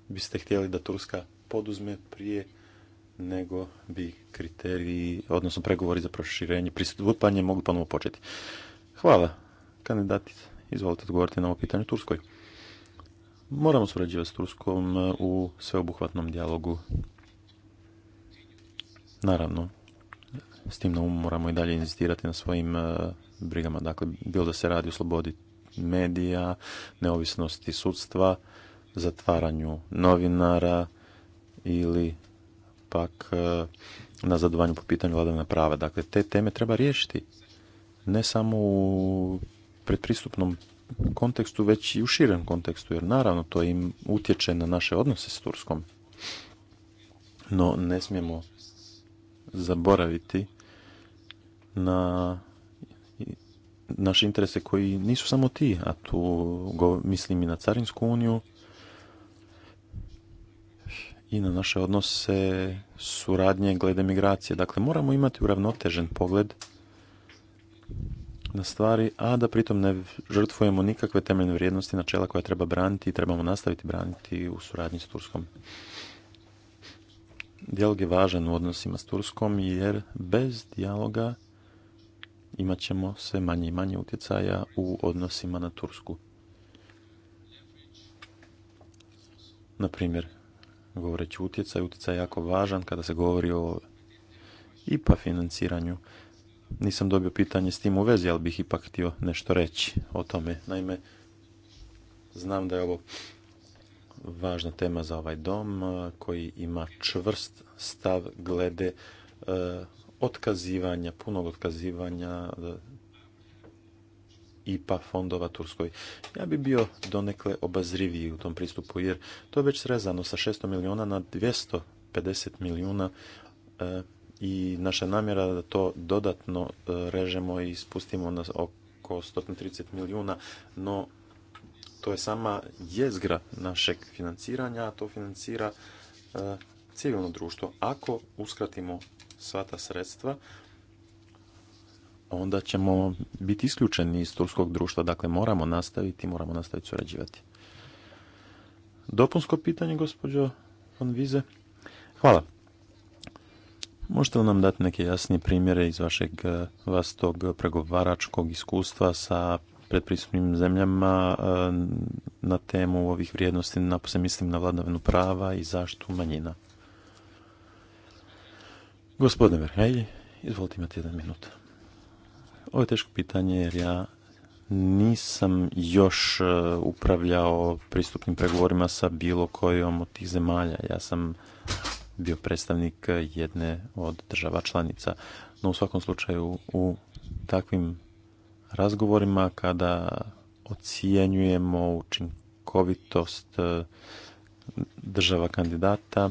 biste htjeli da Turska poduzme prije nego bi kriteriji, odnosno pregovori za proširenje, pristupanje mogli ponovo početi. Hvala. Kandidati, izvolite odgovoriti na ovo pitanje Turskoj. Moramo surađivati s Turskom u sveobuhvatnom dijalogu. Naravno, s tim na moramo i dalje inzistirati na svojim e, brigama. Dakle, bilo da se radi o slobodi medija, neovisnosti sudstva, zatvaranju novinara ili pak e, zadovanju po pitanju vladavina prava. Dakle, te teme treba riješiti ne samo u predpristupnom kontekstu, već i u širem kontekstu, jer naravno to im utječe na naše odnose s Turskom. No, ne smijemo zaboraviti na naše interese koji nisu samo ti, a tu mislim i na Carinsku uniju i na naše odnose suradnje glede migracije. Dakle, moramo imati uravnotežen pogled na stvari, a da pritom ne žrtvujemo nikakve temeljne vrijednosti načela koja treba braniti i trebamo nastaviti braniti u suradnji s Turskom. Dijalog je važan u odnosima s Turskom jer bez dijaloga imat ćemo sve manje i manje utjecaja u odnosima na Tursku. Na primjer, govoreći utjecaj, utjecaj je jako važan kada se govori o IPA financiranju. Nisam dobio pitanje s tim u vezi, ali bih ipak htio nešto reći o tome. Naime, znam da je ovo važna tema za ovaj dom eh, koji ima čvrst stav glede eh, otkazivanja, punog otkazivanja e, IPA fondova Turskoj. Ja bi bio donekle obazriviji u tom pristupu, jer to je već srezano sa 600 milijuna na 250 milijuna e, i naša namjera da to dodatno e, režemo i spustimo na oko 130 milijuna, no to je sama jezgra našeg financiranja, a to financira civilno društvo. Ako uskratimo sva ta sredstva, onda ćemo biti isključeni iz turskog društva. Dakle, moramo nastaviti, moramo nastaviti surađivati. Dopunsko pitanje, gospođo von Vize. Hvala. Možete li nam dati neke jasnije primjere iz vašeg vas tog pregovaračkog iskustva sa predpristupnim zemljama eh, na temu ovih vrijednosti, napose mislim na vladavinu prava i zaštitu manjina? Gospodine Verhelji, izvolite imati jedan minut. Ovo je teško pitanje jer ja nisam još e, upravljao pristupnim pregovorima sa bilo kojom od tih zemalja. Ja sam bio predstavnik jedne od država članica. No u svakom slučaju u takvim razgovorima kada ocjenjujemo učinkovitost e, država kandidata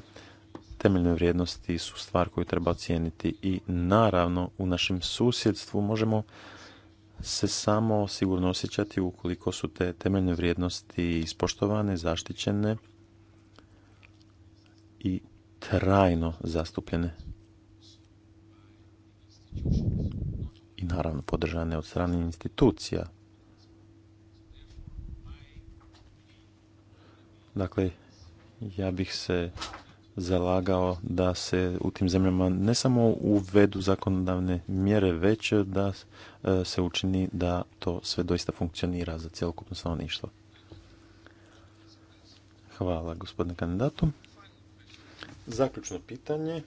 temeljne vrijednosti su stvar koju treba ocijeniti i naravno u našem susjedstvu možemo se samo sigurno osjećati ukoliko su te temeljne vrijednosti ispoštovane, zaštićene i trajno zastupljene. I naravno podržane od strane institucija. Dakle, ja bih se zalagao da se u tim zemljama ne samo uvedu zakonodavne mjere, već da e, se učini da to sve doista funkcionira za cjelokupno stanovništvo. Hvala gospodine kandidatu. Zaključno pitanje.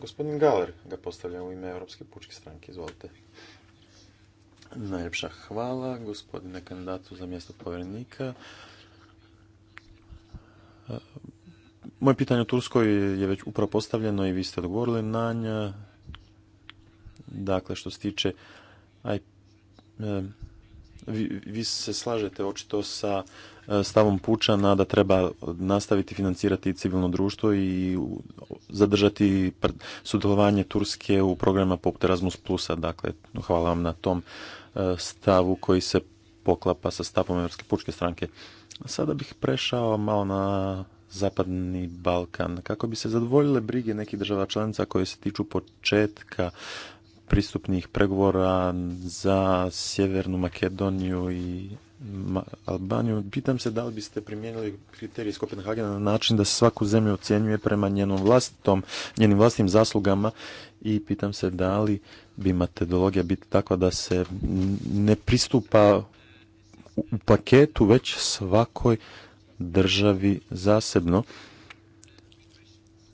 Gospodin Galer ga postavlja u ime Europske pučke stranke. Izvolite. Najljepša hvala gospodine kandidatu za mjesto povjerenika. Moje pitanje o Turskoj je već upravo postavljeno i vi ste odgovorili na nja. Dakle, što se tiče aj, vi, se slažete očito sa e, stavom Pučana da treba nastaviti financirati civilno društvo i zadržati sudjelovanje Turske u programa poput Erasmus Plusa. Dakle, hvala vam na tom e, stavu koji se poklapa sa stavom Evropske pučke stranke. Sada bih prešao malo na Zapadni Balkan. Kako bi se zadovoljile brige nekih država članica koje se tiču početka pristupnih pregovora za Sjevernu Makedoniju i Albaniju, pitam se da li biste primijenili kriterije iz Kopenhagena na način da se svaku zemlju ocjenjuje prema njenom vlastitom, njenim vlastnim zaslugama i pitam se da li bi metodologija biti takva da se ne pristupa u paketu već svakoj državi zasebno.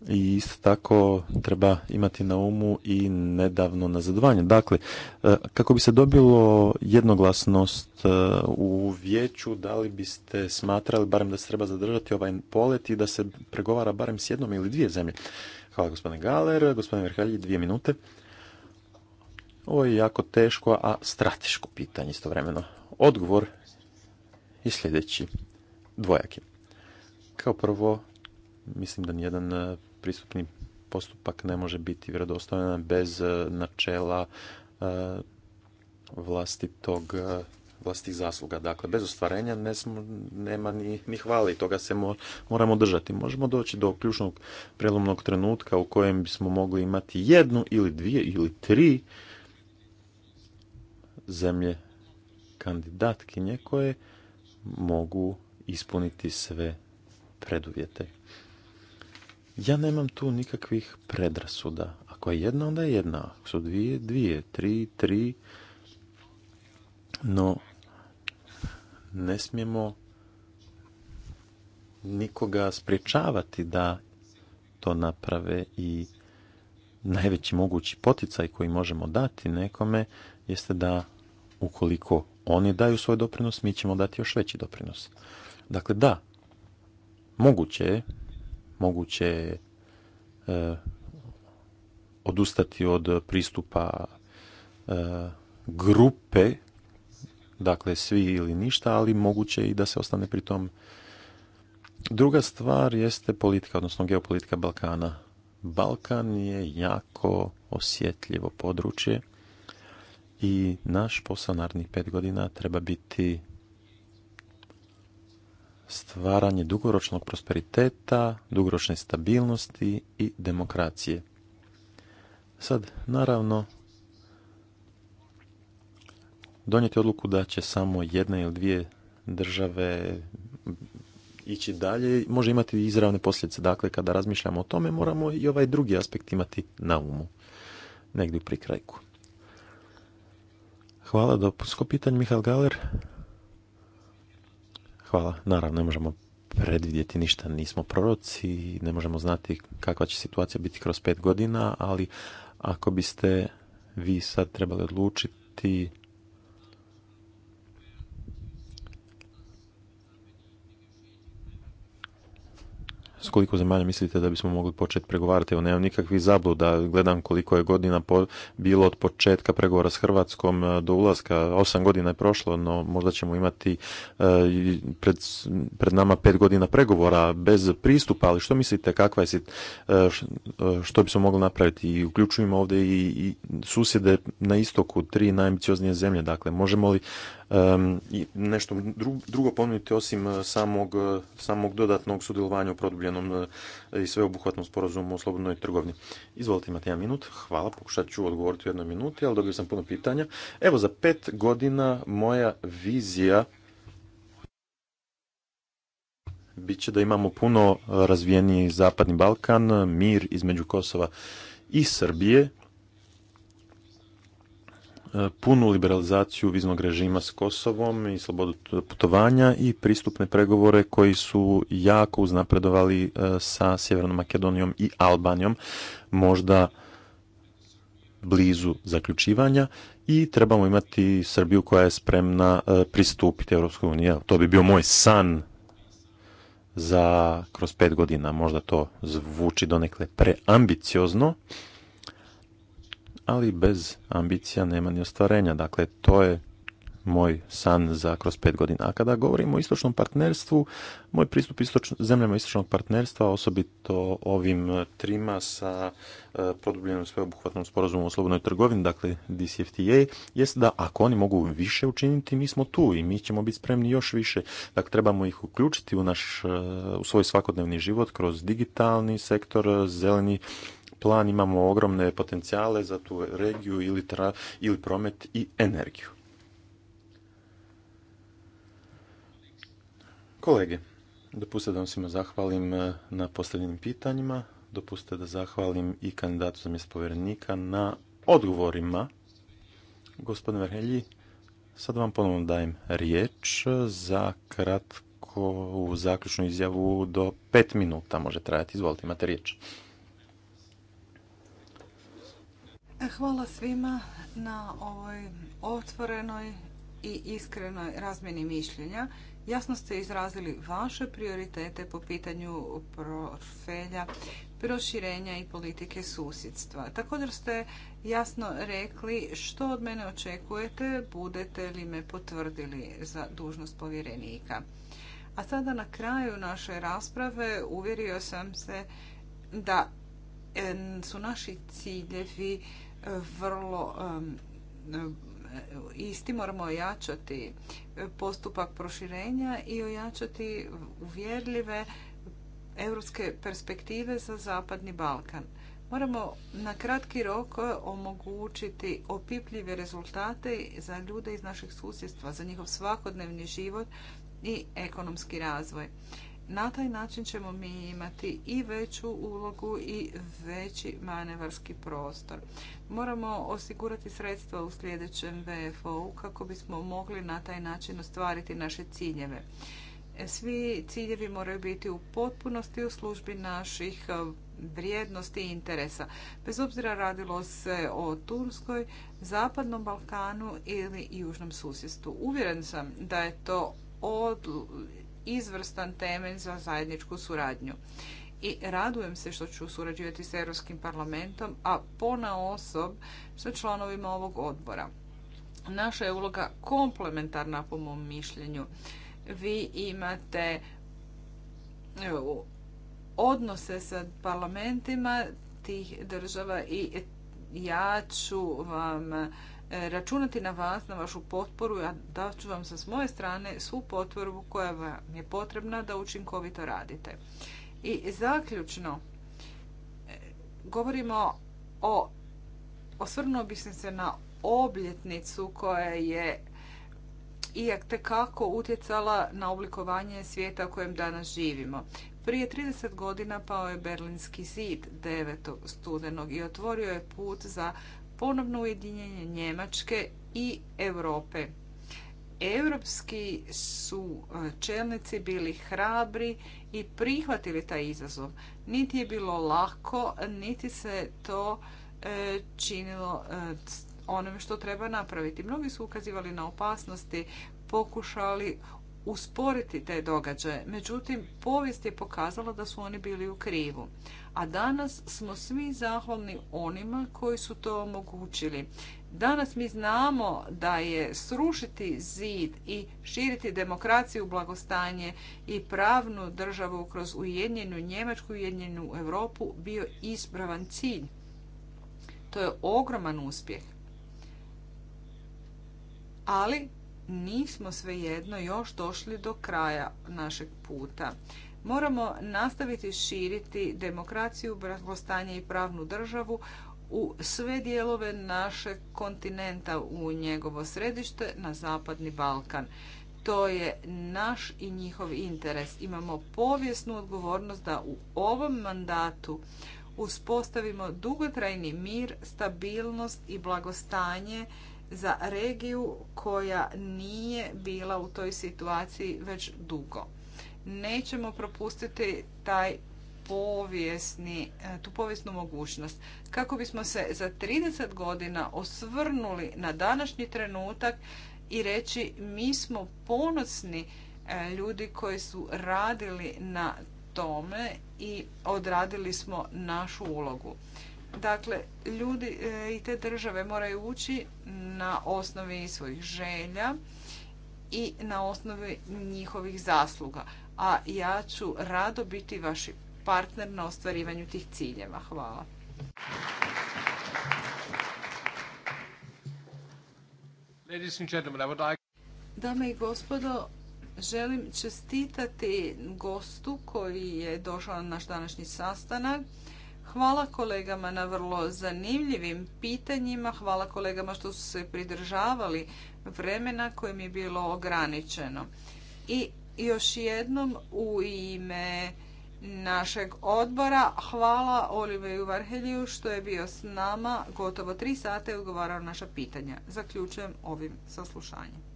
I isto tako treba imati na umu i nedavno nazadovanje. Dakle, e, kako bi se dobilo jednoglasnost e, u vijeću, da li biste smatrali barem da se treba zadržati ovaj polet i da se pregovara barem s jednom ili dvije zemlje? Hvala gospodine Galer, gospodine Verhalji, dvije minute. Ovo je jako teško, a strateško pitanje istovremeno. Odgovor i sljedeći. Dvojaki. Kao prvo, mislim da nijedan e, pristupni postupak ne može biti vjerodostojan bez e, načela e, vlastitog vlastitih zasluga. Dakle, bez ostvarenja ne smo, nema ni, ni hvale i toga se moramo držati. Možemo doći do ključnog prelomnog trenutka u kojem bismo mogli imati jednu ili dvije ili tri zemlje kandidatkinje koje mogu ispuniti sve preduvjete. Ja nemam tu nikakvih predrasuda. Ako je jedna, onda je jedna. Ako su dvije, dvije, tri, tri. No, ne smijemo nikoga spriječavati da to naprave i najveći mogući poticaj koji možemo dati nekome jeste da ukoliko oni daju svoj doprinos, mi ćemo dati još veći doprinos. Dakle, da, moguće je, moguće je e, odustati od pristupa e, grupe, dakle svi ili ništa, ali moguće i da se ostane pri tom. Druga stvar jeste politika, odnosno geopolitika Balkana. Balkan je jako osjetljivo područje i naš posao pet godina treba biti stvaranje dugoročnog prosperiteta, dugoročne stabilnosti i demokracije. Sad, naravno, donijeti odluku da će samo jedna ili dvije države ići dalje može imati izravne posljedice. Dakle, kada razmišljamo o tome, moramo i ovaj drugi aspekt imati na umu, negdje u prikrajku. Hvala, dopusko pitanje, Mihael Galer. Hvala, naravno, ne možemo predvidjeti ništa, nismo proroci, ne možemo znati kakva će situacija biti kroz pet godina, ali ako biste vi sad trebali odlučiti s koliko zemalja mislite da bismo mogli početi pregovarati? Evo, nemam nikakvih zabluda, gledam koliko je godina po, bilo od početka pregovora s Hrvatskom e, do ulaska, osam godina je prošlo, no možda ćemo imati e, pred, pred, nama pet godina pregovora bez pristupa, ali što mislite, kakva je e, što bismo mogli napraviti? I uključujemo ovdje i, i susjede na istoku, tri najambicioznije zemlje, dakle, možemo li nešto drugo ponuditi osim e, e, samog, dodatnog sudjelovanja u produbljenom e, i sveobuhvatnom sporazumu o slobodnoj trgovini. Izvolite, imate jedan minut. Hvala, pokušat ću odgovoriti u jednoj minuti, ali dobio sam puno pitanja. Evo, za pet godina moja vizija bit će da imamo puno razvijeniji Zapadni Balkan, mir između Kosova i Srbije, punu liberalizaciju viznog režima s Kosovom i slobodu putovanja i pristupne pregovore koji su jako uznapredovali e, sa Sjevernom Makedonijom i Albanijom, možda blizu zaključivanja i trebamo imati Srbiju koja je spremna e, pristupiti Europskoj uniji. To bi bio moj san za kroz pet godina. Možda to zvuči donekle preambiciozno, ali bez ambicija nema ni ostvarenja. Dakle, to je moj san za kroz pet godina. A kada govorimo o istočnom partnerstvu, moj pristup istočno, zemljama istočnog partnerstva, osobito ovim trima sa e, produbljenom sveobuhvatnom sporazumom o slobodnoj trgovini, dakle DCFTA, jest da ako oni mogu više učiniti, mi smo tu i mi ćemo biti spremni još više. Dakle, trebamo ih uključiti u, naš, e, u svoj svakodnevni život kroz digitalni sektor, zeleni plan, imamo ogromne potencijale za tu regiju ili, tra, ili promet i energiju. Kolege, dopustite da vam svima zahvalim eh, na postavljenim pitanjima, dopustite da zahvalim i kandidatu za mjesto povjerenika na odgovorima. Gospodin Verhelji, sad vam ponovno dajem riječ za kratko u zaključnu izjavu do pet minuta može trajati. Izvolite, imate riječ.
Hvala svima na ovoj otvorenoj i iskrenoj razmjeni mišljenja. Jasno ste izrazili vaše prioritete po pitanju profelja, proširenja i politike susjedstva. Također ste jasno rekli što od mene očekujete, budete li me potvrdili za dužnost povjerenika. A sada na kraju naše rasprave uvjerio sam se da su naši ciljevi vrlo e, isti moramo ojačati postupak proširenja i ojačati uvjerljive europske perspektive za Zapadni Balkan. Moramo na kratki rok omogućiti opipljive rezultate za ljude iz naših susjedstva, za njihov svakodnevni život i ekonomski razvoj. Na taj način ćemo mi imati i veću ulogu i veći manevarski prostor. Moramo osigurati sredstva u sljedećem vfo kako bismo mogli na taj način ostvariti naše ciljeve. E, svi ciljevi moraju biti u potpunosti u službi naših e, vrijednosti i interesa. Bez obzira radilo se o Turskoj, Zapadnom Balkanu ili Južnom susjedstvu. Uvjeren sam da je to od izvrstan temelj za zajedničku suradnju. I radujem se što ću surađivati s Europskim parlamentom, a pona osob sa članovima ovog odbora. Naša je uloga komplementarna po mom mišljenju. Vi imate odnose sa parlamentima tih država i ja ću vam računati na vas, na vašu potporu, Ja dat ću vam sa s moje strane svu potporu koja vam je potrebna da učinkovito radite. I zaključno, e, govorimo o, osvrnuo bih se na obljetnicu koja je i kako utjecala na oblikovanje svijeta u kojem danas živimo. Prije 30 godina pao je Berlinski zid 9. studenog i otvorio je put za ponovno ujedinjenje Njemačke i Europe. Europski su e, čelnici bili hrabri i prihvatili taj izazov. Niti je bilo lako, niti se to e, činilo e, onome što treba napraviti. Mnogi su ukazivali na opasnosti, pokušali usporiti te događaje. Međutim, povijest je pokazala da su oni bili u krivu a danas smo svi zahvalni onima koji su to omogućili. Danas mi znamo da je srušiti zid i širiti demokraciju, blagostanje i pravnu državu kroz ujedinjenu Njemačku, ujedinjenu Europu bio ispravan cilj. To je ogroman uspjeh. Ali nismo svejedno još došli do kraja našeg puta. Moramo nastaviti širiti demokraciju, blagostanje i pravnu državu u sve dijelove našeg kontinenta, u njegovo središte, na Zapadni Balkan. To je naš i njihov interes. Imamo povijesnu odgovornost da u ovom mandatu uspostavimo dugotrajni mir, stabilnost i blagostanje za regiju koja nije bila u toj situaciji već dugo nećemo propustiti taj povijesni, e, tu povijesnu mogućnost. Kako bismo se za 30 godina osvrnuli na današnji trenutak i reći mi smo ponosni e, ljudi koji su radili na tome i odradili smo našu ulogu. Dakle, ljudi e, i te države moraju ući na osnovi svojih želja i na osnovi njihovih zasluga a ja ću rado biti vaš partner na ostvarivanju tih ciljeva. Hvala. Dame i gospodo, želim čestitati gostu koji je došao na naš današnji sastanak. Hvala kolegama na vrlo zanimljivim pitanjima, hvala kolegama što su se pridržavali vremena kojim je bilo ograničeno. I još jednom u ime našeg odbora. Hvala Oliveju Varheliju što je bio s nama gotovo tri sata i odgovarao naša pitanja. Zaključujem ovim saslušanjem.